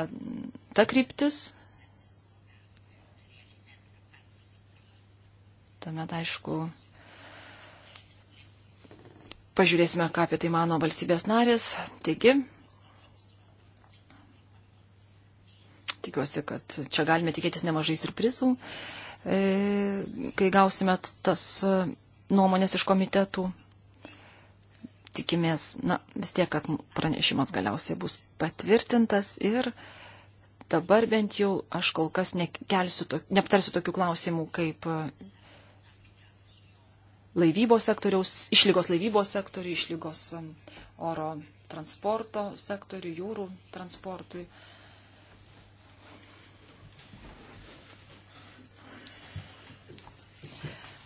ta kryptis, tuomet aišku, pažiūrėsime, ką apie tai mano valstybės narės. Taigi, tikiuosi, kad čia galime tikėtis nemažai surprizų, e, kai gausime tas e, nuomonės iš komitetų tikimės, na, vis tiek, kad pranešimas galiausiai bus patvirtintas ir dabar bent jau aš kol kas nekelsiu, to, neaptarsiu tokių klausimų kaip e, laivybos sektoriaus, išlygos laivybos sektoriui, išlygos e, oro transporto sektoriui, jūrų transportui.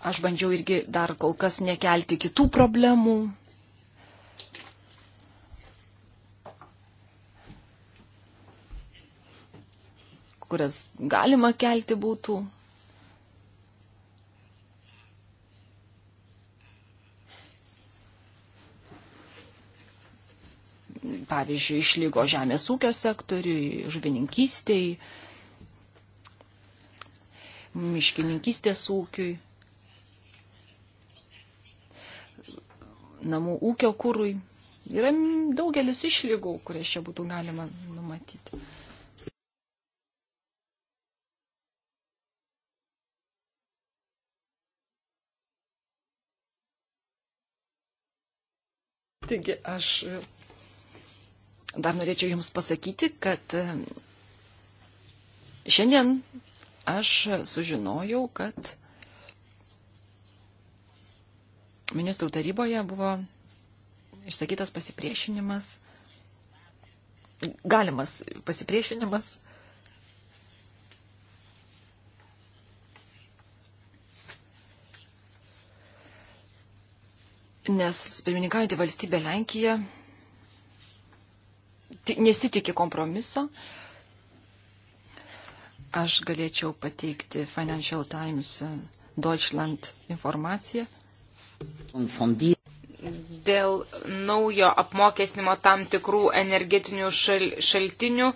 Aš bandžiau irgi dar kol kas nekelti kitų problemų, kurias galima kelti būtų. Pavyzdžiui, išlygo žemės ūkio sektoriui, žuvininkystėjai, miškininkystės ūkiui, namų ūkio kūrui. Yra daugelis išlygų, kurias čia būtų galima numatyti. Taigi aš e, dar norėčiau Jums pasakyti, kad e, šiandien aš sužinojau, kad ministrų taryboje buvo išsakytas pasipriešinimas, galimas pasipriešinimas nes pirmininkaujantį valstybę Lenkiją nesitikė kompromiso. Aš galėčiau pateikti Financial Times e, Deutschland informaciją. Dėl naujo apmokesnimo tam tikrų energetinių šal, šaltinių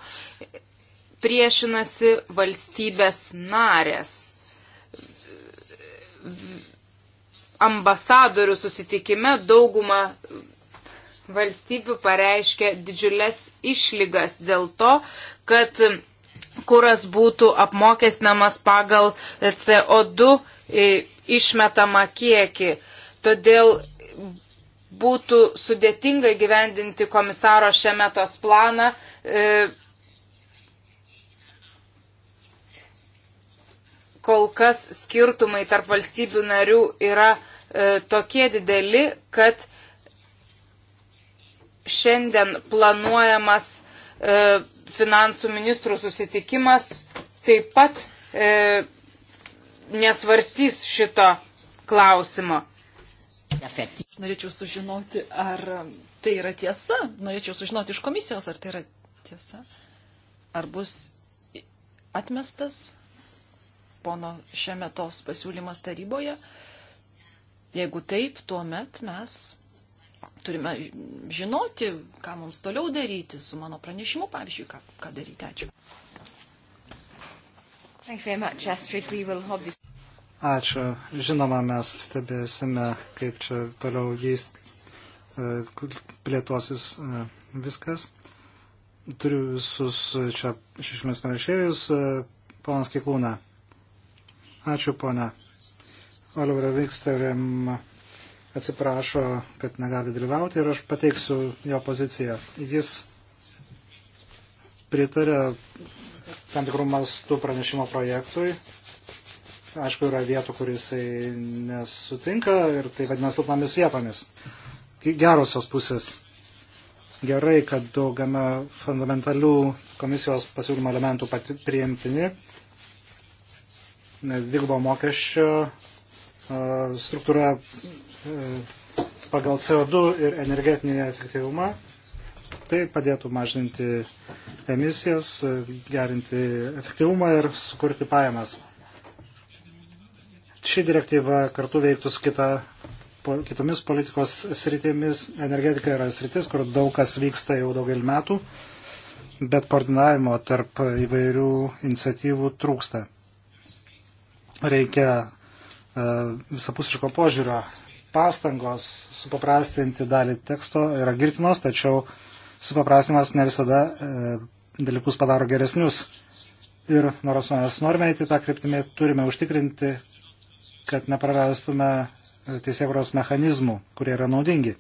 priešinasi valstybės narės. ambasadorių susitikime dauguma valstybių pareiškė didžiulės išlygas dėl to, kad kuras būtų apmokestinamas pagal CO2 e, išmetamą kiekį. Todėl būtų sudėtinga gyvendinti komisaro šiemetos planą, e, kol kas skirtumai tarp valstybių narių yra e, tokie dideli, kad šiandien planuojamas e, finansų ministrų susitikimas taip pat e, nesvarstys šito klausimo. Aš norėčiau sužinoti, ar tai yra tiesa. Norėčiau sužinoti iš komisijos, ar tai yra tiesa. Ar bus atmestas pono Šemetos pasiūlymas taryboje? Jeigu taip, tuomet mes turime žinoti, ką mums toliau daryti su mano pranešimu, pavyzdžiui, ką, ką daryti. Ačiū. Much, Astrid. Obviously... Ačiū. Žinoma, mes stebėsime, kaip čia toliau jais e, plėtuosis e, viskas. Turiu visus čia šešimės pranešėjus, e, ponas Kiklūna. Ačiū, ponia. Olivera Viksterim atsiprašo, kad negali dalyvauti ir aš pateiksiu jo poziciją. Jis pritarė tam tikrų mastų pranešimo projektui. Aišku, yra vietų, kur jisai nesutinka ir tai vadinasi silpnomis vietomis. Gerosios pusės. Gerai, kad daugame fundamentalių komisijos pasiūlymo elementų priimtini dvigubo mokesčio struktūra pagal CO2 ir energetinį efektyvumą. Tai padėtų mažinti emisijas, gerinti efektyvumą ir sukurti pajamas. Ši direktyva kartu veiktų su kita, po, kitomis politikos sritėmis. Energetika yra sritis, kur daug kas vyksta jau daugelį metų, bet koordinavimo tarp įvairių iniciatyvų trūksta reikia e, visapusiško požiūrio. Pastangos supaprastinti dalį teksto yra girtinos, tačiau supaprastinimas ne visada e, dalykus padaro geresnius. Ir nors mes norime eiti tą kryptimį, turime užtikrinti, kad neprarastume e, teisėkuros mechanizmų, kurie yra naudingi.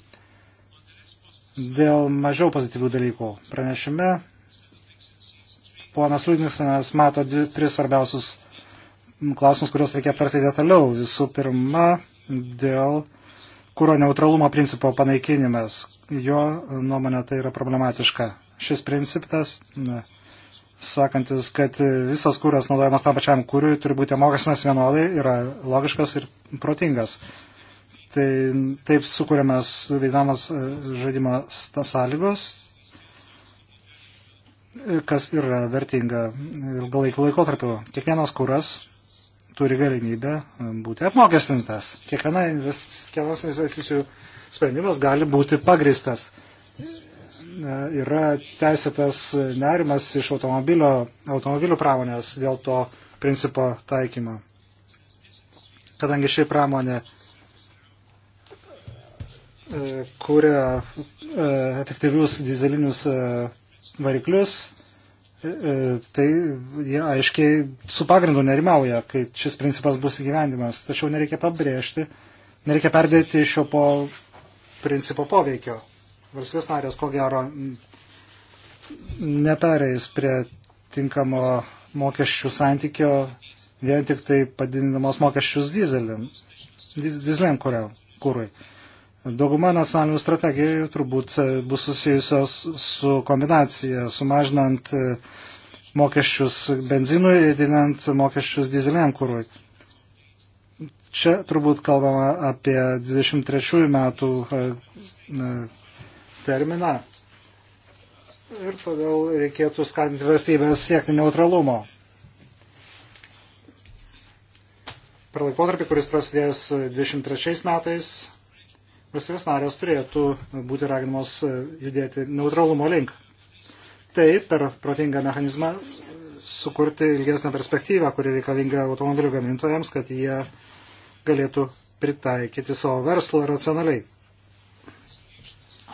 Dėl mažiau pozityvių dalykų pranešime ponas Liūdniksenas mato dvi, tris svarbiausius klausimus, kuriuos reikia aptarti detaliau. Visų pirma, dėl kūro neutralumo principo panaikinimas. Jo nuomonė tai yra problematiška. Šis principas, ne, sakantis, kad visas kūras naudojamas tam pačiam kūriui turi būti mokestinas vienodai, yra logiškas ir protingas. Tai taip sukūrėmės veidamos e, žaidimo sąlygos, kas yra vertinga ilgalaikų laikotarpių. Kiekvienas kuras turi galimybę būti apmokestintas. Kiekviena invest, kiekvienas investicijų sprendimas gali būti pagristas. Yra teisėtas nerimas iš automobilio, automobilių pramonės dėl to principo taikymo. Kadangi ši pramonė e, kuria e, efektyvius dizelinius e, variklius, E, e, tai jie aiškiai su pagrindu nerimauja, kai šis principas bus įgyvendimas. Tačiau nereikia pabrėžti, nereikia perdėti šio po principo poveikio. Varsvės narės, ko gero, nepereis prie tinkamo mokesčių santykio vien tik tai padidinamos mokesčius dizeliam, dizeliam kūrui. Dauguma nacionalinių strategijų turbūt e, bus susijusios su kombinacija, sumažinant e, mokesčius benzinui ir didinant mokesčius dizeliniam kūrui. Čia turbūt kalbama apie 23 metų e, terminą. Ir todėl reikėtų skatinti valstybės siekti neutralumo. Per laikotarpį, kuris prasidės 23 metais, valstybės narės turėtų būti raginamos judėti neutralumo link. Tai per protingą mechanizmą sukurti ilgesnę perspektyvą, kuri reikalinga automobilių gamintojams, kad jie galėtų pritaikyti savo verslą racionaliai.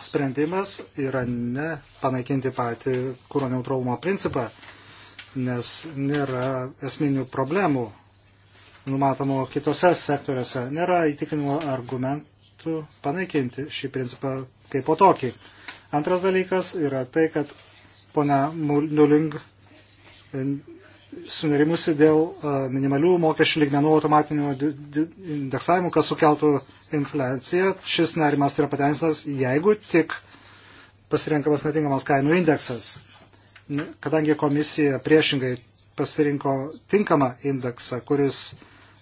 Sprendimas yra ne panaikinti patį kūro neutralumo principą, nes nėra esminių problemų numatomų kitose sektoriuose. Nėra įtikinimo argument, reikėtų panaikinti šį principą kaip po tokį. Antras dalykas yra tai, kad pona Nuling e, sunerimusi dėl e, minimalių mokesčių lygmenų automatinių indeksavimų, kas sukeltų infliaciją. Šis nerimas yra patensinas, jeigu tik pasirinkamas netinkamas kainų indeksas. Kadangi komisija priešingai pasirinko tinkamą indeksą, kuris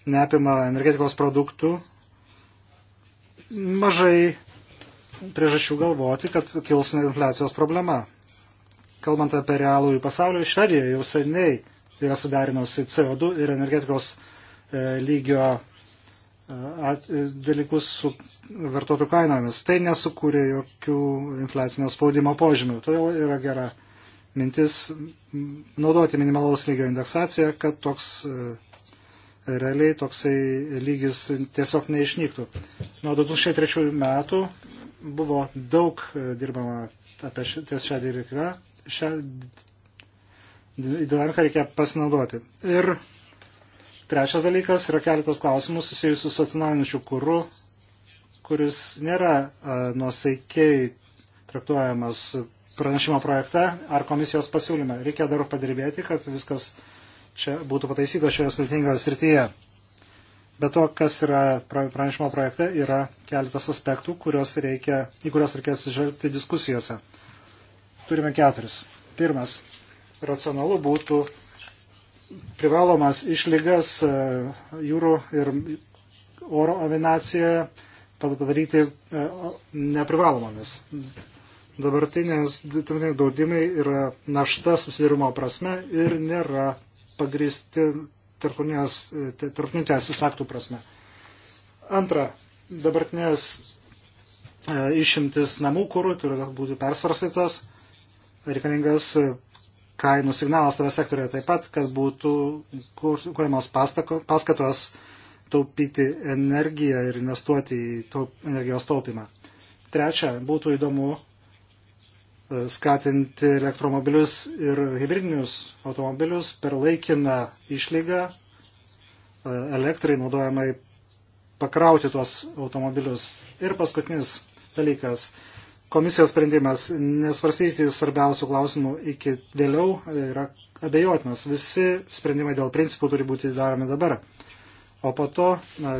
neapima energetikos produktų mažai priežasčių galvoti, kad kils infliacijos problema. Kalbant apie realų į pasaulį, Švedija jau seniai yra sudarinusi CO2 ir energetikos e, lygio e, at, e, dalykus su vartotojų kainomis. Tai nesukūrė jokių infliacinio spaudimo požymių. Todėl tai yra gera mintis naudoti minimalaus lygio indeksaciją, kad toks realiai toksai lygis tiesiog neišnyktų. Nuo 2003 metų buvo daug e, dirbama apie ši, ties šią direktyvą. Šią dinamiką reikia pasinaudoti. Ir trečias dalykas yra keletas klausimų susijusių su atsinaujinančiu kūru, kuris nėra a, e, nuosaikiai traktuojamas pranešimo projekte ar komisijos pasiūlyme. Reikia dar padirbėti, kad viskas čia būtų pataisyta šioje sudėtingoje srityje. Bet to, kas yra pranešimo projekte, yra keletas aspektų, kurios reikia, į kuriuos reikia atsižvelgti diskusijose. Turime keturis. Pirmas, racionalu būtų privalomas išlygas e, jūrų ir oro aviacijoje padaryti e, neprivalomomis. Dabartinės draudimai yra našta susidarimo prasme ir nėra pagristi e, tarptautinių teisės aktų prasme. Antra, dabartinės e, išimtis namų kūrų turi būti persvarstytas, reikalingas e, kainų signalas tame sektorėje taip pat, kad būtų kuriamas paskatos taupyti energiją ir investuoti į taup, energijos taupimą. Trečia, būtų įdomu skatinti elektromobilius ir hybridinius automobilius per laikiną išlygą e, elektrai naudojamai pakrauti tuos automobilius. Ir paskutinis dalykas. Komisijos sprendimas nesvarstyti svarbiausių klausimų iki vėliau yra abejotinas. Visi sprendimai dėl principų turi būti daromi dabar. O po to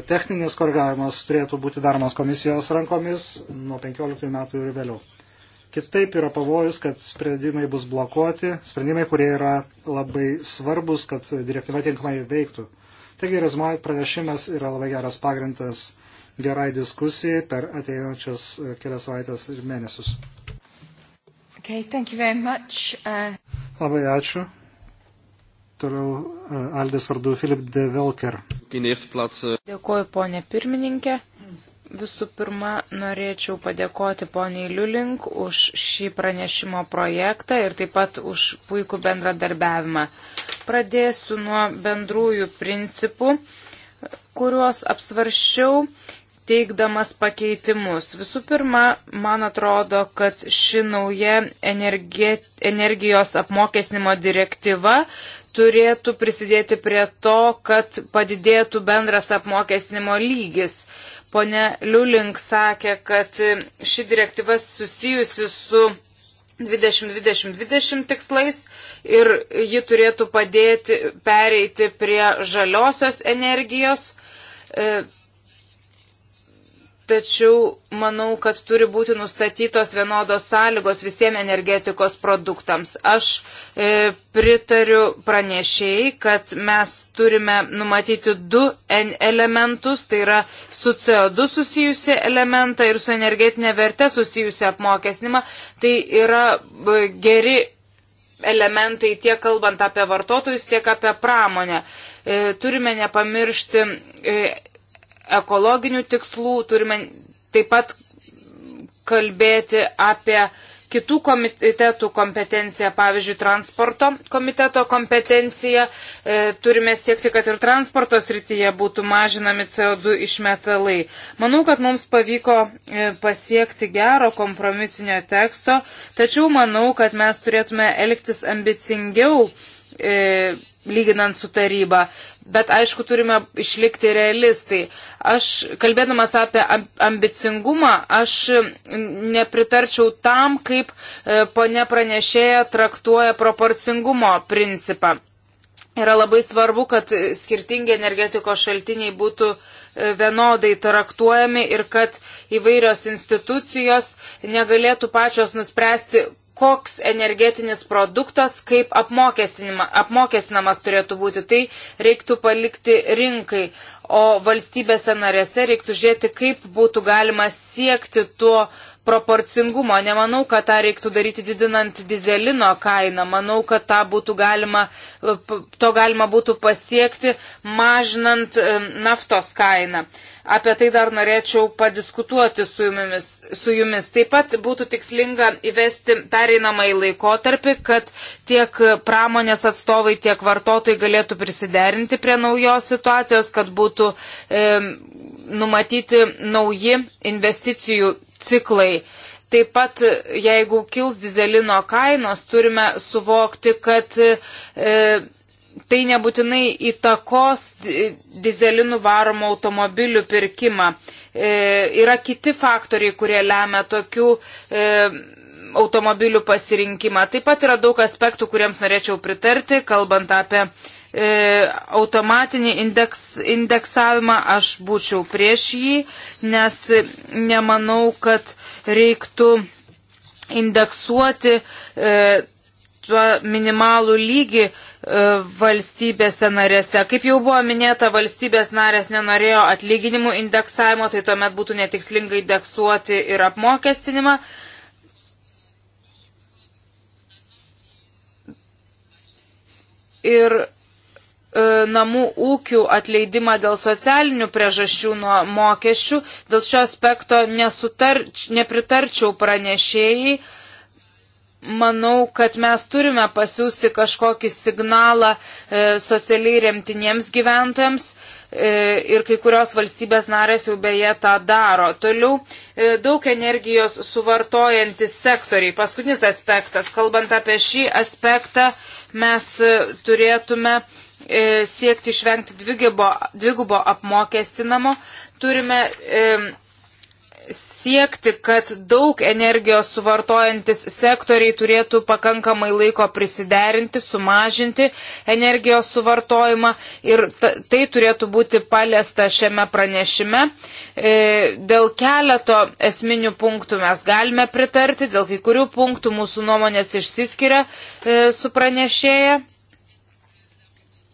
techninis korgavimas turėtų būti daromas komisijos rankomis nuo 15 metų ir vėliau. Kitaip yra pavojus, kad sprendimai bus blokuoti, sprendimai, kurie yra labai svarbus, kad direktyva tinkamai veiktų. Taigi rezumo pranešimas yra labai geras pagrindas gerai diskusijai per ateinančias e, kelias savaitės ir mėnesius. Okay, thank you very much. Uh... Labai ačiū. Toliau e, Aldės vardu Filip de Velker. Dėkuoju, ponė pirmininkė. Visų pirma, norėčiau padėkoti poniai Liulink už šį pranešimo projektą ir taip pat už puikų bendradarbiavimą. Pradėsiu nuo bendrųjų principų, kuriuos apsvaršiau teikdamas pakeitimus. Visų pirma, man atrodo, kad ši nauja energijos apmokesnimo direktyva turėtų prisidėti prie to, kad padidėtų bendras apmokesnimo lygis. Pone Liulink sakė, kad ši direktyva susijusi su 2020-2020 tikslais ir ji turėtų padėti pereiti prie žaliosios energijos. E, tačiau manau, kad turi būti nustatytos vienodos sąlygos visiems energetikos produktams. Aš e, pritariu pranešėjai, kad mes turime numatyti du elementus, tai yra su CO2 susijusi elementą ir su energetinė verte susijusi apmokesnimą. Tai yra e, geri elementai tiek kalbant apie vartotojus, tiek apie pramonę. E, turime nepamiršti. E, ekologinių tikslų, turime taip pat kalbėti apie kitų komitetų kompetenciją, pavyzdžiui, transporto komiteto kompetenciją. E, turime siekti, kad ir transporto srityje būtų mažinami CO2 išmetalai. Manau, kad mums pavyko e, pasiekti gero kompromisinio teksto, tačiau manau, kad mes turėtume elgtis ambicingiau. E, lyginant su taryba bet aišku turime išlikti realistai. Aš, kalbėdamas apie ambicingumą, aš nepritarčiau tam, kaip e, ponė pranešėja traktuoja proporcingumo principą. Yra labai svarbu, kad skirtingi energetikos šaltiniai būtų e, vienodai traktuojami ir kad įvairios institucijos negalėtų pačios nuspręsti, koks energetinis produktas, kaip apmokestinamas turėtų būti. Tai reiktų palikti rinkai, o valstybėse narėse reiktų žiūrėti, kaip būtų galima siekti tuo proporcingumo. Nemanau, kad tą reiktų daryti didinant dizelino kainą. Manau, kad tą būtų galima, to galima būtų pasiekti mažinant naftos kainą. Apie tai dar norėčiau padiskutuoti su jumis. Su jumis. Taip pat būtų tikslinga įvesti pereinamą į laikotarpį, kad tiek pramonės atstovai, tiek vartotojai galėtų prisiderinti prie naujos situacijos, kad būtų e, numatyti nauji investicijų ciklai. Taip pat, jeigu kils dizelino kainos, turime suvokti, kad e, tai nebūtinai įtakos dizelinų varomų automobilių pirkimą. E, yra kiti faktoriai, kurie lemia tokių e, automobilių pasirinkimą. Taip pat yra daug aspektų, kuriems norėčiau pritarti, kalbant apie e, automatinį indeks, indeksavimą, aš būčiau prieš jį, nes nemanau, kad reiktų indeksuoti e, tuo minimalų lygį, E, valstybėse narėse. Kaip jau buvo minėta, valstybės narės nenorėjo atlyginimų indeksavimo, tai tuomet būtų netikslingai indeksuoti ir apmokestinimą. Ir e, namų ūkių atleidimą dėl socialinių priežasčių nuo mokesčių, dėl šio aspekto nesutar, nepritarčiau pranešėjai. E, manau, kad mes turime pasiūsti kažkokį signalą e, socialiai remtiniems gyventojams e, ir kai kurios valstybės narės jau beje tą daro. Toliau e, daug energijos suvartojantis sektoriai. Paskutinis aspektas. Kalbant apie šį aspektą, mes e, turėtume e, siekti išvengti dvigubo, dvigubo apmokestinamo. Turime e, siekti, kad daug energijos suvartojantis sektoriai turėtų pakankamai laiko prisiderinti, sumažinti energijos suvartojimą ir tai turėtų būti paliesta šiame pranešime. E, dėl keleto esminių punktų mes galime pritarti, dėl kai kurių punktų mūsų nuomonės išsiskiria e, su pranešėja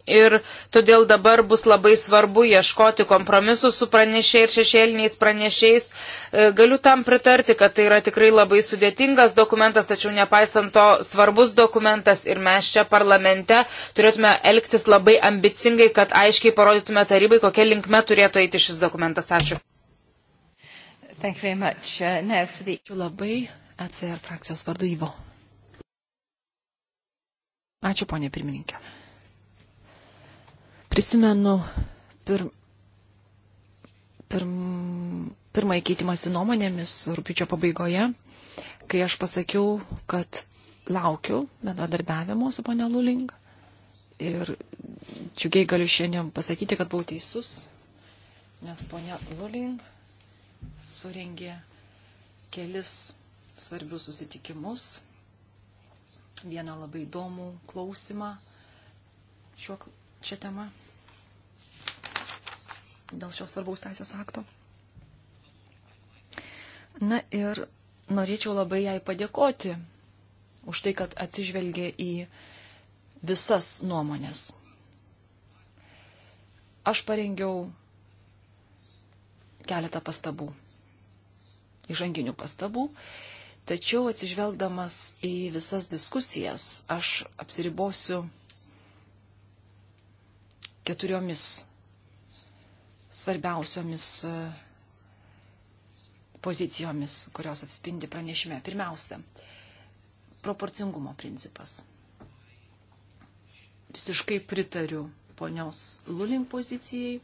ir todėl dabar bus labai svarbu ieškoti kompromisų su pranešėjai ir šešėliniais pranešėjais. E, galiu tam pritarti, kad tai yra tikrai labai sudėtingas dokumentas, tačiau nepaisant to svarbus dokumentas ir mes čia parlamente turėtume elgtis labai ambicingai, kad aiškiai parodytume tarybai, kokia linkme turėtų eiti šis dokumentas. Ačiū. Uh, the... Ačiū labai. ECR frakcijos vardu Ivo. Ačiū, ponė pirmininkė. Prisimenu pir, pir, pirmąjį keitimąsi nuomonėmis rūpiučio pabaigoje, kai aš pasakiau, kad laukiu bendradarbiavimo su ponia Luling. Ir džiugiai galiu šiandien pasakyti, kad buvau teisus, nes ponia Luling surengė kelis svarbius susitikimus, vieną labai įdomų klausimą šiuo klausimu šią temą dėl šios svarbaus teisės akto. Na ir norėčiau labai jai padėkoti už tai, kad atsižvelgė į visas nuomonės. Aš parengiau keletą pastabų, įžanginių pastabų, tačiau atsižvelgdamas į visas diskusijas, aš apsiribosiu keturiomis svarbiausiomis e, pozicijomis, kurios atspindi pranešime. Pirmiausia, proporcingumo principas. Visiškai pritariu ponios Luling pozicijai.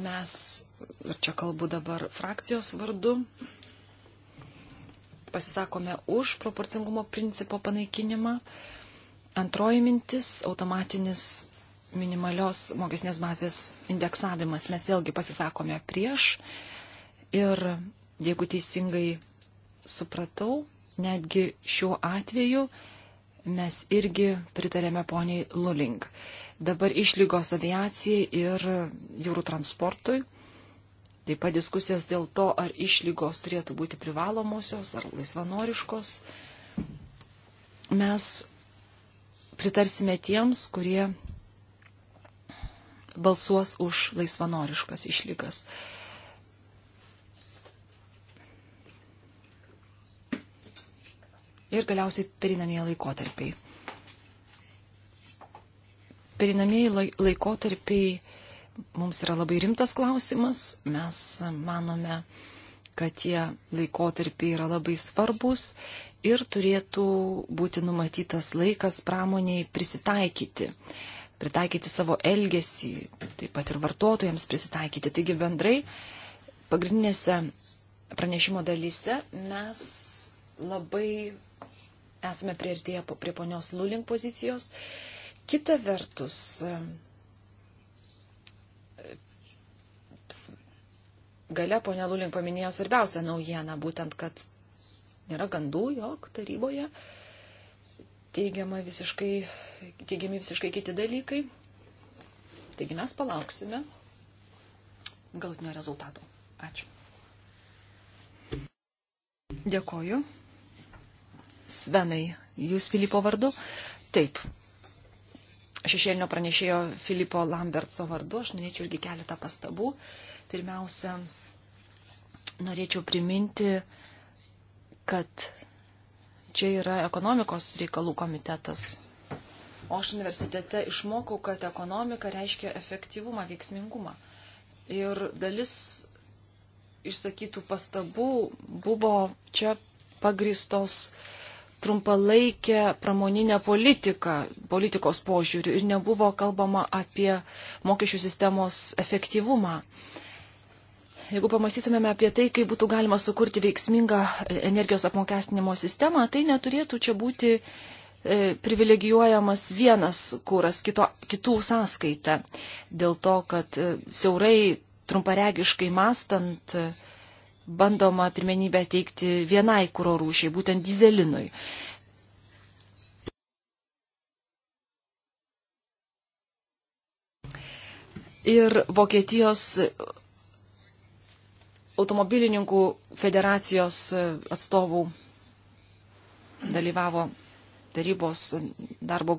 Mes, ir čia kalbu dabar frakcijos vardu, pasisakome už proporcingumo principo panaikinimą. Uh, Antroji mintis - automatinis minimalios mokesnės bazės indeksavimas. Mes vėlgi pasisakome prieš ir jeigu teisingai supratau, netgi šiuo atveju mes irgi pritarėme poniai Luling. Dabar išlygos aviacijai ir jūrų transportui. Taip pat diskusijos dėl to, ar išlygos turėtų būti privalomosios ar laisvanoriškos. Mes pritarsime tiems, kurie balsuos už laisvanoriškas išlygas. Ir galiausiai perinamieji laikotarpiai. Perinamieji laikotarpiai mums yra labai rimtas klausimas. Mes manome, kad tie laikotarpiai yra labai svarbus ir turėtų būti numatytas laikas pramoniai prisitaikyti, pritaikyti savo elgesį, taip pat ir vartotojams prisitaikyti. Taigi bendrai pagrindinėse pranešimo dalyse mes labai esame prieartėję prie ponios Lulink pozicijos. Kita vertus, gale ponia Lulink paminėjo svarbiausią naujieną, būtent, kad nėra gandų, jog taryboje teigiama visiškai, teigiami visiškai kiti dalykai. Taigi mes palauksime galutinio rezultato. Ačiū. Dėkoju. Svenai, jūs Filipo vardu? Taip. Šešėlinio pranešėjo Filipo Lambertso vardu, aš norėčiau irgi keletą pastabų. Pirmiausia, norėčiau priminti, kad čia yra ekonomikos reikalų komitetas. O aš universitete išmokau, kad ekonomika reiškia efektyvumą, veiksmingumą. Ir dalis išsakytų pastabų buvo čia pagristos trumpalaikę pramoninę politiką, politikos požiūrių ir nebuvo kalbama apie mokesčių sistemos efektyvumą. Jeigu pamastytumėme apie tai, kaip būtų galima sukurti veiksmingą energijos apmokestinimo sistemą, tai neturėtų čia būti e, privilegijuojamas vienas kūras kito, kitų sąskaita. Dėl to, kad e, siaurai trumparegiškai mastant e, bandoma pirmenybę teikti vienai kūro rūšiai, būtent dizelinui. Ir Vokietijos automobilininkų federacijos e, atstovų dalyvavo tarybos darbo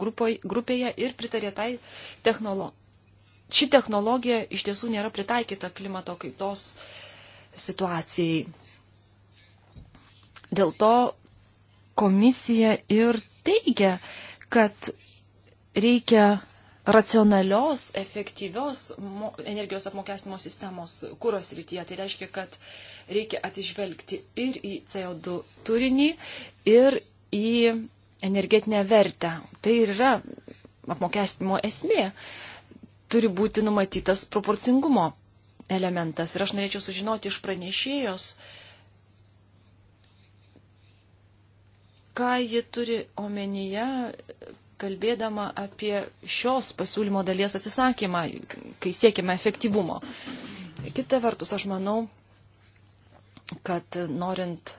grupėje ir pritarė tai technologijai. Ši technologija iš tiesų nėra pritaikyta klimato kaitos situacijai. Dėl to komisija ir teigia, kad reikia racionalios, efektyvios energijos apmokestinimo sistemos kūros rytyje. Tai reiškia, kad reikia atsižvelgti ir į CO2 turinį, ir į energetinę vertę. Tai ir yra apmokestinimo esmė. Turi būti numatytas proporcingumo elementas. Ir aš norėčiau sužinoti iš pranešėjos, ką ji turi omenyje, kalbėdama apie šios pasiūlymo dalies atsisakymą, kai siekime efektyvumo. Kita vertus, aš manau, kad norint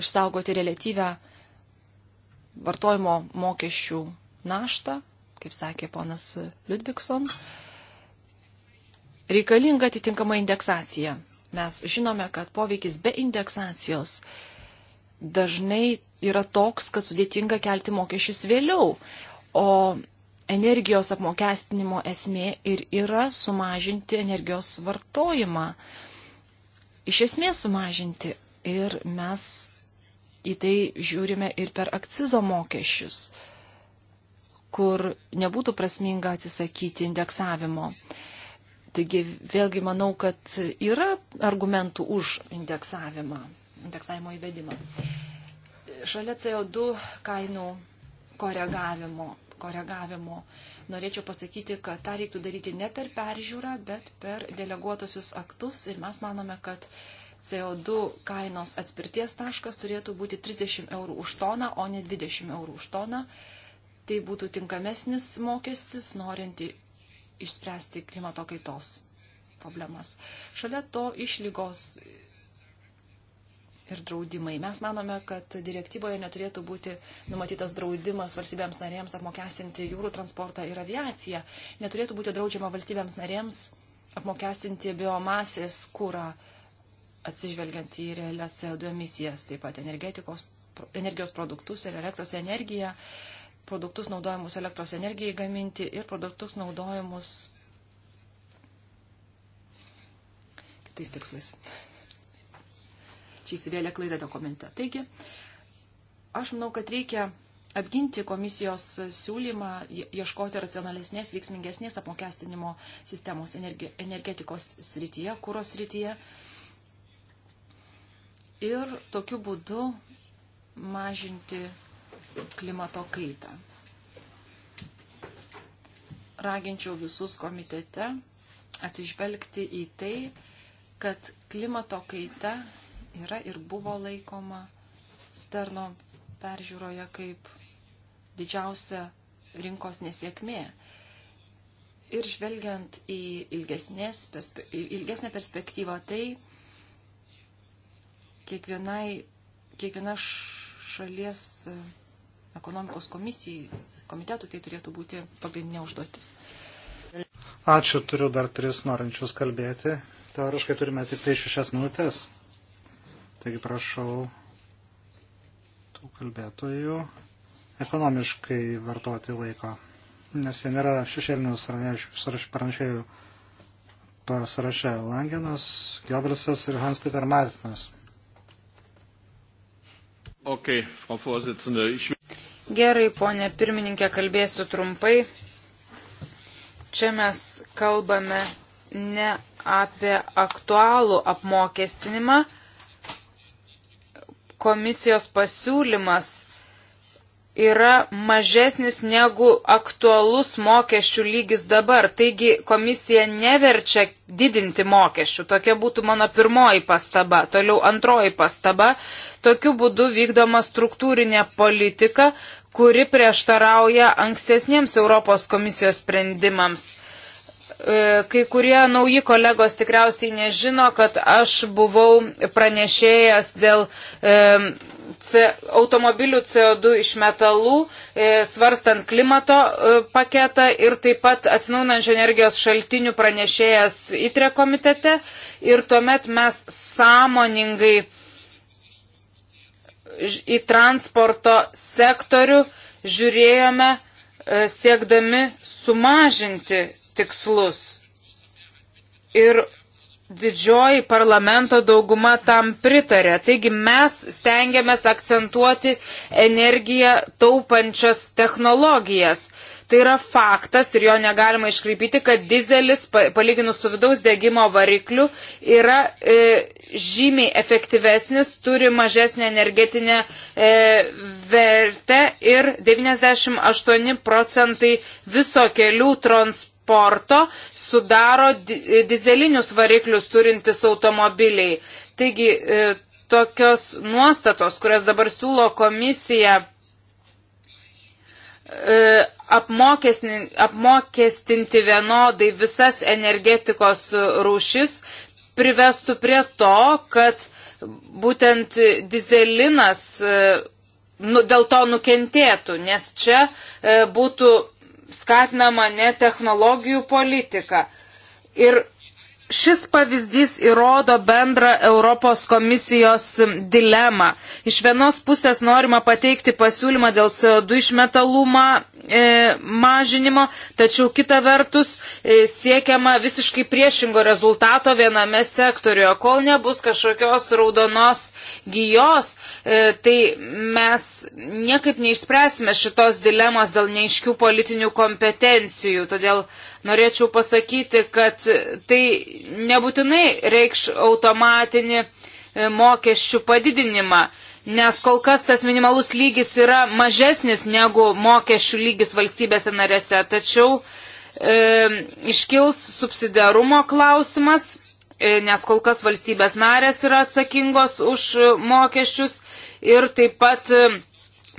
išsaugoti relatyvę vartojimo mokesčių naštą, kaip sakė ponas Ludvikson, reikalinga atitinkama indeksacija. Mes žinome, kad poveikis be indeksacijos dažnai yra toks, kad sudėtinga kelti mokesčius vėliau. O energijos apmokestinimo esmė ir yra sumažinti energijos vartojimą. Iš esmės sumažinti. Ir mes į tai žiūrime ir per akcizo mokesčius, kur nebūtų prasminga atsisakyti indeksavimo. Taigi vėlgi manau, kad yra argumentų už indeksavimą, indeksavimo įvedimą. Šalia CO2 kainų koregavimo, koregavimo norėčiau pasakyti, kad tą reiktų daryti ne per peržiūrą, bet per deleguotusius aktus ir mes manome, kad CO2 kainos atspirties taškas turėtų būti 30 eurų už toną, o ne 20 eurų už toną. Tai būtų tinkamesnis mokestis, norint išspręsti klimato kaitos problemas. Šalia to išlygos ir draudimai. Mes manome, kad direktyvoje neturėtų būti numatytas draudimas valstybėms narėms apmokestinti jūrų transportą ir aviaciją. Neturėtų būti draudžiama valstybėms narėms apmokestinti biomasės kūrą, atsižvelgiant į realias CO2 emisijas, taip pat energijos produktus ir elektros energiją, produktus naudojimus elektros energijai gaminti ir produktus naudojimus kitais tikslais čia įsivėlė klaida dokumente. Taigi, aš manau, kad reikia apginti komisijos siūlymą ieškoti racionalesnės, veiksmingesnės apmokestinimo sistemos energetikos srityje, kūros srityje. Ir tokiu būdu mažinti klimato kaitą. Raginčiau visus komitete atsižvelgti į tai, kad klimato kaita yra ir buvo laikoma Sterno peržiūroje kaip didžiausia rinkos nesėkmė. Ir žvelgiant į perspe, ilgesnę perspektyvą, tai kiekvienai, kiekviena šalies e, ekonomikos komisijai, komitetų tai turėtų būti pagrindinė užduotis. Ačiū, turiu dar tris norinčius kalbėti. Teoriškai turime tik tai šešias minutės. Taigi prašau tų kalbėtojų ekonomiškai vartoti laiko, nes jie nėra šešėlinių pranešėjų pasirašę Langenas, Gelbrisas ir Hans-Peter Martinas. Okay, Frau Vorsitzende, ich... Gerai, ponė pirmininkė, kalbėsiu trumpai. Čia mes kalbame ne apie aktualų apmokestinimą, komisijos pasiūlymas yra mažesnis negu aktualus mokesčių lygis dabar. Taigi komisija neverčia didinti mokesčių. Tokia būtų mano pirmoji pastaba. Toliau antroji pastaba. Tokiu būdu vykdoma struktūrinė politika, kuri prieštarauja ankstesniems Europos komisijos sprendimams. E, kai kurie nauji kolegos tikriausiai nežino, kad aš buvau pranešėjęs dėl e, C, automobilių CO2 iš metalų, e, svarstant klimato e, paketą ir taip pat atsinaunančio energijos šaltinių pranešėjas ITRE komitete. Ir tuomet mes sąmoningai į transporto sektorių žiūrėjome e, siekdami sumažinti tikslus. Ir didžioji parlamento dauguma tam pritarė. Taigi mes stengiamės akcentuoti energiją taupančias technologijas. Tai yra faktas ir jo negalima iškreipyti, kad dizelis, palyginus su vidaus degimo varikliu, yra e, žymiai efektyvesnis, turi mažesnę energetinę e, vertę ir 98 procentai viso kelių trans, transporto sudaro dizelinius variklius turintis automobiliai. Taigi e, tokios nuostatos, kurias dabar siūlo komisija e, apmokestinti vienodai visas energetikos rūšis privestų prie to, kad būtent dizelinas e, nu, dėl to nukentėtų, nes čia e, būtų skatinama ne technologijų politika. Ir šis pavyzdys įrodo bendrą Europos komisijos dilemą. Iš vienos pusės norima pateikti pasiūlymą dėl CO2 išmetalumą E, mažinimo, tačiau kita vertus e, siekiama visiškai priešingo rezultato viename sektoriuje. Kol nebus kažkokios raudonos gyjos, e, tai mes niekaip neišspręsime šitos dilemos dėl neiškių politinių kompetencijų. Todėl norėčiau pasakyti, kad tai nebūtinai reikš automatinį mokesčių padidinimą nes kol kas tas minimalus lygis yra mažesnis negu mokesčių lygis valstybėse narėse. Tačiau e, iškils subsidiarumo klausimas, e, nes kol kas valstybės narės yra atsakingos už e, mokesčius ir taip pat e,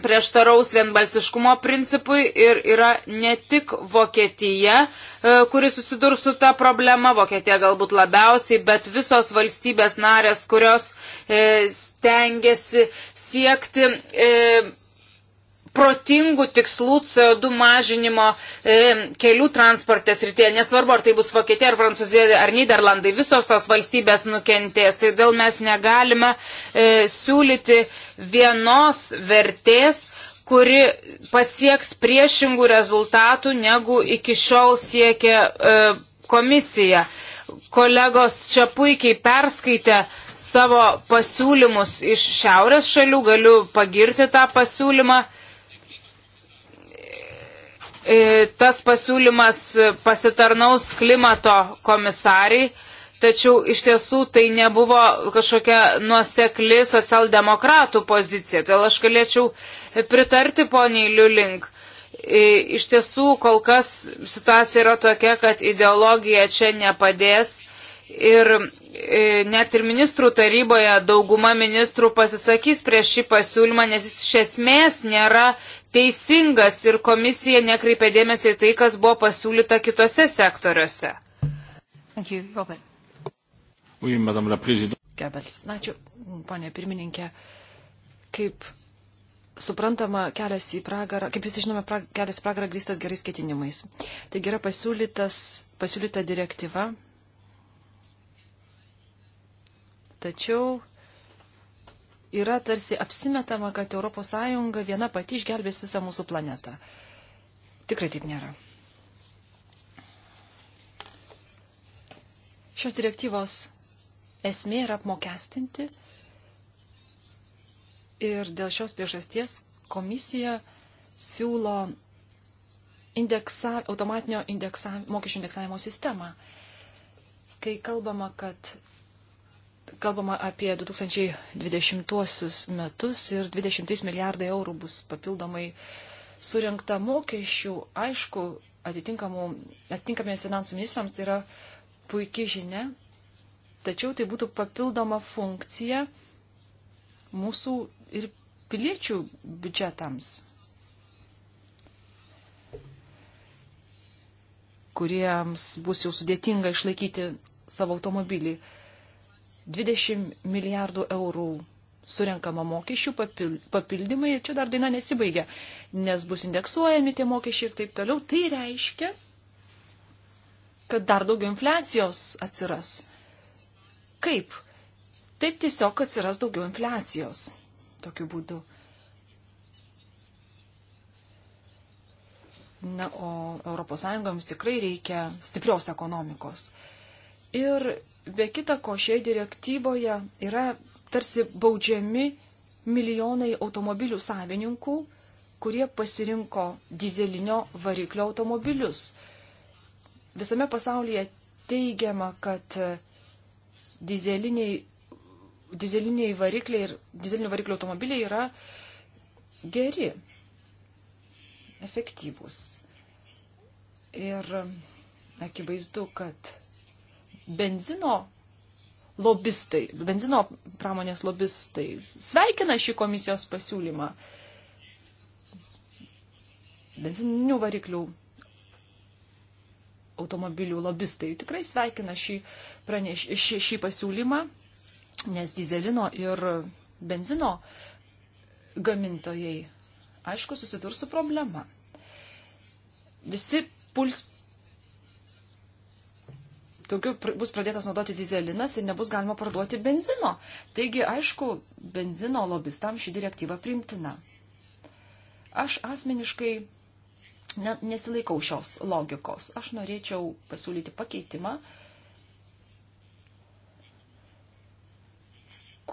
prieštaraus vienbalsiškumo principui ir yra ne tik Vokietija, e, kuri susidurs su ta problema, Vokietija galbūt labiausiai, bet visos valstybės narės, kurios e, stengiasi siekti e, protingų tikslų CO2 mažinimo e, kelių transportės rytėje. Nesvarbu, ar tai bus Vokietija, ar Prancūzija, ar Niderlandai, visos tos valstybės nukentės. Tai dėl mes negalime e, siūlyti vienos vertės, kuri pasieks priešingų rezultatų, negu iki šiol siekia e, komisija. Kolegos čia puikiai perskaitė savo pasiūlymus iš šiaurės šalių, galiu pagirti tą pasiūlymą. E, tas pasiūlymas pasitarnaus klimato komisariai, tačiau iš tiesų tai nebuvo kažkokia nuosekli socialdemokratų pozicija. Todėl aš galėčiau pritarti poniai Liulink e, iš tiesų kol kas situacija yra tokia, kad ideologija čia nepadės ir E, net ir ministrų taryboje dauguma ministrų pasisakys prieš šį pasiūlymą, nes jis iš esmės nėra teisingas ir komisija nekreipia dėmesio į tai, kas buvo pasiūlyta kitose sektoriuose. You, oui, Gebels, ačiū, ponė pirmininkė. Kaip suprantama, kelias į pragarą, kaip visi žinome, pra, kelias į pragarą grįstas gerais ketinimais. Taigi yra pasiūlytas, pasiūlyta direktyva, Tačiau yra tarsi apsimetama, kad ES viena pati išgelbės visą mūsų planetą. Tikrai taip nėra. Šios direktyvos esmė yra apmokestinti ir dėl šios priežasties komisija siūlo indeksa, automatinio indeksa, mokesčių indeksavimo sistemą. Kai kalbama, kad kalbama apie 2020 metus ir 20 milijardai eurų bus papildomai surinkta mokesčių. Aišku, atitinkamiems finansų ministrams tai yra puikia žinia, tačiau tai būtų papildoma funkcija mūsų ir piliečių biudžetams, kuriems bus jau sudėtinga išlaikyti savo automobilį. 20 milijardų eurų surenkama mokesčių papildymai ir čia dar daina nesibaigia, nes bus indeksuojami tie mokesčiai ir taip toliau. Tai reiškia, kad dar daugiau infliacijos atsiras. Kaip? Taip tiesiog atsiras daugiau infliacijos. Tokiu būdu. Na, o ES tikrai reikia stiprios ekonomikos. Ir Be kita ko, šioje direktyvoje yra tarsi baudžiami milijonai automobilių savininkų, kurie pasirinko dizelinio variklio automobilius. Visame pasaulyje teigiama, kad dizeliniai, dizeliniai varikliai ir dizelinių variklių automobiliai yra geri, efektyvūs. Ir akivaizdu, kad benzino lobistai, benzino pramonės lobistai sveikina šį komisijos pasiūlymą. Benzininių variklių automobilių lobistai tikrai sveikina šį, praneš, šį, šį pasiūlymą, nes dizelino ir benzino gamintojai, aišku, susidurs su problema. Visi puls daugiau bus pradėtas naudoti dizelinas ir nebus galima parduoti benzino. Taigi, aišku, benzino lobistam ši direktyva primtina. Aš asmeniškai ne, nesilaikau šios logikos. Aš norėčiau pasiūlyti pakeitimą,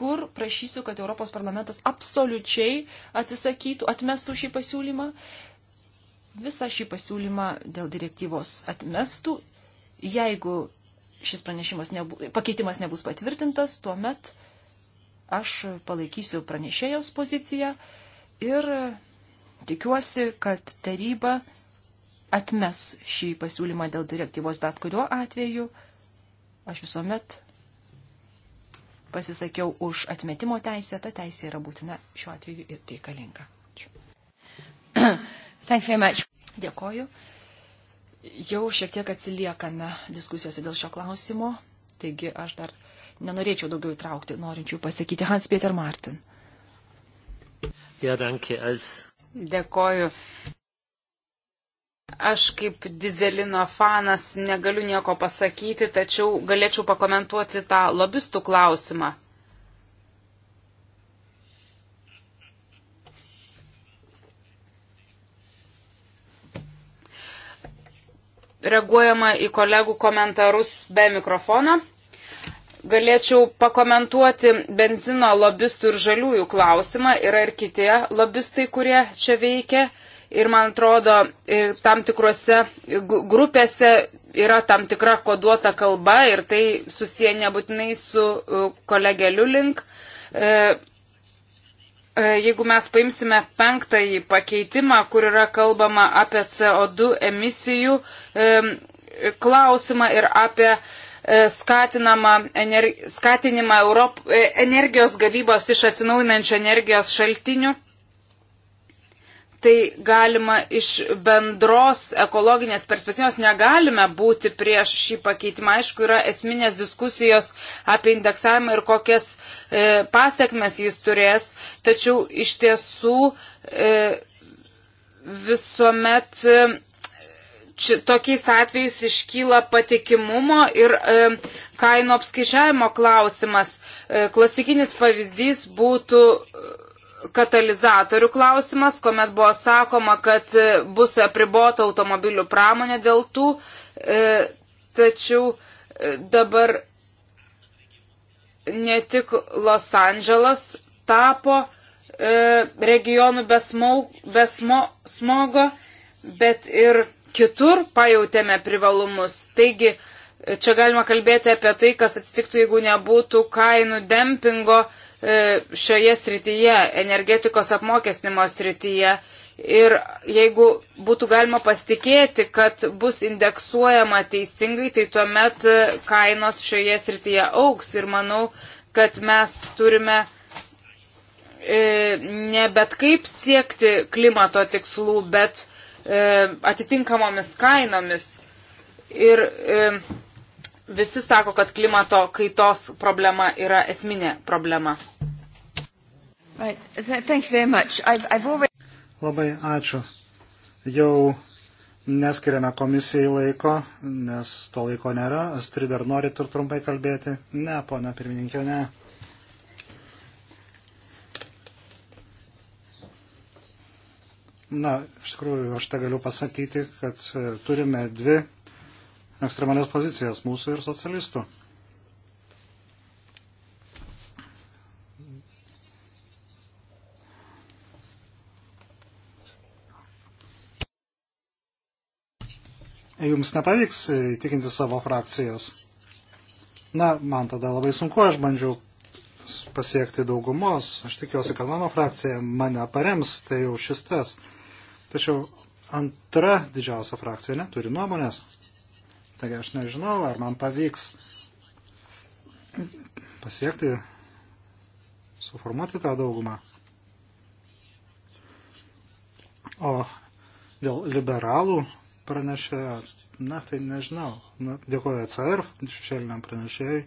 kur prašysiu, kad Europos parlamentas absoliučiai atsisakytų, atmestų šį pasiūlymą, visą šį pasiūlymą dėl direktyvos atmestų, jeigu šis pranešimas nebu, pakeitimas nebus patvirtintas, tuomet aš palaikysiu pranešėjos poziciją ir tikiuosi, kad taryba atmes šį pasiūlymą dėl direktyvos, bet kuriuo atveju aš visuomet pasisakiau už atmetimo teisę, ta teisė yra būtina šiuo atveju ir reikalinga. Ačiū. Dėkoju jau šiek tiek atsiliekame diskusijose dėl šio klausimo, taigi aš dar nenorėčiau daugiau įtraukti norinčių pasakyti Hans Peter Martin. Ja, danke, als... Dėkoju. Aš kaip dizelino fanas negaliu nieko pasakyti, tačiau galėčiau pakomentuoti tą lobistų klausimą. reaguojama į kolegų komentarus be mikrofono. Galėčiau pakomentuoti benzino lobistų ir žaliųjų klausimą. Yra ir kiti lobistai, kurie čia veikia. Ir man atrodo, e, tam tikrose grupėse yra tam tikra koduota kalba ir tai susiję nebūtinai su e, kolegeliu link. E, E, jeigu mes paimsime penktąjį pakeitimą, kur yra kalbama apie CO2 emisijų e, klausimą ir apie e, skatinamą, skatinimą Europ, energijos gavybos iš atsinaujinančio energijos šaltinių tai galima iš bendros ekologinės perspektyvos negalime būti prieš šį pakeitimą. Aišku, yra esminės diskusijos apie indeksavimą ir kokias e, pasiekmes jis turės, tačiau iš tiesų e, visuomet. E, Či, tokiais atvejais iškyla patikimumo ir e, kaino apskaičiavimo klausimas. E, klasikinis pavyzdys būtų e, katalizatorių klausimas, kuomet buvo sakoma, kad e, bus apribota automobilių pramonė dėl tų, e, tačiau e, dabar ne tik Los Andželas tapo regionų besmogo, bet ir kitur pajutėme privalumus. Taigi, čia galima kalbėti apie tai, kas atsitiktų, jeigu nebūtų kainų dempingo E, šioje srityje, energetikos apmokestinimo srityje. Ir jeigu būtų galima pasitikėti, kad bus indeksuojama teisingai, tai tuomet e, kainos šioje srityje auks. Ir manau, kad mes turime e, ne bet kaip siekti klimato tikslų, bet atitinkamomis kainomis. Ir visi sako, kad klimato kaitos problema yra esminė problema. Right. I've, I've already... Labai ačiū. Jau neskiriame komisijai laiko, nes to laiko nėra. Astrid, ar norit tur trumpai kalbėti? Ne, pona pirmininkė, ne. Na, iš tikrųjų, aš tai galiu pasakyti, kad e, turime dvi ekstremalias pozicijas mūsų ir socialistų. Jums nepavyks įtikinti savo frakcijos. Na, man tada labai sunku, aš bandžiau pasiekti daugumos. Aš tikiuosi, kad mano frakcija mane parems, tai jau šis tas. Tačiau antra didžiausia frakcija neturi nuomonės. Taigi aš nežinau, ar man pavyks pasiekti, suformuoti tą daugumą. O dėl liberalų pranešėjo, na tai nežinau. Na, dėkuoju e CR, šešėliniam pranešėjai.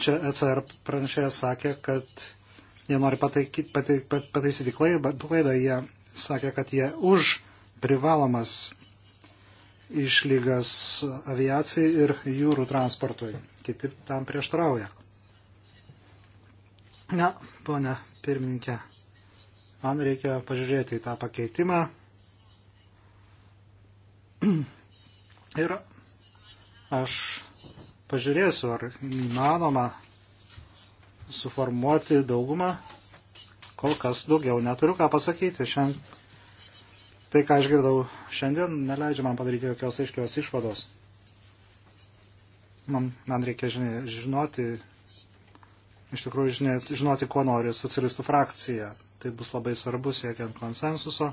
Čia ECR pranešėjas sakė, kad jie nori pataiky, patai, pataisyti klaidą, jie sakė, kad jie už privalomas išlygas aviacijai ir jūrų transportui. Kiti tam prieštrauja. Na, ponia pirmininkė, man reikia pažiūrėti į tą pakeitimą. Ir aš pažiūrėsiu, ar įmanoma suformuoti daugumą. Kol kas daugiau neturiu ką pasakyti. Šiandien tai, ką išgirdau šiandien, neleidžia man padaryti jokios aiškios išvados. Man, man reikia žinai, žinoti, iš tikrųjų žinai, žinoti, ko nori socialistų frakcija. Tai bus labai svarbu siekiant konsensuso.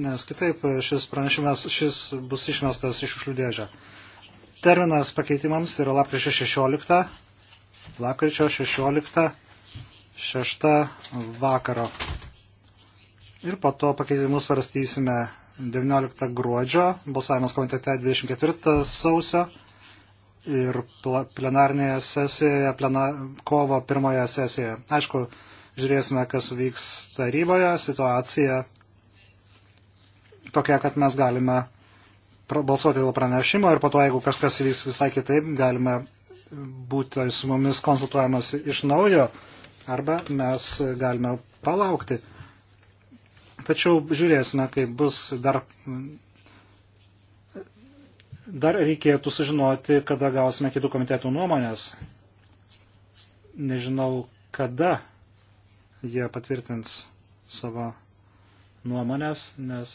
nes kitaip šis pranešimas šis bus išmestas iš šiukšlių dėžę. Terminas pakeitimams yra lapkričio 16, lapkričio 16, 6 vakaro. Ir po to pakeitimus svarstysime 19 gruodžio, balsavimas komitete 24 sausio ir plenarnėje sesijoje, plena, kovo pirmoje sesijoje. Aišku, žiūrėsime, kas vyks taryboje, situacija tokia, kad mes galime balsuoti dėl pranešimo ir po to, jeigu kažkas įvyks visai kitaip, galime būti su mumis konsultuojamas iš naujo arba mes galime palaukti. Tačiau žiūrėsime, kaip bus dar. Dar reikėtų sužinoti, kada gausime kitų komitetų nuomonės. Nežinau, kada jie patvirtins savo nuomonės, nes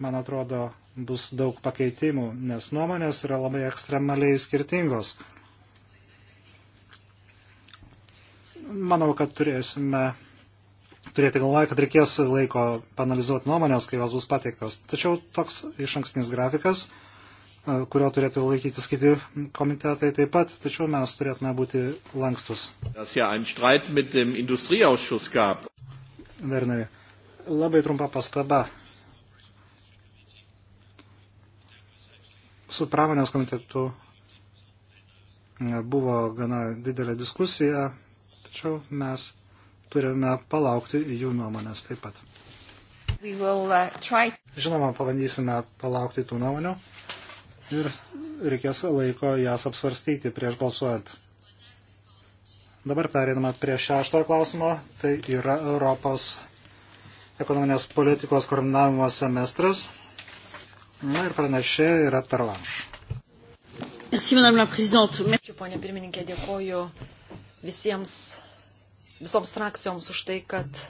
man atrodo, bus daug pakeitimų, nes nuomonės yra labai ekstremaliai skirtingos. Manau, kad turėsime turėti galvoje, kad reikės laiko panalizuoti nuomonės, kai jos bus pateiktos. Tačiau toks iš ankstinis grafikas, e, kurio turėtų laikytis kiti komitetai taip pat, tačiau mes turėtume būti lankstus. Werneri, labai trumpa pastaba su pramonės komitetu e, buvo gana didelė diskusija, tačiau mes turime palaukti jų nuomonės taip pat. Will, uh, try... Žinoma, pabandysime palaukti tų nuomonių ir reikės laiko jas apsvarstyti prieš balsuojant. Dabar pereiname prie šešto klausimo. Tai yra Europos ekonominės politikos koordinavimo semestras. Na ir pranešė yra perlanš. Merci, madame la présidente. Ačiū, ponė pirmininkė, dėkoju visiems, visoms frakcijoms už tai, kad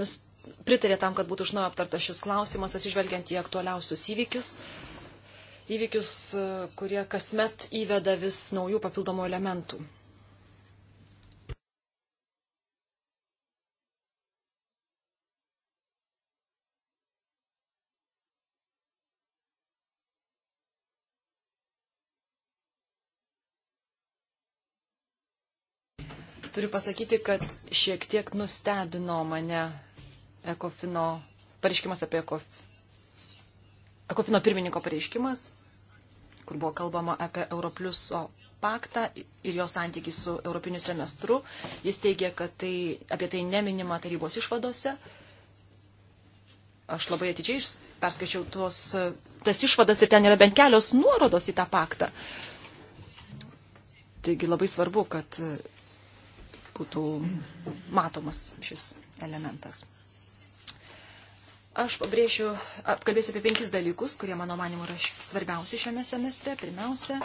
nus, pritarė tam, kad būtų iš naujo aptartas šis klausimas, atsižvelgiant į aktualiausius įvykius. Įvykius, kurie kasmet įveda vis naujų papildomų elementų. turiu pasakyti, kad šiek tiek nustebino mane Ekofino pareiškimas apie Ekof... Ekofino pirmininko pareiškimas, kur buvo kalbama apie Europliuso paktą ir jo santykį su Europiniu semestru. Jis teigia, kad tai, apie tai neminima tarybos išvadose. Aš labai atidžiai perskaičiau tuos, tas išvadas ir ten yra bent kelios nuorodos į tą paktą. Taigi labai svarbu, kad būtų matomas šis elementas. Aš pabrėšiu, apkalbėsiu apie penkis dalykus, kurie mano manimu yra svarbiausi šiame semestre. Pirmiausia,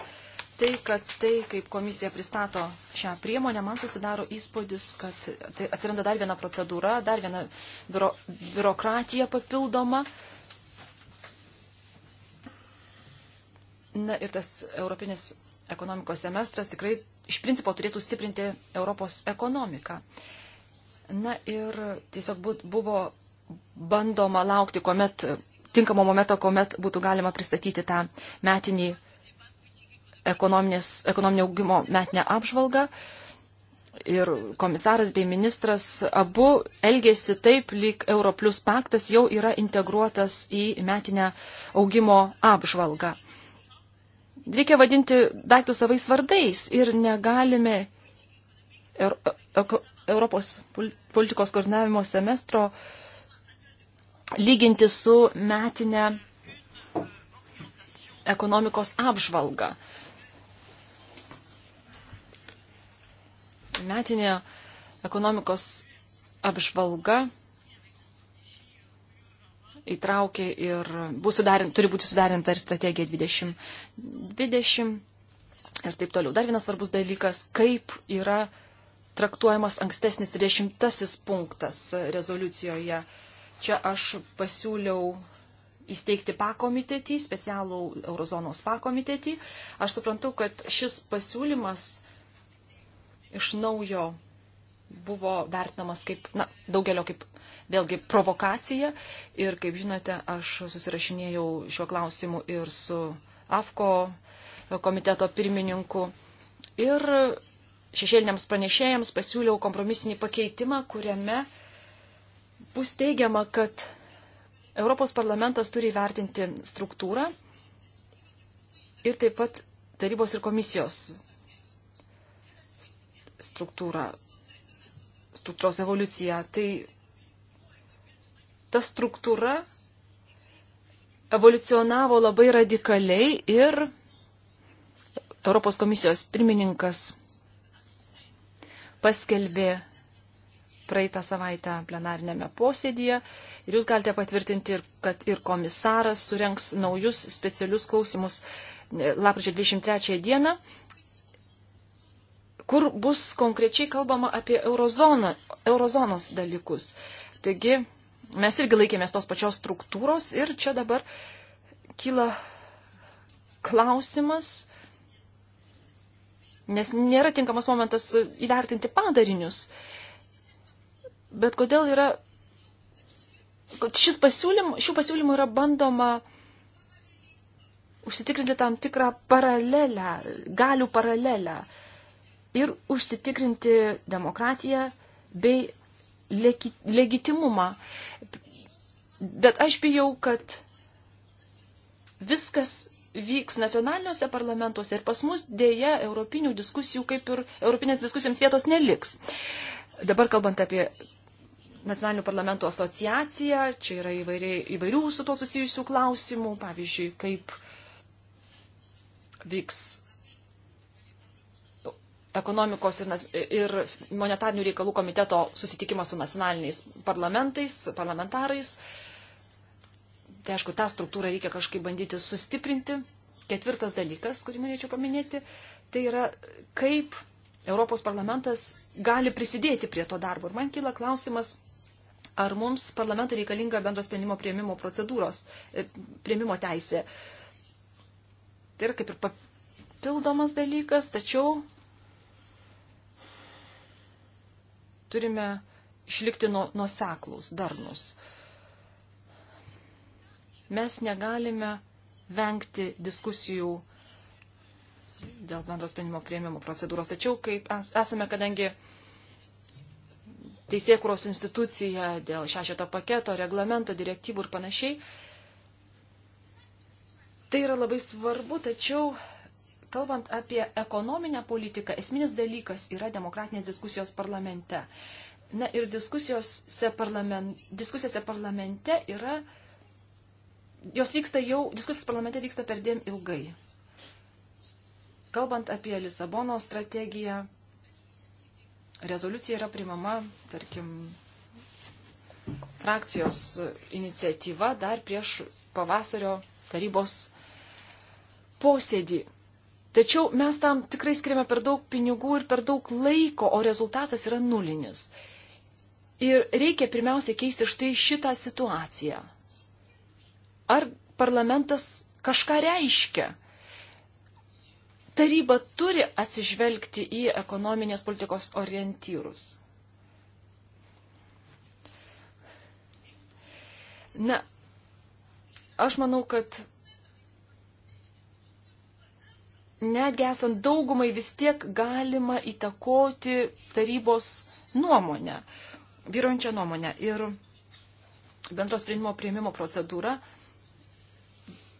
tai, kad tai, kaip komisija pristato šią priemonę, man susidaro įspūdis, kad tai atsiranda dar viena procedūra, dar viena biuro, biurokratija papildoma. Na ir tas europinis ekonomikos semestras tikrai iš principo turėtų stiprinti Europos ekonomiką. Na ir tiesiog buvo bandoma laukti, kuomet tinkamo momento, kuomet būtų galima pristatyti tą metinį ekonominio augimo metinę apžvalgą. Ir komisaras bei ministras abu elgėsi taip, lyg Europlius paktas jau yra integruotas į metinę augimo apžvalgą reikia vadinti daiktus savais vardais ir negalime Europos politikos koordinavimo semestro lyginti su metinė ekonomikos apžvalga. Metinė ekonomikos apžvalga įtraukė ir bus sudarin, turi būti sudarinta ir strategija 2020 ir taip toliau. Dar vienas svarbus dalykas, kaip yra traktuojamas ankstesnis 30 punktas rezoliucijoje. Čia aš pasiūliau įsteigti pakomitetį, specialų eurozonos pakomitetį. Aš suprantu, kad šis pasiūlymas iš naujo buvo vertinamas kaip, na, daugelio kaip vėlgi provokacija. Ir kaip žinote, aš susirašinėjau šiuo klausimu ir su AFKO komiteto pirmininku. Ir šešėliniams pranešėjams pasiūliau kompromisinį pakeitimą, kuriame bus teigiama, kad Europos parlamentas turi vertinti struktūrą ir taip pat tarybos ir komisijos struktūrą struktūros evoliuciją. Tai ta struktūra evoliucionavo labai radikaliai ir Europos komisijos pirmininkas paskelbė praeitą savaitę plenarinėme posėdėje. Ir jūs galite patvirtinti, kad ir komisaras surenks naujus specialius klausimus lapkričio 23 dieną kur bus konkrečiai kalbama apie eurozoną, eurozonos dalykus. Taigi mes irgi laikėmės tos pačios struktūros ir čia dabar kyla klausimas, nes nėra tinkamas momentas įvertinti padarinius. Bet kodėl yra. Šis pasiūlym, šių pasiūlymų yra bandoma užsitikrinti tam tikrą paralelę, galių paralelę. Uh, ir užsitikrinti demokratiją bei legi legitimumą. Bet aš bijau, kad viskas vyks nacionaliniuose parlamentuose ir pas mus dėja europinių diskusijų, kaip ir europinėms diskusijoms vietos neliks. Dabar kalbant apie nacionalinių parlamentų asociaciją, čia yra įvairiai, įvairių su to susijusių klausimų, pavyzdžiui, kaip vyks ekonomikos ir, ir monetarnių reikalų komiteto susitikimą su nacionaliniais parlamentais, parlamentarais. Tai aišku, tą struktūrą reikia kažkaip bandyti sustiprinti. Ketvirtas dalykas, kurį norėčiau paminėti, tai yra kaip Europos parlamentas gali prisidėti prie to darbo. Ir man kyla klausimas, ar mums parlamentui reikalinga bendros sprendimo prieimimo procedūros, e, prieimimo teisė. Tai yra kaip ir papildomas dalykas, tačiau turime išlikti nuoseklus, darnus. Mes negalime vengti diskusijų dėl bendro sprendimo prieimimo procedūros. Tačiau, kaip esame, kadangi teisėkuros institucija dėl šešito paketo, reglamento, direktyvų ir panašiai, tai yra labai svarbu, tačiau kalbant apie ekonominę politiką, esminis dalykas yra demokratinės diskusijos parlamente. Na ir diskusijose, parlament, diskusijose parlamente yra, jos vyksta jau, diskusijos parlamente vyksta per dėm ilgai. Kalbant apie Lisabono strategiją, rezoliucija yra primama, tarkim, frakcijos iniciatyva dar prieš pavasario tarybos posėdį. Tačiau mes tam tikrai skiriame per daug pinigų ir per daug laiko, o rezultatas yra nulinis. Ir reikia pirmiausia keisti štai šitą situaciją. Ar parlamentas kažką reiškia? Taryba turi atsižvelgti į ekonominės politikos orientyrus. Na, aš manau, kad netgi esant daugumai vis tiek galima įtakoti tarybos nuomonę, vyrončią nuomonę. Ir bendros sprendimo prieimimo procedūra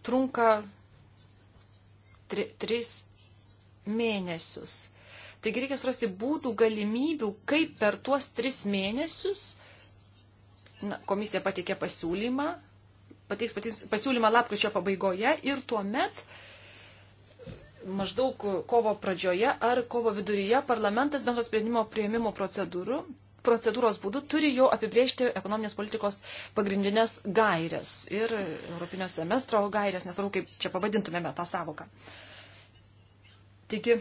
trunka tri, tris mėnesius. Taigi reikia surasti būdų, galimybių, kaip per tuos tris mėnesius na, komisija pateikė pasiūlymą, pateiks, pateiks pasiūlymą lapkričio pabaigoje ir tuomet met maždaug kovo pradžioje ar kovo viduryje parlamentas bendros sprendimo prieimimo procedūrų, procedūros būdu turi jau apibriežti ekonominės politikos pagrindinės gairias ir Europinio semestro gairias, nesvarbu, kaip čia pavadintumėme tą savoką. Taigi,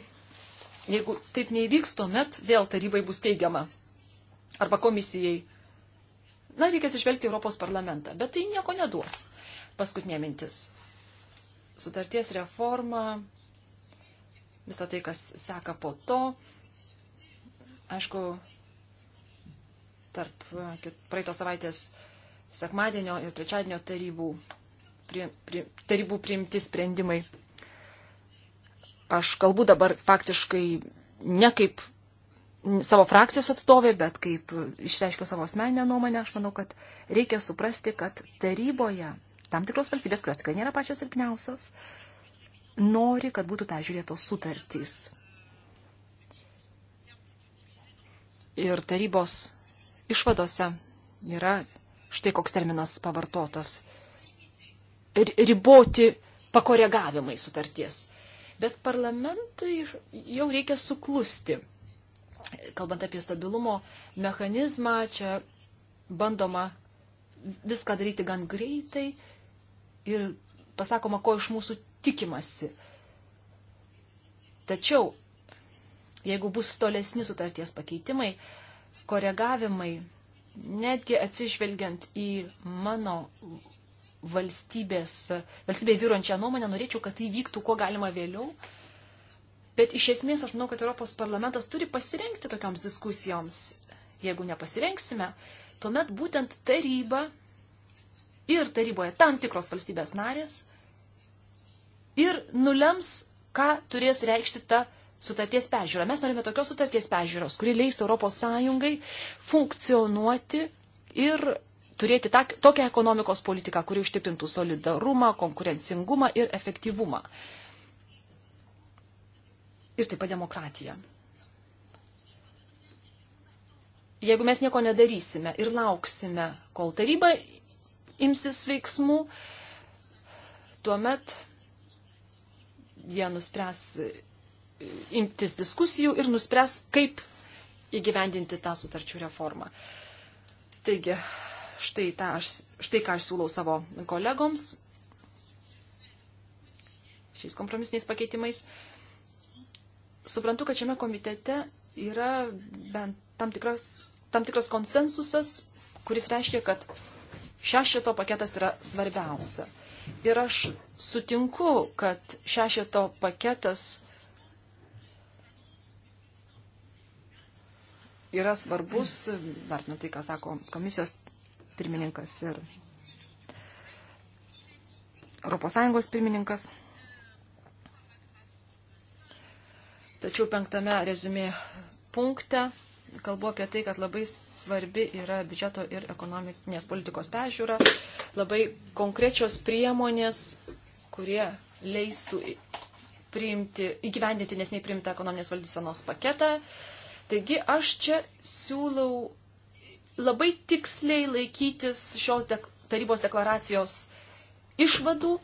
jeigu taip neįvyks, tuomet vėl tarybai bus teigiama arba komisijai. Na, reikės išvelgti Europos parlamentą, bet tai nieko neduos. Paskutinė mintis. Sutarties reforma visą tai, kas seka po to. Aišku, tarp e, praeito savaitės sekmadienio ir trečiadienio tarybų, pri, pri, tarybų priimti sprendimai. Aš kalbu dabar faktiškai ne kaip savo frakcijos atstovė, bet kaip išreiškia savo asmeninę nuomonę, aš manau, kad reikia suprasti, kad taryboje tam tikros valstybės, kurios tikrai nėra pačios silpniausios, uh, nori, kad būtų peržiūrėtos sutartys. Ir tarybos išvadose yra štai koks terminas pavartotas ir riboti pakoregavimai sutarties. Bet parlamentui jau reikia suklusti. Kalbant apie stabilumo mechanizmą, čia bandoma viską daryti gan greitai ir pasakoma, ko iš mūsų tikimasi. Tačiau, jeigu bus tolesni sutarties pakeitimai, koregavimai, netgi atsižvelgiant į mano valstybės, valstybėje vyruojančią nuomonę, norėčiau, kad tai vyktų kuo galima vėliau. Bet iš esmės aš manau, kad Europos parlamentas turi pasirengti tokioms diskusijoms. Jeigu nepasirengsime, tuomet būtent taryba ir taryboje tam tikros valstybės narės ir nulems, ką turės reikšti ta sutarties peržiūra. Mes norime tokios sutarties peržiūros, kuri leistų ES funkcionuoti ir turėti tą, tokią ekonomikos politiką, kuri užtikrintų solidarumą, konkurencingumą ir efektyvumą. Ir taip pat demokratiją. Jeigu mes nieko nedarysime ir lauksime, kol taryba imsis veiksmų, tuomet jie nuspręs e, imtis diskusijų ir nuspręs, kaip įgyvendinti tą sutarčių reformą. Taigi, štai, tą aš, štai ką aš siūlau savo kolegoms šiais kompromisiniais pakeitimais. Suprantu, kad šiame komitete yra bent tam tikras, tam tikras konsensusas, kuris reiškia, kad šešito paketas yra svarbiausia. Ir aš sutinku, kad šešeto paketas yra svarbus, vertinu tai, ką sako komisijos pirmininkas ir ES pirmininkas. Tačiau penktame rezumė punkte kalbu apie tai, kad labai svarbi yra biudžeto ir ekonominės politikos peržiūra, labai konkrečios priemonės, kurie leistų priimti, įgyvendinti nesnei priimtą ekonominės valdysenos paketą. Taigi aš čia siūlau labai tiksliai laikytis šios dek tarybos deklaracijos išvadų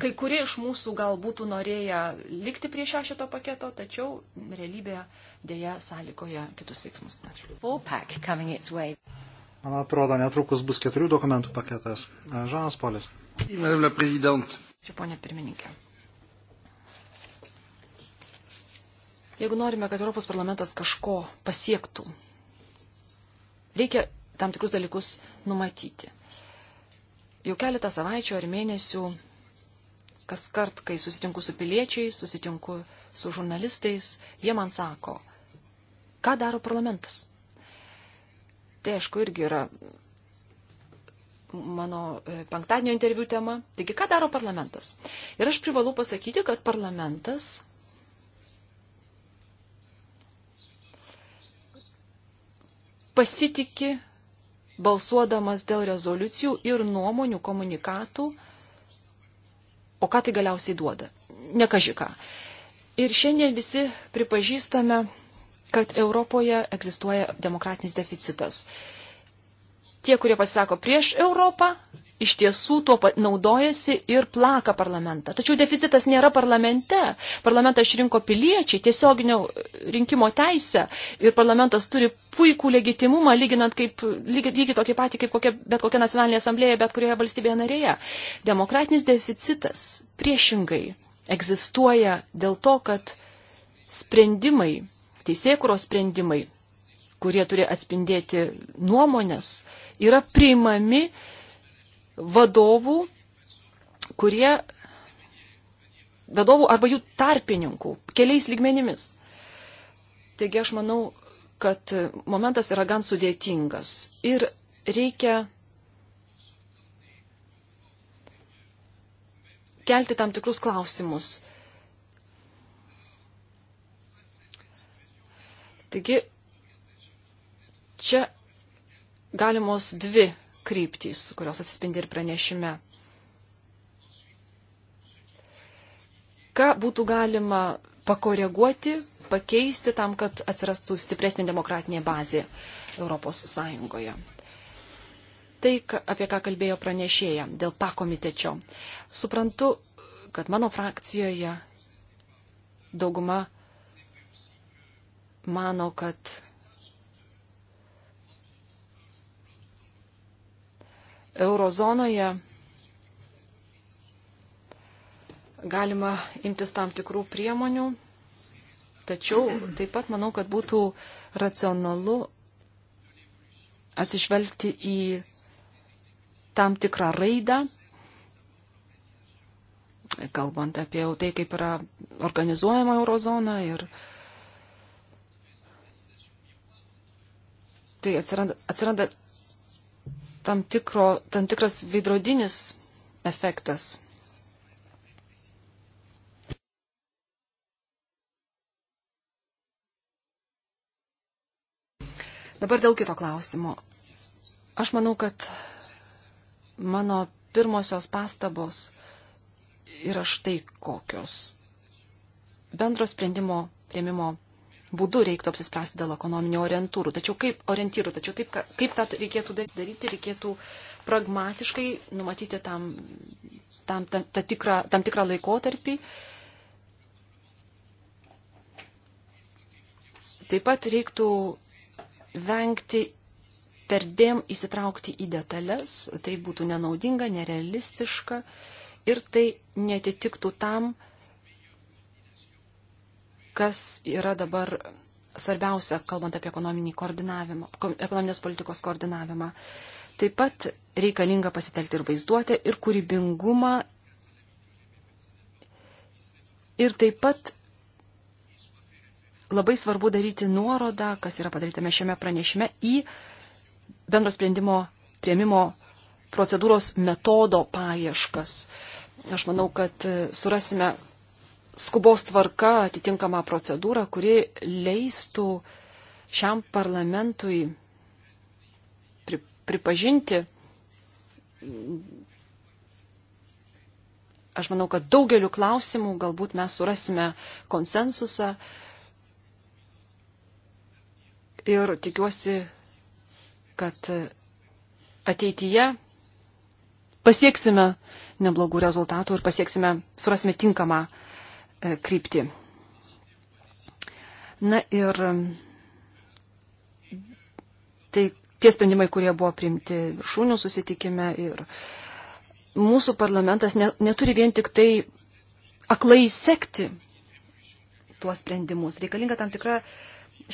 kai kurie iš mūsų gal būtų norėję likti prie šešito paketo, tačiau realybė dėja sąlygoja kitus veiksmus. Man atrodo, netrukus bus keturių dokumentų paketas. Žanas Polis. Čia ponė pirmininkė. Jeigu norime, kad Europos parlamentas kažko pasiektų, reikia tam tikrus dalykus numatyti. Jau keletą savaičių ar mėnesių Kas kart, kai susitinku su piliečiais, susitinku su žurnalistais, jie man sako, ką daro parlamentas. Tai aišku irgi yra mano e, penktadienio interviu tema. Taigi, ką daro parlamentas? Ir aš privalau pasakyti, kad parlamentas pasitiki balsuodamas dėl rezoliucijų ir nuomonių komunikatų O ką tai galiausiai duoda? Nekažiką. Ir šiandien visi pripažįstame, kad Europoje egzistuoja demokratinis deficitas. Uh, tie, kurie pasisako prieš Europą, iš tiesų tuo naudojasi ir plaka parlamentą. Tačiau deficitas nėra parlamente. Parlamentą išrinko piliečiai tiesioginio e, rinkimo teisę ir parlamentas turi puikų legitimumą, lyginant kaip, lygiai lygi tokį patį kaip kokia, bet kokia nacionalinė asamblėja, bet kurioje valstybėje narėje. Demokratinis deficitas priešingai egzistuoja dėl to, kad sprendimai, teisėkuros sprendimai kurie turi atspindėti nuomonės, yra priimami vadovų, kurie vadovų arba jų tarpininkų keliais lygmenimis. Taigi aš manau, kad momentas yra gan sudėtingas ir reikia kelti tam tikrus klausimus. Taigi Čia galimos dvi kryptys, kurios atsispindi ir pranešime. Ką būtų galima pakoreguoti, pakeisti tam, kad atsirastų stipresnė demokratinė bazė Europos Sąjungoje. Tai, apie ką kalbėjo pranešėja dėl pakomitečio. Suprantu, kad mano frakcijoje dauguma mano, kad eurozonoje galima imtis tam tikrų priemonių, tačiau taip pat manau, kad būtų racionalu atsižvelgti į tam tikrą raidą, kalbant apie jau tai, kaip yra organizuojama eurozona ir tai atsiranda, atsiranda tam, tikro, tam tikras veidrodinis efektas. Dabar dėl kito klausimo. Aš manau, kad mano pirmosios pastabos yra štai kokios. Bendro sprendimo prieimimo būdu reiktų apsispręsti dėl ekonominio orientūrų. Tačiau kaip orientyrų, tačiau taip, kaip tą reikėtų daryti, reikėtų pragmatiškai numatyti tam, tam, tam, tam, tikrą, tam tikrą laikotarpį. Taip pat reiktų vengti perdėm įsitraukti į detalės, tai būtų nenaudinga, nerealistiška ir tai netitiktų tam, kas yra dabar svarbiausia, kalbant apie ekonominį koordinavimą, ekonominės politikos koordinavimą. Taip pat reikalinga pasitelkti ir vaizduotę, ir kūrybingumą, ir taip pat labai svarbu daryti nuorodą, kas yra padarytame šiame pranešime, į bendro sprendimo prieimimo procedūros metodo paieškas. Aš manau, kad surasime skubos tvarka atitinkamą procedūrą, kuri leistų šiam parlamentui pri, pripažinti. Aš manau, kad daugeliu klausimų galbūt mes surasime konsensusą ir tikiuosi, kad ateityje pasieksime neblogų rezultatų ir pasieksime, surasime tinkamą uh, E, kryptį. Na ir tai tie sprendimai, kurie buvo priimti viršūnių susitikime ir mūsų parlamentas ne, neturi vien tik tai aklai sekti tuos sprendimus. Reikalinga tam tikra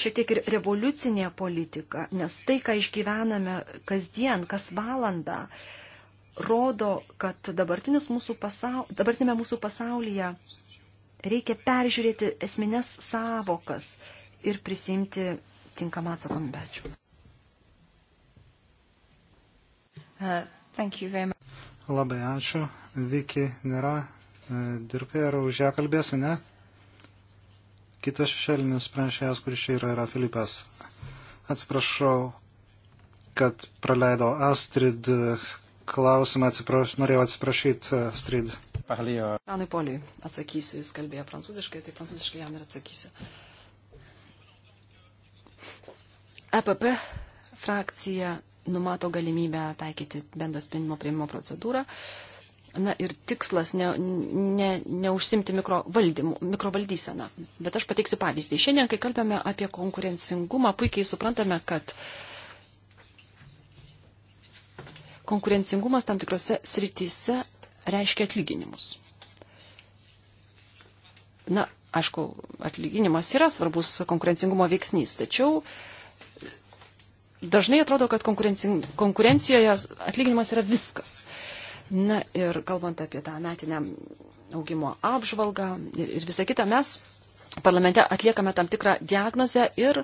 šiek tiek ir revoliucinė politika, nes tai, ką išgyvename kasdien, kas valandą, rodo, kad mūsų pasaul... dabartinėme mūsų pasaulyje Reikia peržiūrėti esminės savokas ir prisimti tinkamą atsakomybę. Ačiū. Uh, Labai ačiū. Viki nėra. E, Dirbai ar už ją kalbėsi, ne? Kitas šešėlinis pranešėjas, kuris čia yra, yra Filipas. Atsiprašau, kad praleido Astrid klausimą, atsipraš... norėjau atsiprašyti Astrid. Janui Poliui atsakysiu, jis kalbėjo prancūziškai, tai prancūziškai jam ir atsakysiu. EPP frakcija numato galimybę taikyti bendro sprendimo prieimimo procedūrą. Na ir tikslas ne, ne, neužsimti mikrovaldymu, mikrovaldyseną. Bet aš pateiksiu pavyzdį. Šiandien, kai kalbame apie konkurencingumą, puikiai suprantame, kad konkurencingumas tam tikrose srityse reiškia atlyginimus. Na, aišku, atlyginimas yra svarbus konkurencingumo veiksnys, tačiau dažnai atrodo, kad konkurencijoje atlyginimas yra viskas. Na ir kalbant apie tą metinę augimo apžvalgą ir, ir visą kitą, mes parlamente atliekame tam tikrą diagnozę ir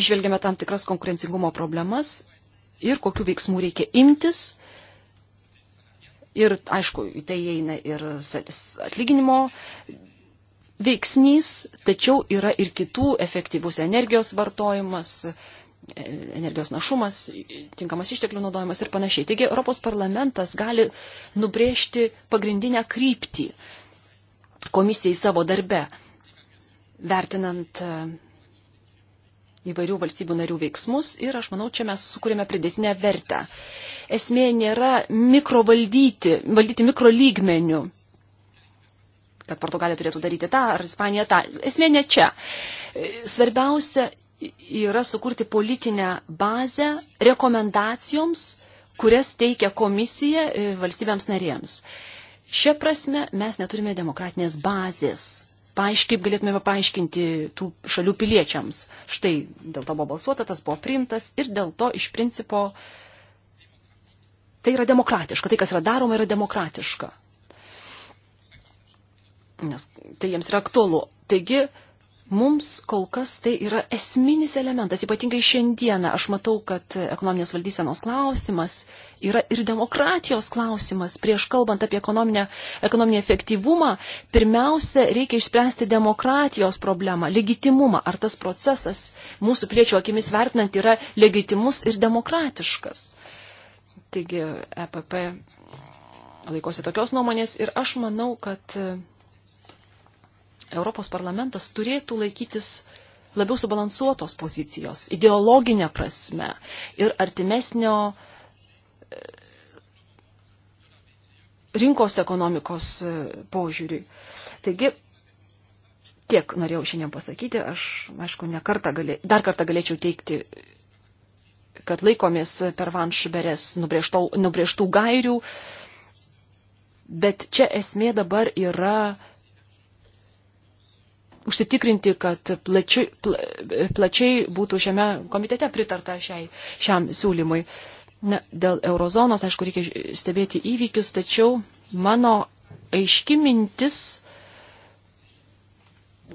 išvelgiame tam tikras konkurencingumo problemas ir kokiu veiksmu reikia imtis, Ir, aišku, į tai įeina ir atlyginimo veiksnys, tačiau yra ir kitų efektyvus energijos vartojimas, e, energijos našumas, tinkamas išteklių naudojimas ir panašiai. Taigi Europos parlamentas gali nubrėžti pagrindinę kryptį komisijai savo darbe, vertinant e, įvairių valstybių narių veiksmus ir aš manau, čia mes sukūrėme pridėtinę vertę. Esmė nėra mikrovaldyti, valdyti mikrolygmenių, kad Portugalija turėtų daryti tą ar Ispanija tą. Esmė ne čia. Svarbiausia yra sukurti politinę bazę rekomendacijoms, kurias teikia komisija valstybėms narėms. Šia prasme mes neturime demokratinės bazės paaišk, kaip galėtumėme paaiškinti tų šalių piliečiams. Štai dėl to buvo balsuota, tas buvo priimtas ir dėl to iš principo tai yra demokratiška. Tai, kas yra daroma, yra demokratiška. Nes tai jiems yra aktualu. Taigi, Mums kol kas tai yra esminis elementas, ypatingai šiandieną. Aš matau, kad ekonominės valdysenos klausimas yra ir demokratijos klausimas. Prieš kalbant apie ekonominę, ekonominį efektyvumą, pirmiausia, reikia išspręsti demokratijos problemą, legitimumą. Ar tas procesas mūsų piliečių akimis vertinant yra legitimus ir demokratiškas. Taigi, EPP laikosi tokios nuomonės ir aš manau, kad Europos parlamentas turėtų laikytis labiau subalansuotos pozicijos, ideologinė prasme ir artimesnio e, rinkos ekonomikos e, požiūriui. Taigi, tiek norėjau šiandien pasakyti, aš, aišku, kartą galė, dar kartą galėčiau teikti, kad laikomės per vanšberės nubrėžtų gairių, bet čia esmė dabar yra užsitikrinti, kad plačiu, pla, plačiai būtų šiame komitete pritarta šiai, šiam siūlymui. Na, dėl eurozonos, aišku, reikia stebėti įvykius, tačiau mano aiški mintis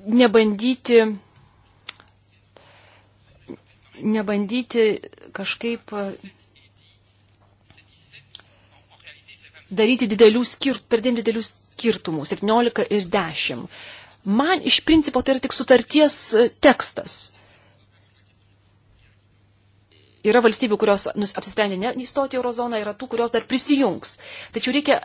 nebandyti, nebandyti kažkaip daryti didelių skirtumų, per didelių skirtumų, 17 ir 10 Man iš principo tai yra tik sutarties e, tekstas. Yra valstybių, kurios apsisprendė ne įstoti eurozoną, yra tų, kurios dar prisijungs. Tačiau reikia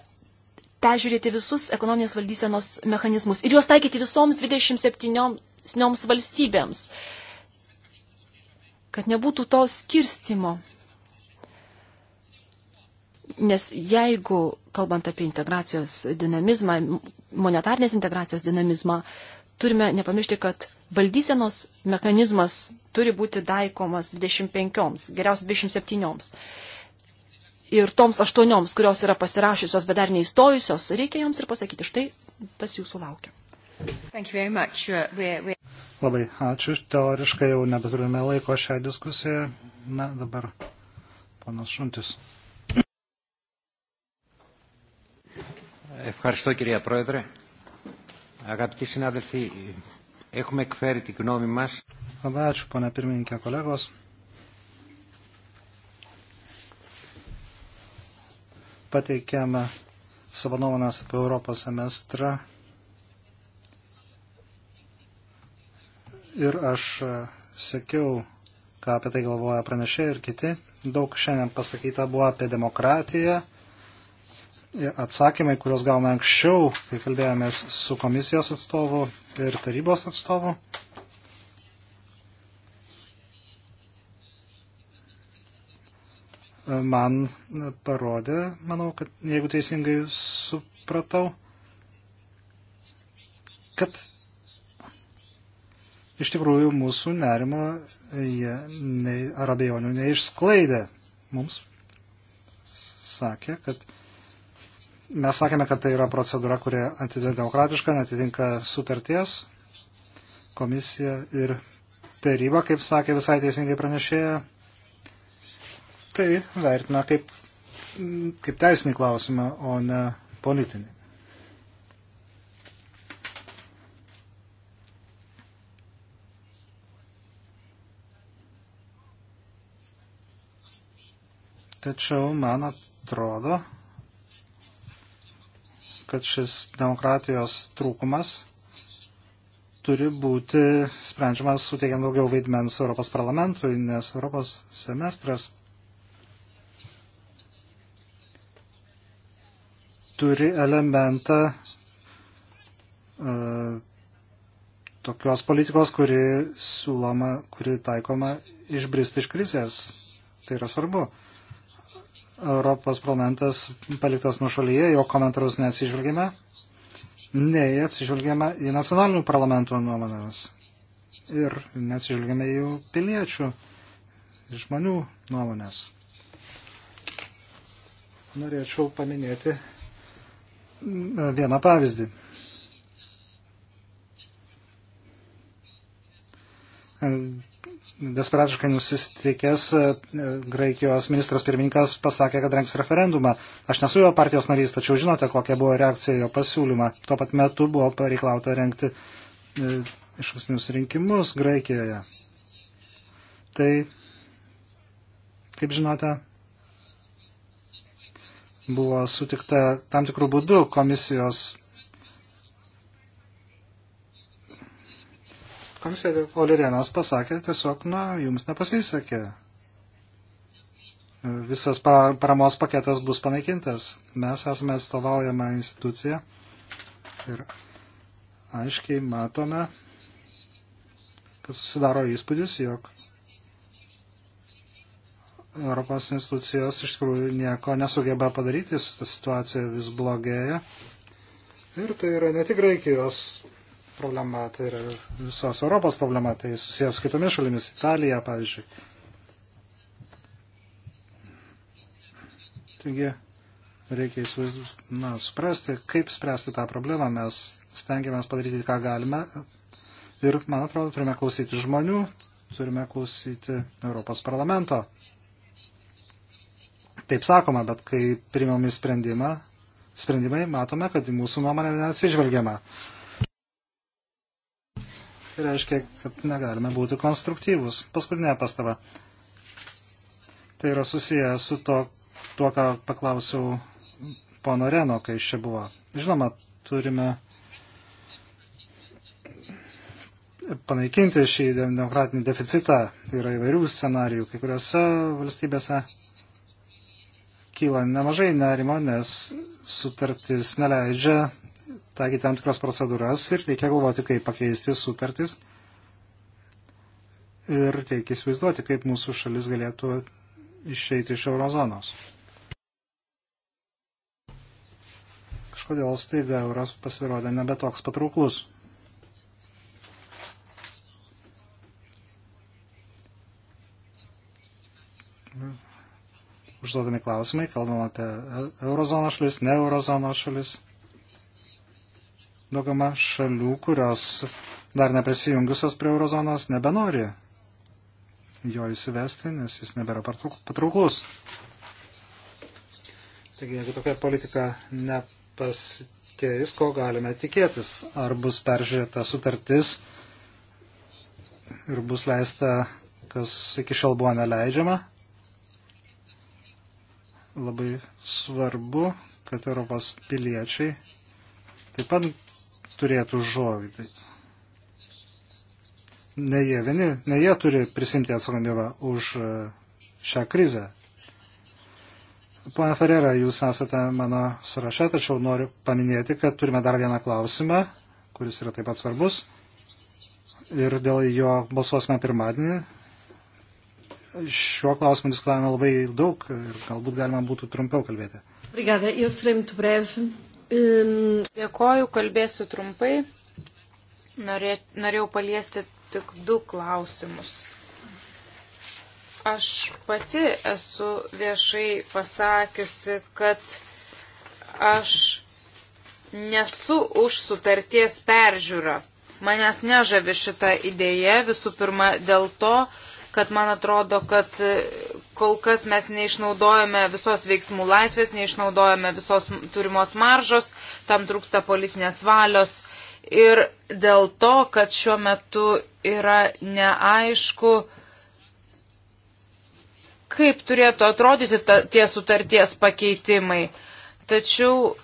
peržiūrėti visus ekonominės valdysenos mechanizmus ir juos taikyti visoms 27 valstybėms, kad nebūtų to skirstimo. Nes jeigu, kalbant apie integracijos dinamizmą, monetarnės integracijos dinamizmą, turime nepamiršti, kad valdysenos mechanizmas turi būti daikomas 25, geriausiai 27. Ir toms aštuonioms, kurios yra pasirašysios, bet dar neįstojusios, reikia joms ir pasakyti, štai tas jūsų laukia. Uh, we're, we're... Labai ačiū. Teoriškai jau nebeturime laiko šią diskusiją. Na, dabar panas Šuntis. Ευχαριστώ κυρία Πρόεδρε. Αγαπητοί συνάδελφοι, έχουμε εκφέρει τη γνώμη μας. Labai ačiū, pana pirmininkė, kolegos. Pateikėme savo nuomonės apie Europos semestrą. Ir aš sekiau, ką apie tai galvoja pranešė ir kiti. Daug šiandien pasakyta buvo apie demokratiją atsakymai, kuriuos gavome anksčiau, kai kalbėjomės su komisijos atstovu ir tarybos atstovu. Man parodė, manau, kad jeigu teisingai supratau, kad iš tikrųjų mūsų nerimo jie nei, ar abejonių neišsklaidė. Mums sakė, kad Mes sakėme, kad tai yra procedūra, kuri antidemokratiška, netitinka sutarties, komisija ir taryba, kaip sakė visai teisingai pranešėja, tai vertina kaip, kaip teisinį klausimą, o ne politinį. Tačiau man atrodo, kad šis demokratijos trūkumas turi būti sprendžiamas suteikiant daugiau vaidmens Europos parlamentui, nes Europos semestras turi elementą uh, tokios politikos, kuri siūloma, kuri taikoma išbristi iš krizės. Tai yra svarbu. Uh, Europos parlamentas paliktas nušalyje, jo komentarus neatsižvelgėme, nei atsižvelgėme į nacionalinių parlamentų nuomonėmis ir neatsižvelgėme į jų piliečių, žmonių nuomonės. Norėčiau paminėti vieną pavyzdį desperatiškai nusistikęs e, Graikijos ministras pirmininkas pasakė, kad rengs referendumą. Aš nesu jo partijos narys, tačiau žinote, kokia buvo reakcija jo pasiūlymą. Tuo pat metu buvo pareiklauta rengti e, išvasnius rinkimus Graikijoje. Tai, kaip žinote, buvo sutikta tam tikrų būdų komisijos komisija Olirenas pasakė tiesiog, na, jums nepasisekė. Visas paramos paketas bus panaikintas. Mes esame atstovaujama institucija ir aiškiai matome, kad susidaro įspūdis, jog Europos institucijos iš tikrųjų nieko nesugeba padaryti, situacija vis blogėja. Ir tai yra ne tik Graikijos problema, tai yra visos Europos problema, tai susijęs su kitomis šalimis, Italija, pavyzdžiui. Taigi reikia na, suprasti, kaip spręsti tą problemą. Mes stengiamės padaryti, ką galime. Ir, man atrodo, turime klausyti žmonių, turime klausyti Europos parlamento. Taip sakoma, bet kai primami sprendimą, sprendimai, matome, kad į mūsų nuomonę neatsižvelgiama. Tai reiškia, kad negalime būti konstruktyvus. Paskutinė pastaba. Tai yra susiję su to, tuo, ką paklausiau pono Reno, kai jis čia buvo. Žinoma, turime panaikinti šį demokratinį deficitą. Yra įvairių scenarijų. Kai kuriuose valstybėse kyla nemažai nerimo, nes sutartis neleidžia taikyti tam tikras procedūras ir reikia galvoti, kaip pakeisti sutartis. Ir reikia įsivaizduoti, kaip mūsų šalis galėtų išeiti iš eurozonos. Kažkodėl staiga euras pasirodė nebetoks patrauklus. užduodami klausimai, kalbam apie e- eurozono šalis, ne eurozono šalis daugama šalių, kurios dar neprisijungusios prie eurozonos, nebenori jo įsivesti, nes jis nebėra patrauklus. Taigi, jeigu tokia politika nepasikeis, ko galime tikėtis? Ar bus peržiūrėta sutartis ir bus leista, kas iki šiol buvo neleidžiama? Labai svarbu, kad Europos piliečiai taip pat turėtų žodį. Tai ne jie, vieni, ne jie turi prisimti atsakomybę už e, šią krizę. Pone Ferrera, jūs esate mano sąraše, tačiau noriu paminėti, kad turime dar vieną klausimą, kuris yra taip pat svarbus. Ir dėl jo balsuosime pirmadienį. Šiuo klausimu diskutavome labai daug ir galbūt galima būtų trumpiau kalbėti. Obrigada, eu serei muito breve. Dėkoju, kalbėsiu trumpai. Norė, norėjau paliesti tik du klausimus. Aš pati esu viešai pasakiusi, kad aš nesu už sutarties peržiūrą. Manęs nežavi šitą idėją visų pirma dėl to, kad man atrodo, kad e, kol kas mes neišnaudojame visos veiksmų laisvės, neišnaudojame visos turimos maržos, tam trūksta politinės valios. Ir dėl to, kad šiuo metu yra neaišku, kaip turėtų atrodyti ta, tie sutarties pakeitimai. Tačiau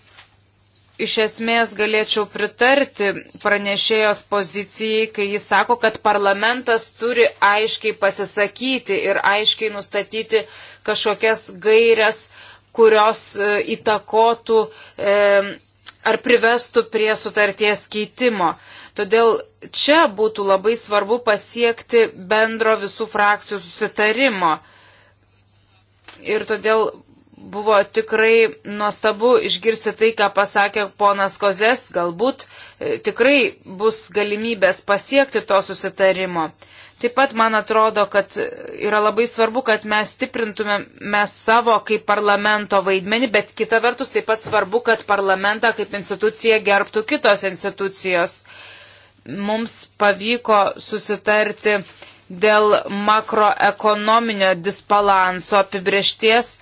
iš esmės galėčiau pritarti pranešėjos pozicijai, kai jis sako, kad parlamentas turi aiškiai pasisakyti ir aiškiai nustatyti kažkokias gairias, kurios e, įtakotų e, ar privestų prie sutarties keitimo. Todėl čia būtų labai svarbu pasiekti bendro visų frakcijų susitarimo. Ir todėl buvo tikrai nuostabu išgirsti tai, ką pasakė ponas Kozės, galbūt e, tikrai bus galimybės pasiekti to susitarimo. Taip pat man atrodo, kad yra labai svarbu, kad mes stiprintume mes savo kaip parlamento vaidmenį, bet kita vertus taip pat svarbu, kad parlamentą kaip instituciją gerbtų kitos institucijos. Mums pavyko susitarti dėl makroekonominio disbalanso apibriešties,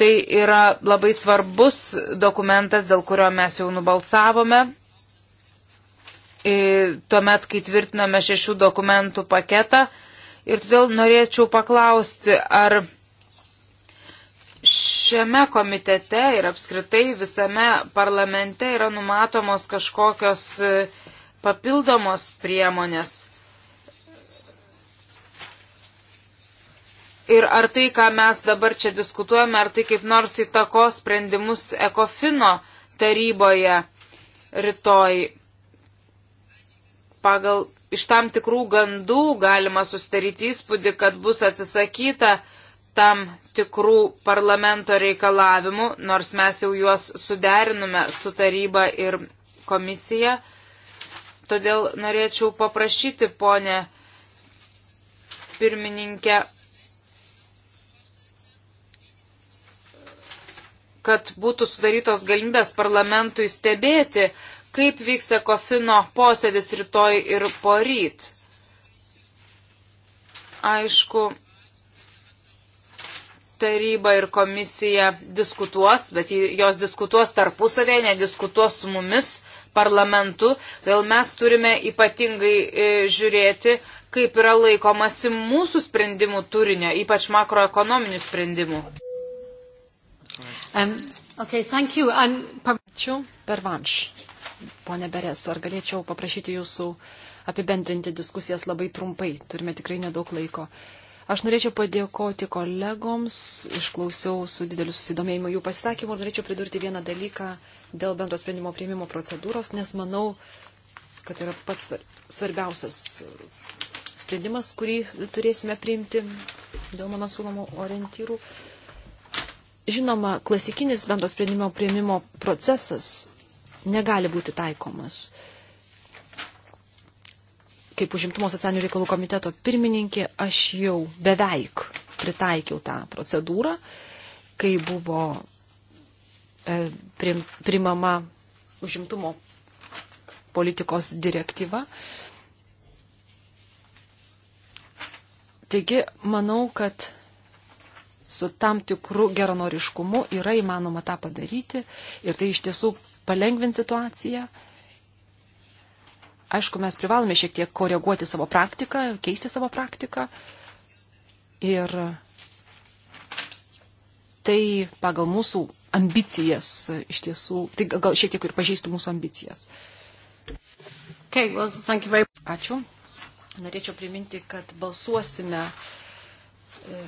Tai yra labai svarbus dokumentas, dėl kurio mes jau nubalsavome. Tuomet, kai tvirtinome šešių dokumentų paketą. Ir todėl norėčiau paklausti, ar šiame komitete ir apskritai visame parlamente yra numatomos kažkokios e, papildomos priemonės ir ar tai, ką mes dabar čia diskutuojame, ar tai kaip nors įtako sprendimus Ekofino taryboje rytoj. Pagal iš tam tikrų gandų galima sustaryti įspūdį, kad bus atsisakyta tam tikrų parlamento reikalavimų, nors mes jau juos suderinome su taryba ir komisija. Todėl norėčiau paprašyti, ponė pirmininkę, kad būtų sudarytos galimybės parlamentui stebėti, kaip vyks ekofino posėdis rytoj ir poryt. Aišku, taryba ir komisija diskutuos, bet jos diskutuos tarpusavėje, nediskutuos su mumis parlamentu, todėl mes turime ypatingai e, žiūrėti, kaip yra laikomasi mūsų sprendimų turinio, ypač makroekonominių sprendimų. Um, okay, thank you. I'm... Ačiū. Pervanš. Pone Beres, ar galėčiau paprašyti jūsų apibendrinti diskusijas labai trumpai? Turime tikrai nedaug laiko. Aš norėčiau padėkoti kolegoms, išklausiau su dideliu susidomėjimu jų pasisakymų ir norėčiau pridurti vieną dalyką dėl bendro sprendimo prieimimo procedūros, nes manau, kad yra pats svarbiausias sprendimas, kurį turėsime priimti dėl mano siūlomų orientyrų. Žinoma, klasikinis bendro sprendimo prieimimo procesas negali būti taikomas. Kaip užimtumo socialinių reikalų komiteto pirmininkė, aš jau beveik pritaikiau tą procedūrą, kai buvo e, primama užimtumo politikos direktyva. Taigi, manau, kad su tam tikru geranoriškumu yra įmanoma tą padaryti ir tai iš tiesų palengvins situaciją. Aišku, mes privalome šiek tiek koreguoti savo praktiką, keisti savo praktiką ir tai pagal mūsų ambicijas iš tiesų, tai gal šiek tiek ir pažįstų mūsų ambicijas. Okay, well, very... Ačiū. Norėčiau priminti, kad balsuosime. E,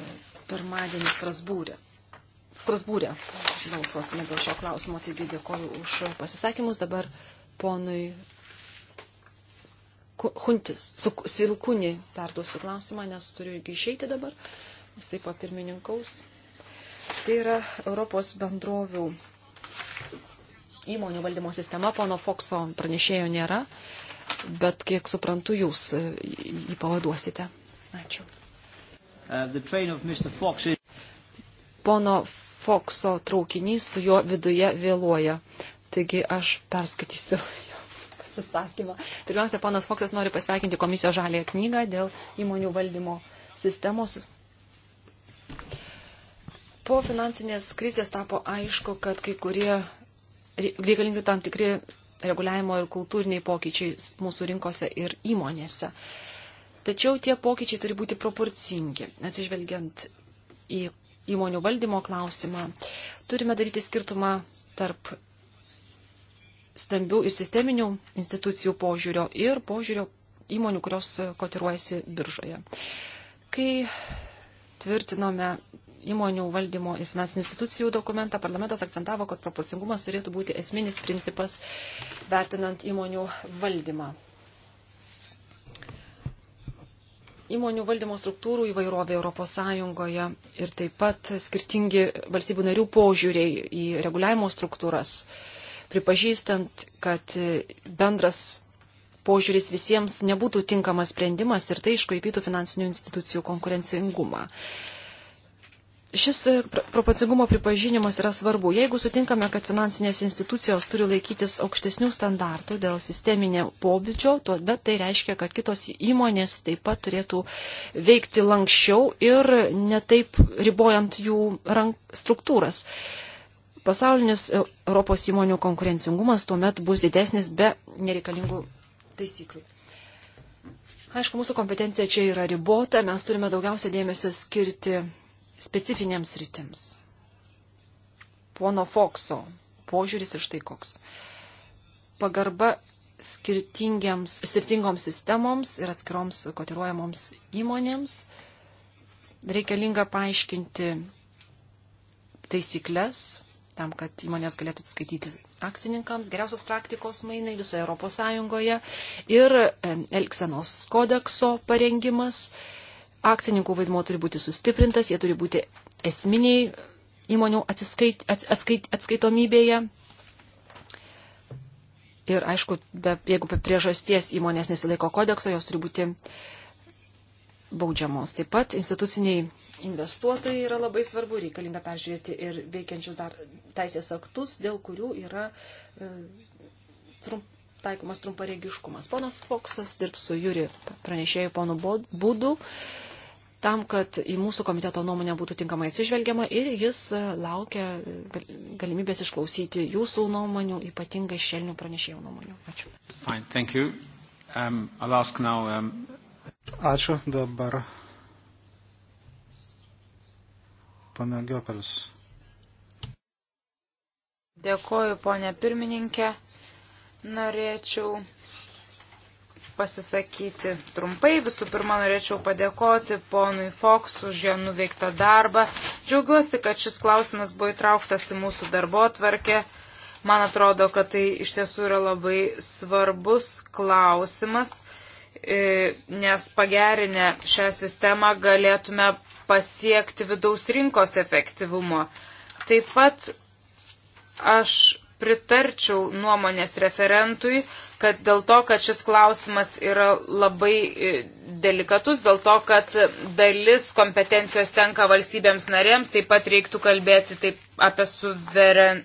pirmadienį Strasbūrė. Strasbūrė balsuosime dėl šio klausimo, taigi dėkoju už pasisakymus. Dabar ponui Huntis, Silkūnį perduosiu klausimą, nes turiu išeiti dabar. Jis taip pat pirmininkaus. Tai yra Europos bendrovių įmonių valdymo sistema. Pono Fokso pranešėjo nėra, bet kiek suprantu, jūs jį pavaduosite. Ačiū. Uh, Pono Fokso traukinys su juo viduje vėluoja. Taigi aš perskaitysiu jo pasisakymą. Pirmiausia, panas Foksas nori pasveikinti komisijos žalėją knygą dėl įmonių valdymo sistemos. Po finansinės krizės tapo aišku, kad kai kurie reikalingi tam tikri reguliavimo ir kultūriniai pokyčiai mūsų rinkose ir įmonėse. Tačiau tie pokyčiai turi būti proporcingi, atsižvelgiant į įmonių valdymo klausimą. Turime daryti skirtumą tarp stambių ir sisteminių institucijų požiūrio ir požiūrio įmonių, kurios kotiruojasi biržoje. Kai tvirtinome įmonių valdymo ir finansinių institucijų dokumentą, parlamentas akcentavo, kad proporcingumas turėtų būti esminis principas vertinant įmonių valdymą. įmonių valdymo struktūrų įvairovė ES ir taip pat skirtingi valstybių narių požiūriai į reguliavimo struktūras, pripažįstant, kad bendras požiūris visiems nebūtų tinkamas sprendimas ir tai iškraipytų finansinių institucijų konkurencingumą. Šis e, proporcingumo pripažinimas yra svarbu. Jeigu sutinkame, kad finansinės institucijos turi laikytis aukštesnių standartų dėl sisteminio pobūdžio, bet tai reiškia, kad kitos įmonės taip pat turėtų veikti lankščiau ir netaip ribojant jų struktūras. Pasaulinis e, Europos įmonių konkurencingumas tuomet bus didesnis be nereikalingų taisyklių. Aišku, mūsų kompetencija čia yra ribota, mes turime daugiausia dėmesio skirti specifinėms rytims. Pono Fokso požiūris ir štai koks. Pagarba skirtingoms sistemoms ir atskiroms kotiruojamoms įmonėms. Reikalinga paaiškinti taisyklės tam, kad įmonės galėtų atskaityti akcininkams, geriausios praktikos mainai visoje Europos Sąjungoje ir Elksenos kodekso parengimas. E, akcininkų vaidmo turi būti sustiprintas, jie turi būti esminiai įmonių atsiskait, at, atskait, atskaitomybėje. Ir aišku, be, jeigu be priežasties įmonės nesilaiko kodekso, jos turi būti baudžiamos. Taip pat instituciniai investuotojai yra labai svarbu, reikalinga peržiūrėti ir veikiančius dar teisės aktus, dėl kurių yra e, trump, taikomas trumparegiškumas. Ponas Foksas dirbs su Juri pranešėjų ponu Būdu tam, kad į mūsų komiteto nuomonę būtų tinkamai atsižvelgiama ir jis e, laukia e, galimybės išklausyti jūsų nuomonių, ypatingai šelnių pranešėjų nuomonių. Ačiū. Fine, thank you. Um, I'll ask now, um... Ačiū dabar. Pana Giopelis. Dėkoju, ponė pirmininkė. Norėčiau pasisakyti trumpai. Visų pirma, norėčiau padėkoti ponui Fox už jo nuveiktą darbą. Džiaugiuosi, kad šis klausimas buvo įtrauktas į mūsų darbo tvarkę. Man atrodo, kad tai iš tiesų yra labai svarbus klausimas, e, nes pagerinę šią sistemą galėtume pasiekti vidaus rinkos efektyvumo. Taip pat aš pritarčiau nuomonės referentui, kad dėl to, kad šis klausimas yra labai e, delikatus, dėl to, kad dalis kompetencijos tenka valstybėms narėms, taip pat reiktų kalbėti taip apie, suveren,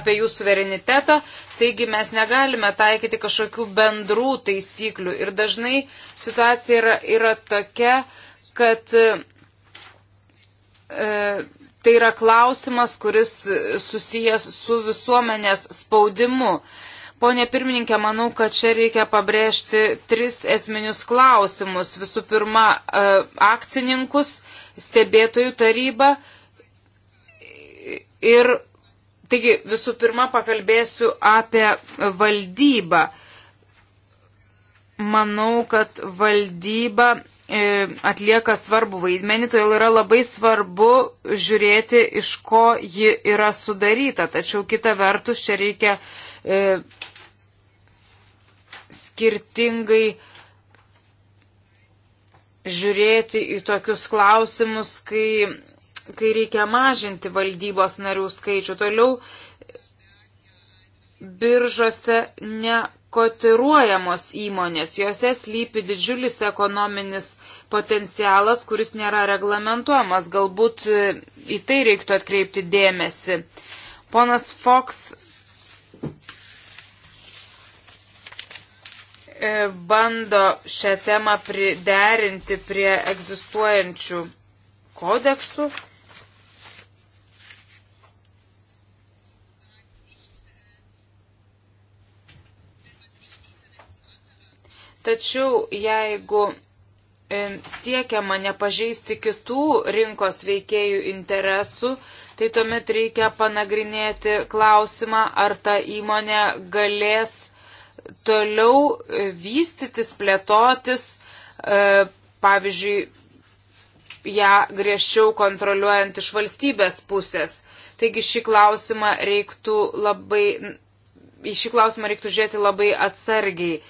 apie jų suverenitetą, taigi mes negalime taikyti kažkokių bendrų taisyklių. Ir dažnai situacija yra, yra tokia, kad e, tai yra klausimas, kuris susijęs su visuomenės spaudimu. Pone pirmininkė, manau, kad čia reikia pabrėžti tris esminius klausimus. Visų pirma, e, akcininkus, stebėtojų tarybą ir, taigi, visų pirma, pakalbėsiu apie valdybą. Manau, kad valdyba E, atlieka svarbu vaidmenį, todėl yra labai svarbu žiūrėti, iš ko ji yra sudaryta. Tačiau kita vertus, čia reikia e, skirtingai žiūrėti į tokius klausimus, kai, kai reikia mažinti valdybos narių skaičių. Toliau biržose ne kotiruojamos įmonės, jose slypi didžiulis ekonominis potencialas, kuris nėra reglamentuojamas. Galbūt e, į tai reiktų atkreipti dėmesį. Ponas Fox e, bando šią temą priderinti prie egzistuojančių kodeksų Tačiau jeigu e, siekiama nepažeisti kitų rinkos veikėjų interesų, tai tuomet reikia panagrinėti klausimą, ar ta įmonė galės toliau e, vystytis, plėtotis, e, pavyzdžiui, ją griežčiau kontroliuojant iš valstybės pusės. Taigi šį klausimą reiktų labai, į šį klausimą reiktų žiūrėti labai atsargiai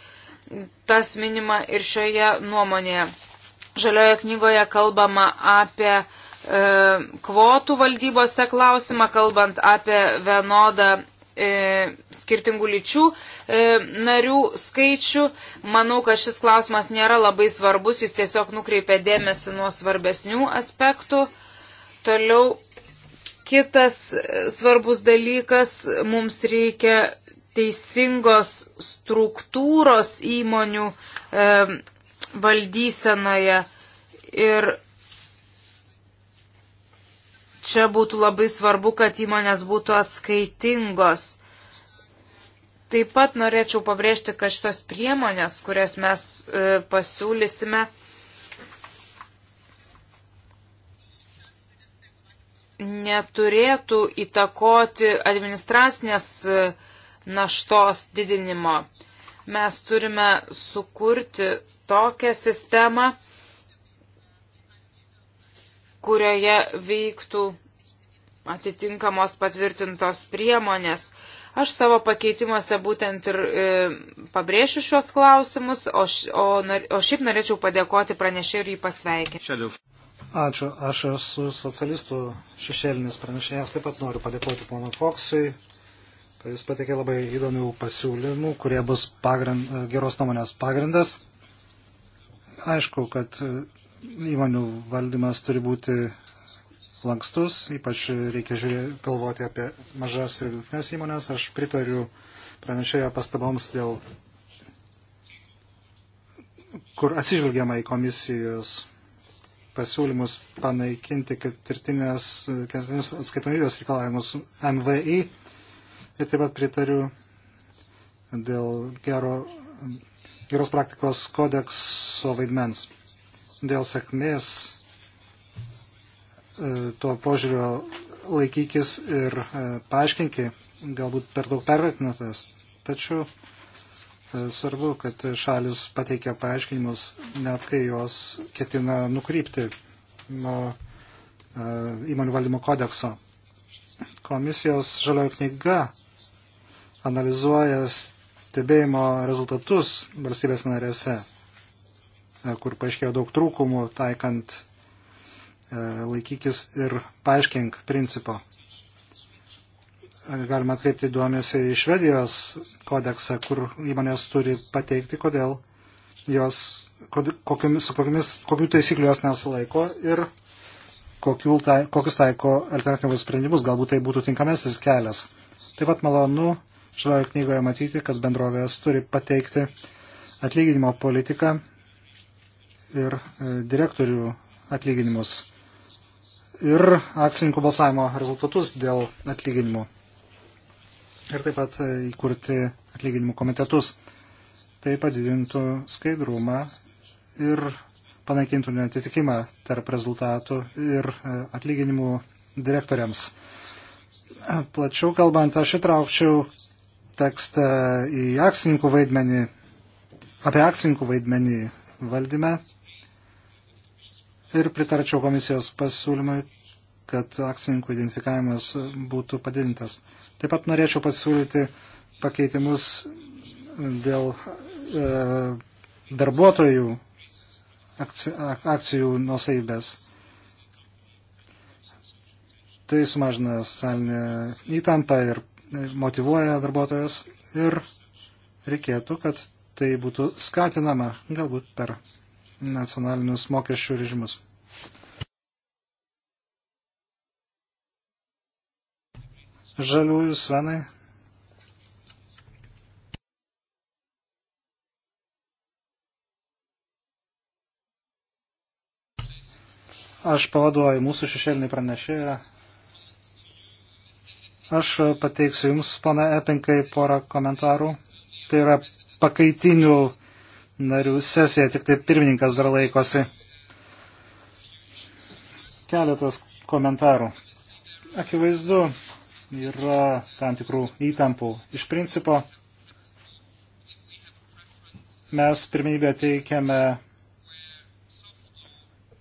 tas minima ir šioje nuomonėje. Žalioje knygoje kalbama apie e, kvotų valdybose klausimą, kalbant apie vienodą e, skirtingų lyčių e, narių skaičių. Manau, kad šis klausimas nėra labai svarbus, jis tiesiog nukreipia dėmesį nuo svarbesnių aspektų. Toliau kitas e, svarbus dalykas, mums reikia teisingos struktūros įmonių e, valdysenoje. Ir čia būtų labai svarbu, kad įmonės būtų atskaitingos. Taip pat norėčiau pabrėžti, kad šitos priemonės, kurias mes e, pasiūlysime, neturėtų įtakoti administracinės e, naštos didinimo. Mes turime sukurti tokią sistemą, kurioje veiktų atitinkamos patvirtintos priemonės. Aš savo pakeitimuose būtent ir e, pabrėšiu šios klausimus, o, š, o, o šiaip norėčiau padėkoti pranešėjui ir jį pasveikinti. Ačiū. Aš esu socialistų šešėlinis pranešėjas. Taip pat noriu padėkoti pono Foksui Jis patikė labai įdomių pasiūlymų, kurie bus pagrind, geros nuomonės pagrindas. Aišku, kad e, įmonių valdymas turi būti lankstus, ypač reikia žiūrėti, galvoti apie mažas ir vidutinės įmonės. Aš pritariu pranešėjo pastaboms dėl, kur atsižvelgiama į komisijos pasiūlymus panaikinti ketvirtinės atskaitomybės reikalavimus MVI Ir taip pat pritariu dėl gero, geros praktikos kodekso vaidmens. Dėl sėkmės e, to požiūrio laikykis ir e, paaiškinkį, galbūt per daug pervertinatas. Tačiau e, svarbu, kad šalis pateikia paaiškinimus, net kai jos ketina nukrypti nuo įmonių valdymo kodekso. Komisijos žalioji knyga analizuoja stebėjimo rezultatus valstybės narėse, e, kur paaiškėjo daug trūkumų taikant e, laikykis ir paaiškink principo. Galima atkreipti duomėsi į Švedijos kodeksą, kur įmonės turi pateikti, kodėl jos, kokiomis, su kokiamis, kokių taisyklių jos nesilaiko ir kokių, tai, kokius taiko alternatyvus sprendimus, galbūt tai būtų tinkamesnis kelias. Taip pat malonu Šioje knygoje matyti, kad bendrovės turi pateikti atlyginimo politiką ir e, direktorių atlyginimus ir akcininkų balsavimo rezultatus dėl atlyginimų. Ir taip pat e, įkurti atlyginimų komitetus. Tai padidintų skaidrumą ir panaikintų netitikimą tarp rezultatų ir e, atlyginimų direktoriams. Plačiau kalbant, aš įtraukčiau tekstą į akcininkų vaidmenį, apie akcininkų vaidmenį valdyme ir pritarčiau komisijos pasiūlymui, kad akcininkų identifikavimas būtų padidintas. Taip pat norėčiau pasiūlyti pakeitimus dėl e, darbuotojų akci, akcijų nusaibės. Tai sumažina socialinę įtampą ir motivuoja darbuotojas ir reikėtų, kad tai būtų skatinama galbūt per nacionalinius mokesčių režimus. Žaliųjų svenai. Aš pavaduoju mūsų šešėlinį pranešėją Aš pateiksiu Jums, pana Epinkai, porą komentarų. Tai yra pakaitinių narių sesija, tik tai pirmininkas dar laikosi. Keletas komentarų. Akivaizdu, yra tam tikrų įtampų. Iš principo, mes pirmybę teikiame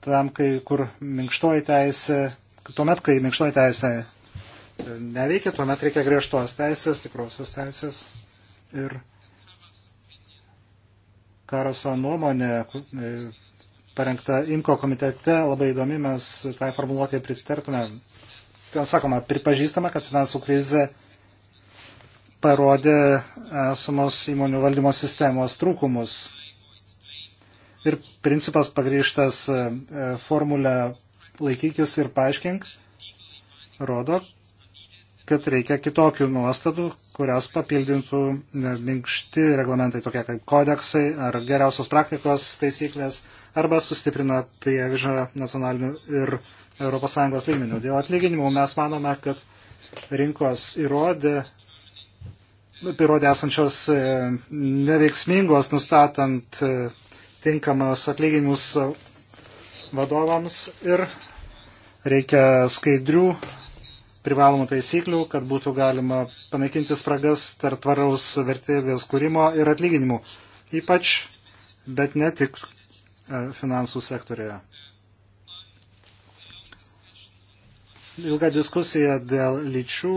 tam, kai kur minkštoji teisė, tuomet, kai minkštoji teisė neveikia, tuomet reikia griežtos teisės, tikrosios teisės. Ir Karaso nuomonė e, parengta IMKO komitete labai įdomi, mes tai formuluotėje pritartume. Ten sakoma, pripažįstama, kad finansų krize parodė esamos įmonių valdymo sistemos trūkumus. Ir principas pagrįžtas e, formulę laikykis ir paaiškink rodo, kad reikia kitokių nuostatų, kurias papildintų minkšti reglamentai, tokie kaip kodeksai ar geriausios praktikos taisyklės, arba sustiprina prievižą nacionalinių ir ES lygmenių. Dėl atlyginimų mes manome, kad rinkos įrodė, įrodė esančios e, neveiksmingos, nustatant e, tinkamas atlyginimus vadovams ir reikia skaidrių privalomų taisyklių, kad būtų galima panaikinti spragas tarp tvaraus vertėvės kūrimo ir atlyginimų, ypač, bet ne tik e, finansų sektorėje. Ilga diskusija dėl lyčių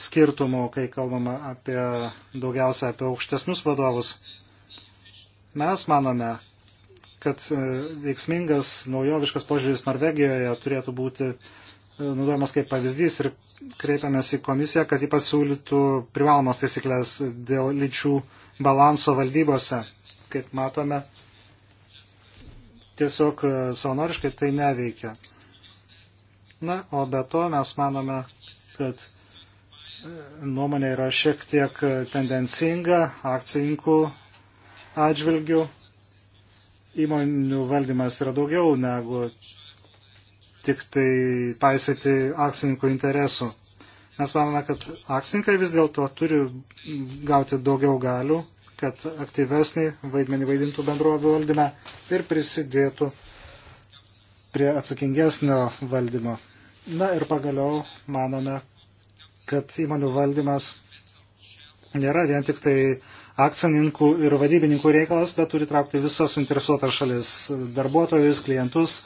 skirtumų, kai kalbama apie daugiausia apie aukštesnius vadovus. Mes manome, kad e, veiksmingas naujoviškas požiūris Norvegijoje turėtų būti uh, naudojamas kaip pavyzdys ir kreipiamės į komisiją, kad jį pasiūlytų privalomas taisyklės dėl lyčių balanso valdybose. Kaip matome, tiesiog e, savanoriškai tai neveikia. Na, o be to mes manome, kad e, nuomonė yra šiek tiek e, tendencinga akcininkų atžvilgių. Įmonių valdymas yra daugiau negu tik tai paisyti akcininkų interesų. Mes manome, kad akcininkai vis dėlto turi gauti daugiau galių, kad aktyvesnį vaidmenį vaidintų bendrovių valdyme ir prisidėtų prie atsakingesnio valdymo. Na ir pagaliau manome, kad įmonių valdymas nėra vien tik tai akcininkų ir vadybininkų reikalas, bet turi traukti visas suinteresuotas šalis - darbuotojus, klientus,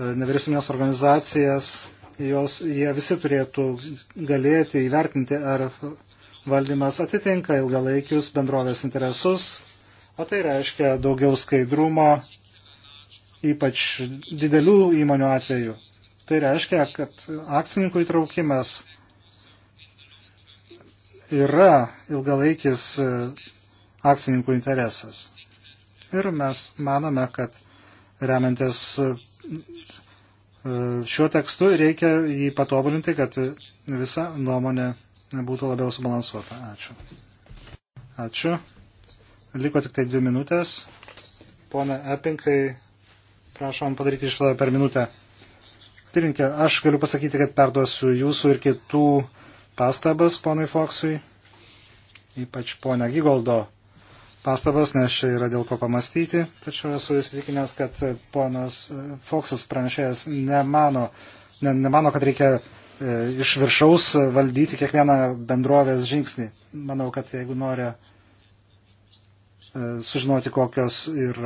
E, nevyriausybinės organizacijas, jos, jie visi turėtų galėti įvertinti, ar valdymas atitinka ilgalaikius bendrovės interesus, o tai reiškia daugiau skaidrumo, ypač didelių įmonių atveju. Tai reiškia, kad akcininkų įtraukimas yra ilgalaikis e, akcininkų interesas. Ir mes manome, kad remiantis e, šiuo tekstu reikia jį patobulinti, kad visa nuomonė būtų labiau subalansuota. Ačiū. Ačiū. Liko tik tai dvi minutės. Pone Epinkai, prašom padaryti išvadą per minutę. Pirinkė, aš galiu pasakyti, kad perduosiu jūsų ir kitų pastabas ponui Foksui, ypač ponia Gigoldo pastabas, nes čia yra dėl ko pamastyti, tačiau esu įsitikinęs, kad ponas e, Foksas pranešėjas nemano, ne, nemano, kad reikia e, iš viršaus valdyti kiekvieną bendrovės žingsnį. Manau, kad jeigu nori e, sužinoti, kokios ir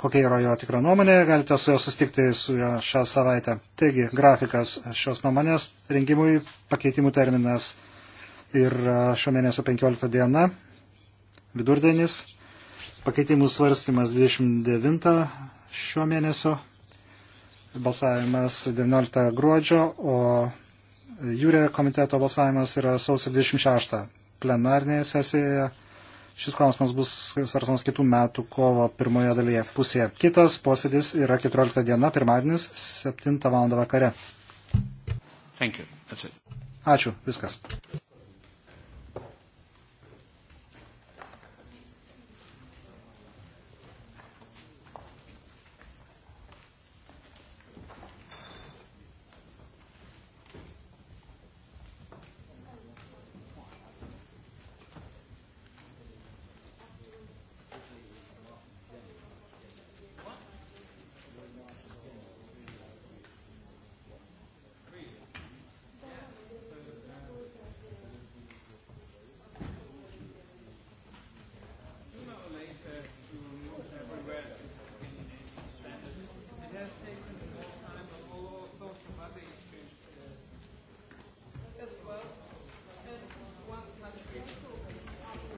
kokia yra jo tikra nuomonė, galite su juo sustikti su juo šią savaitę. Taigi, grafikas šios nuomonės rinkimui pakeitimų terminas ir šio mėnesio 15 diena vidurdienis, pakeitimų svarstymas 29 šio mėnesio, balsavimas 19 gruodžio, o jūrė komiteto balsavimas yra sausio 26 plenarnėje sesijoje. Šis klausimas bus svarstamas kitų metų kovo pirmoje dalyje pusėje. Kitas posėdis yra 14 diena, pirmadienis, 7 val. vakare. Ačiū, viskas.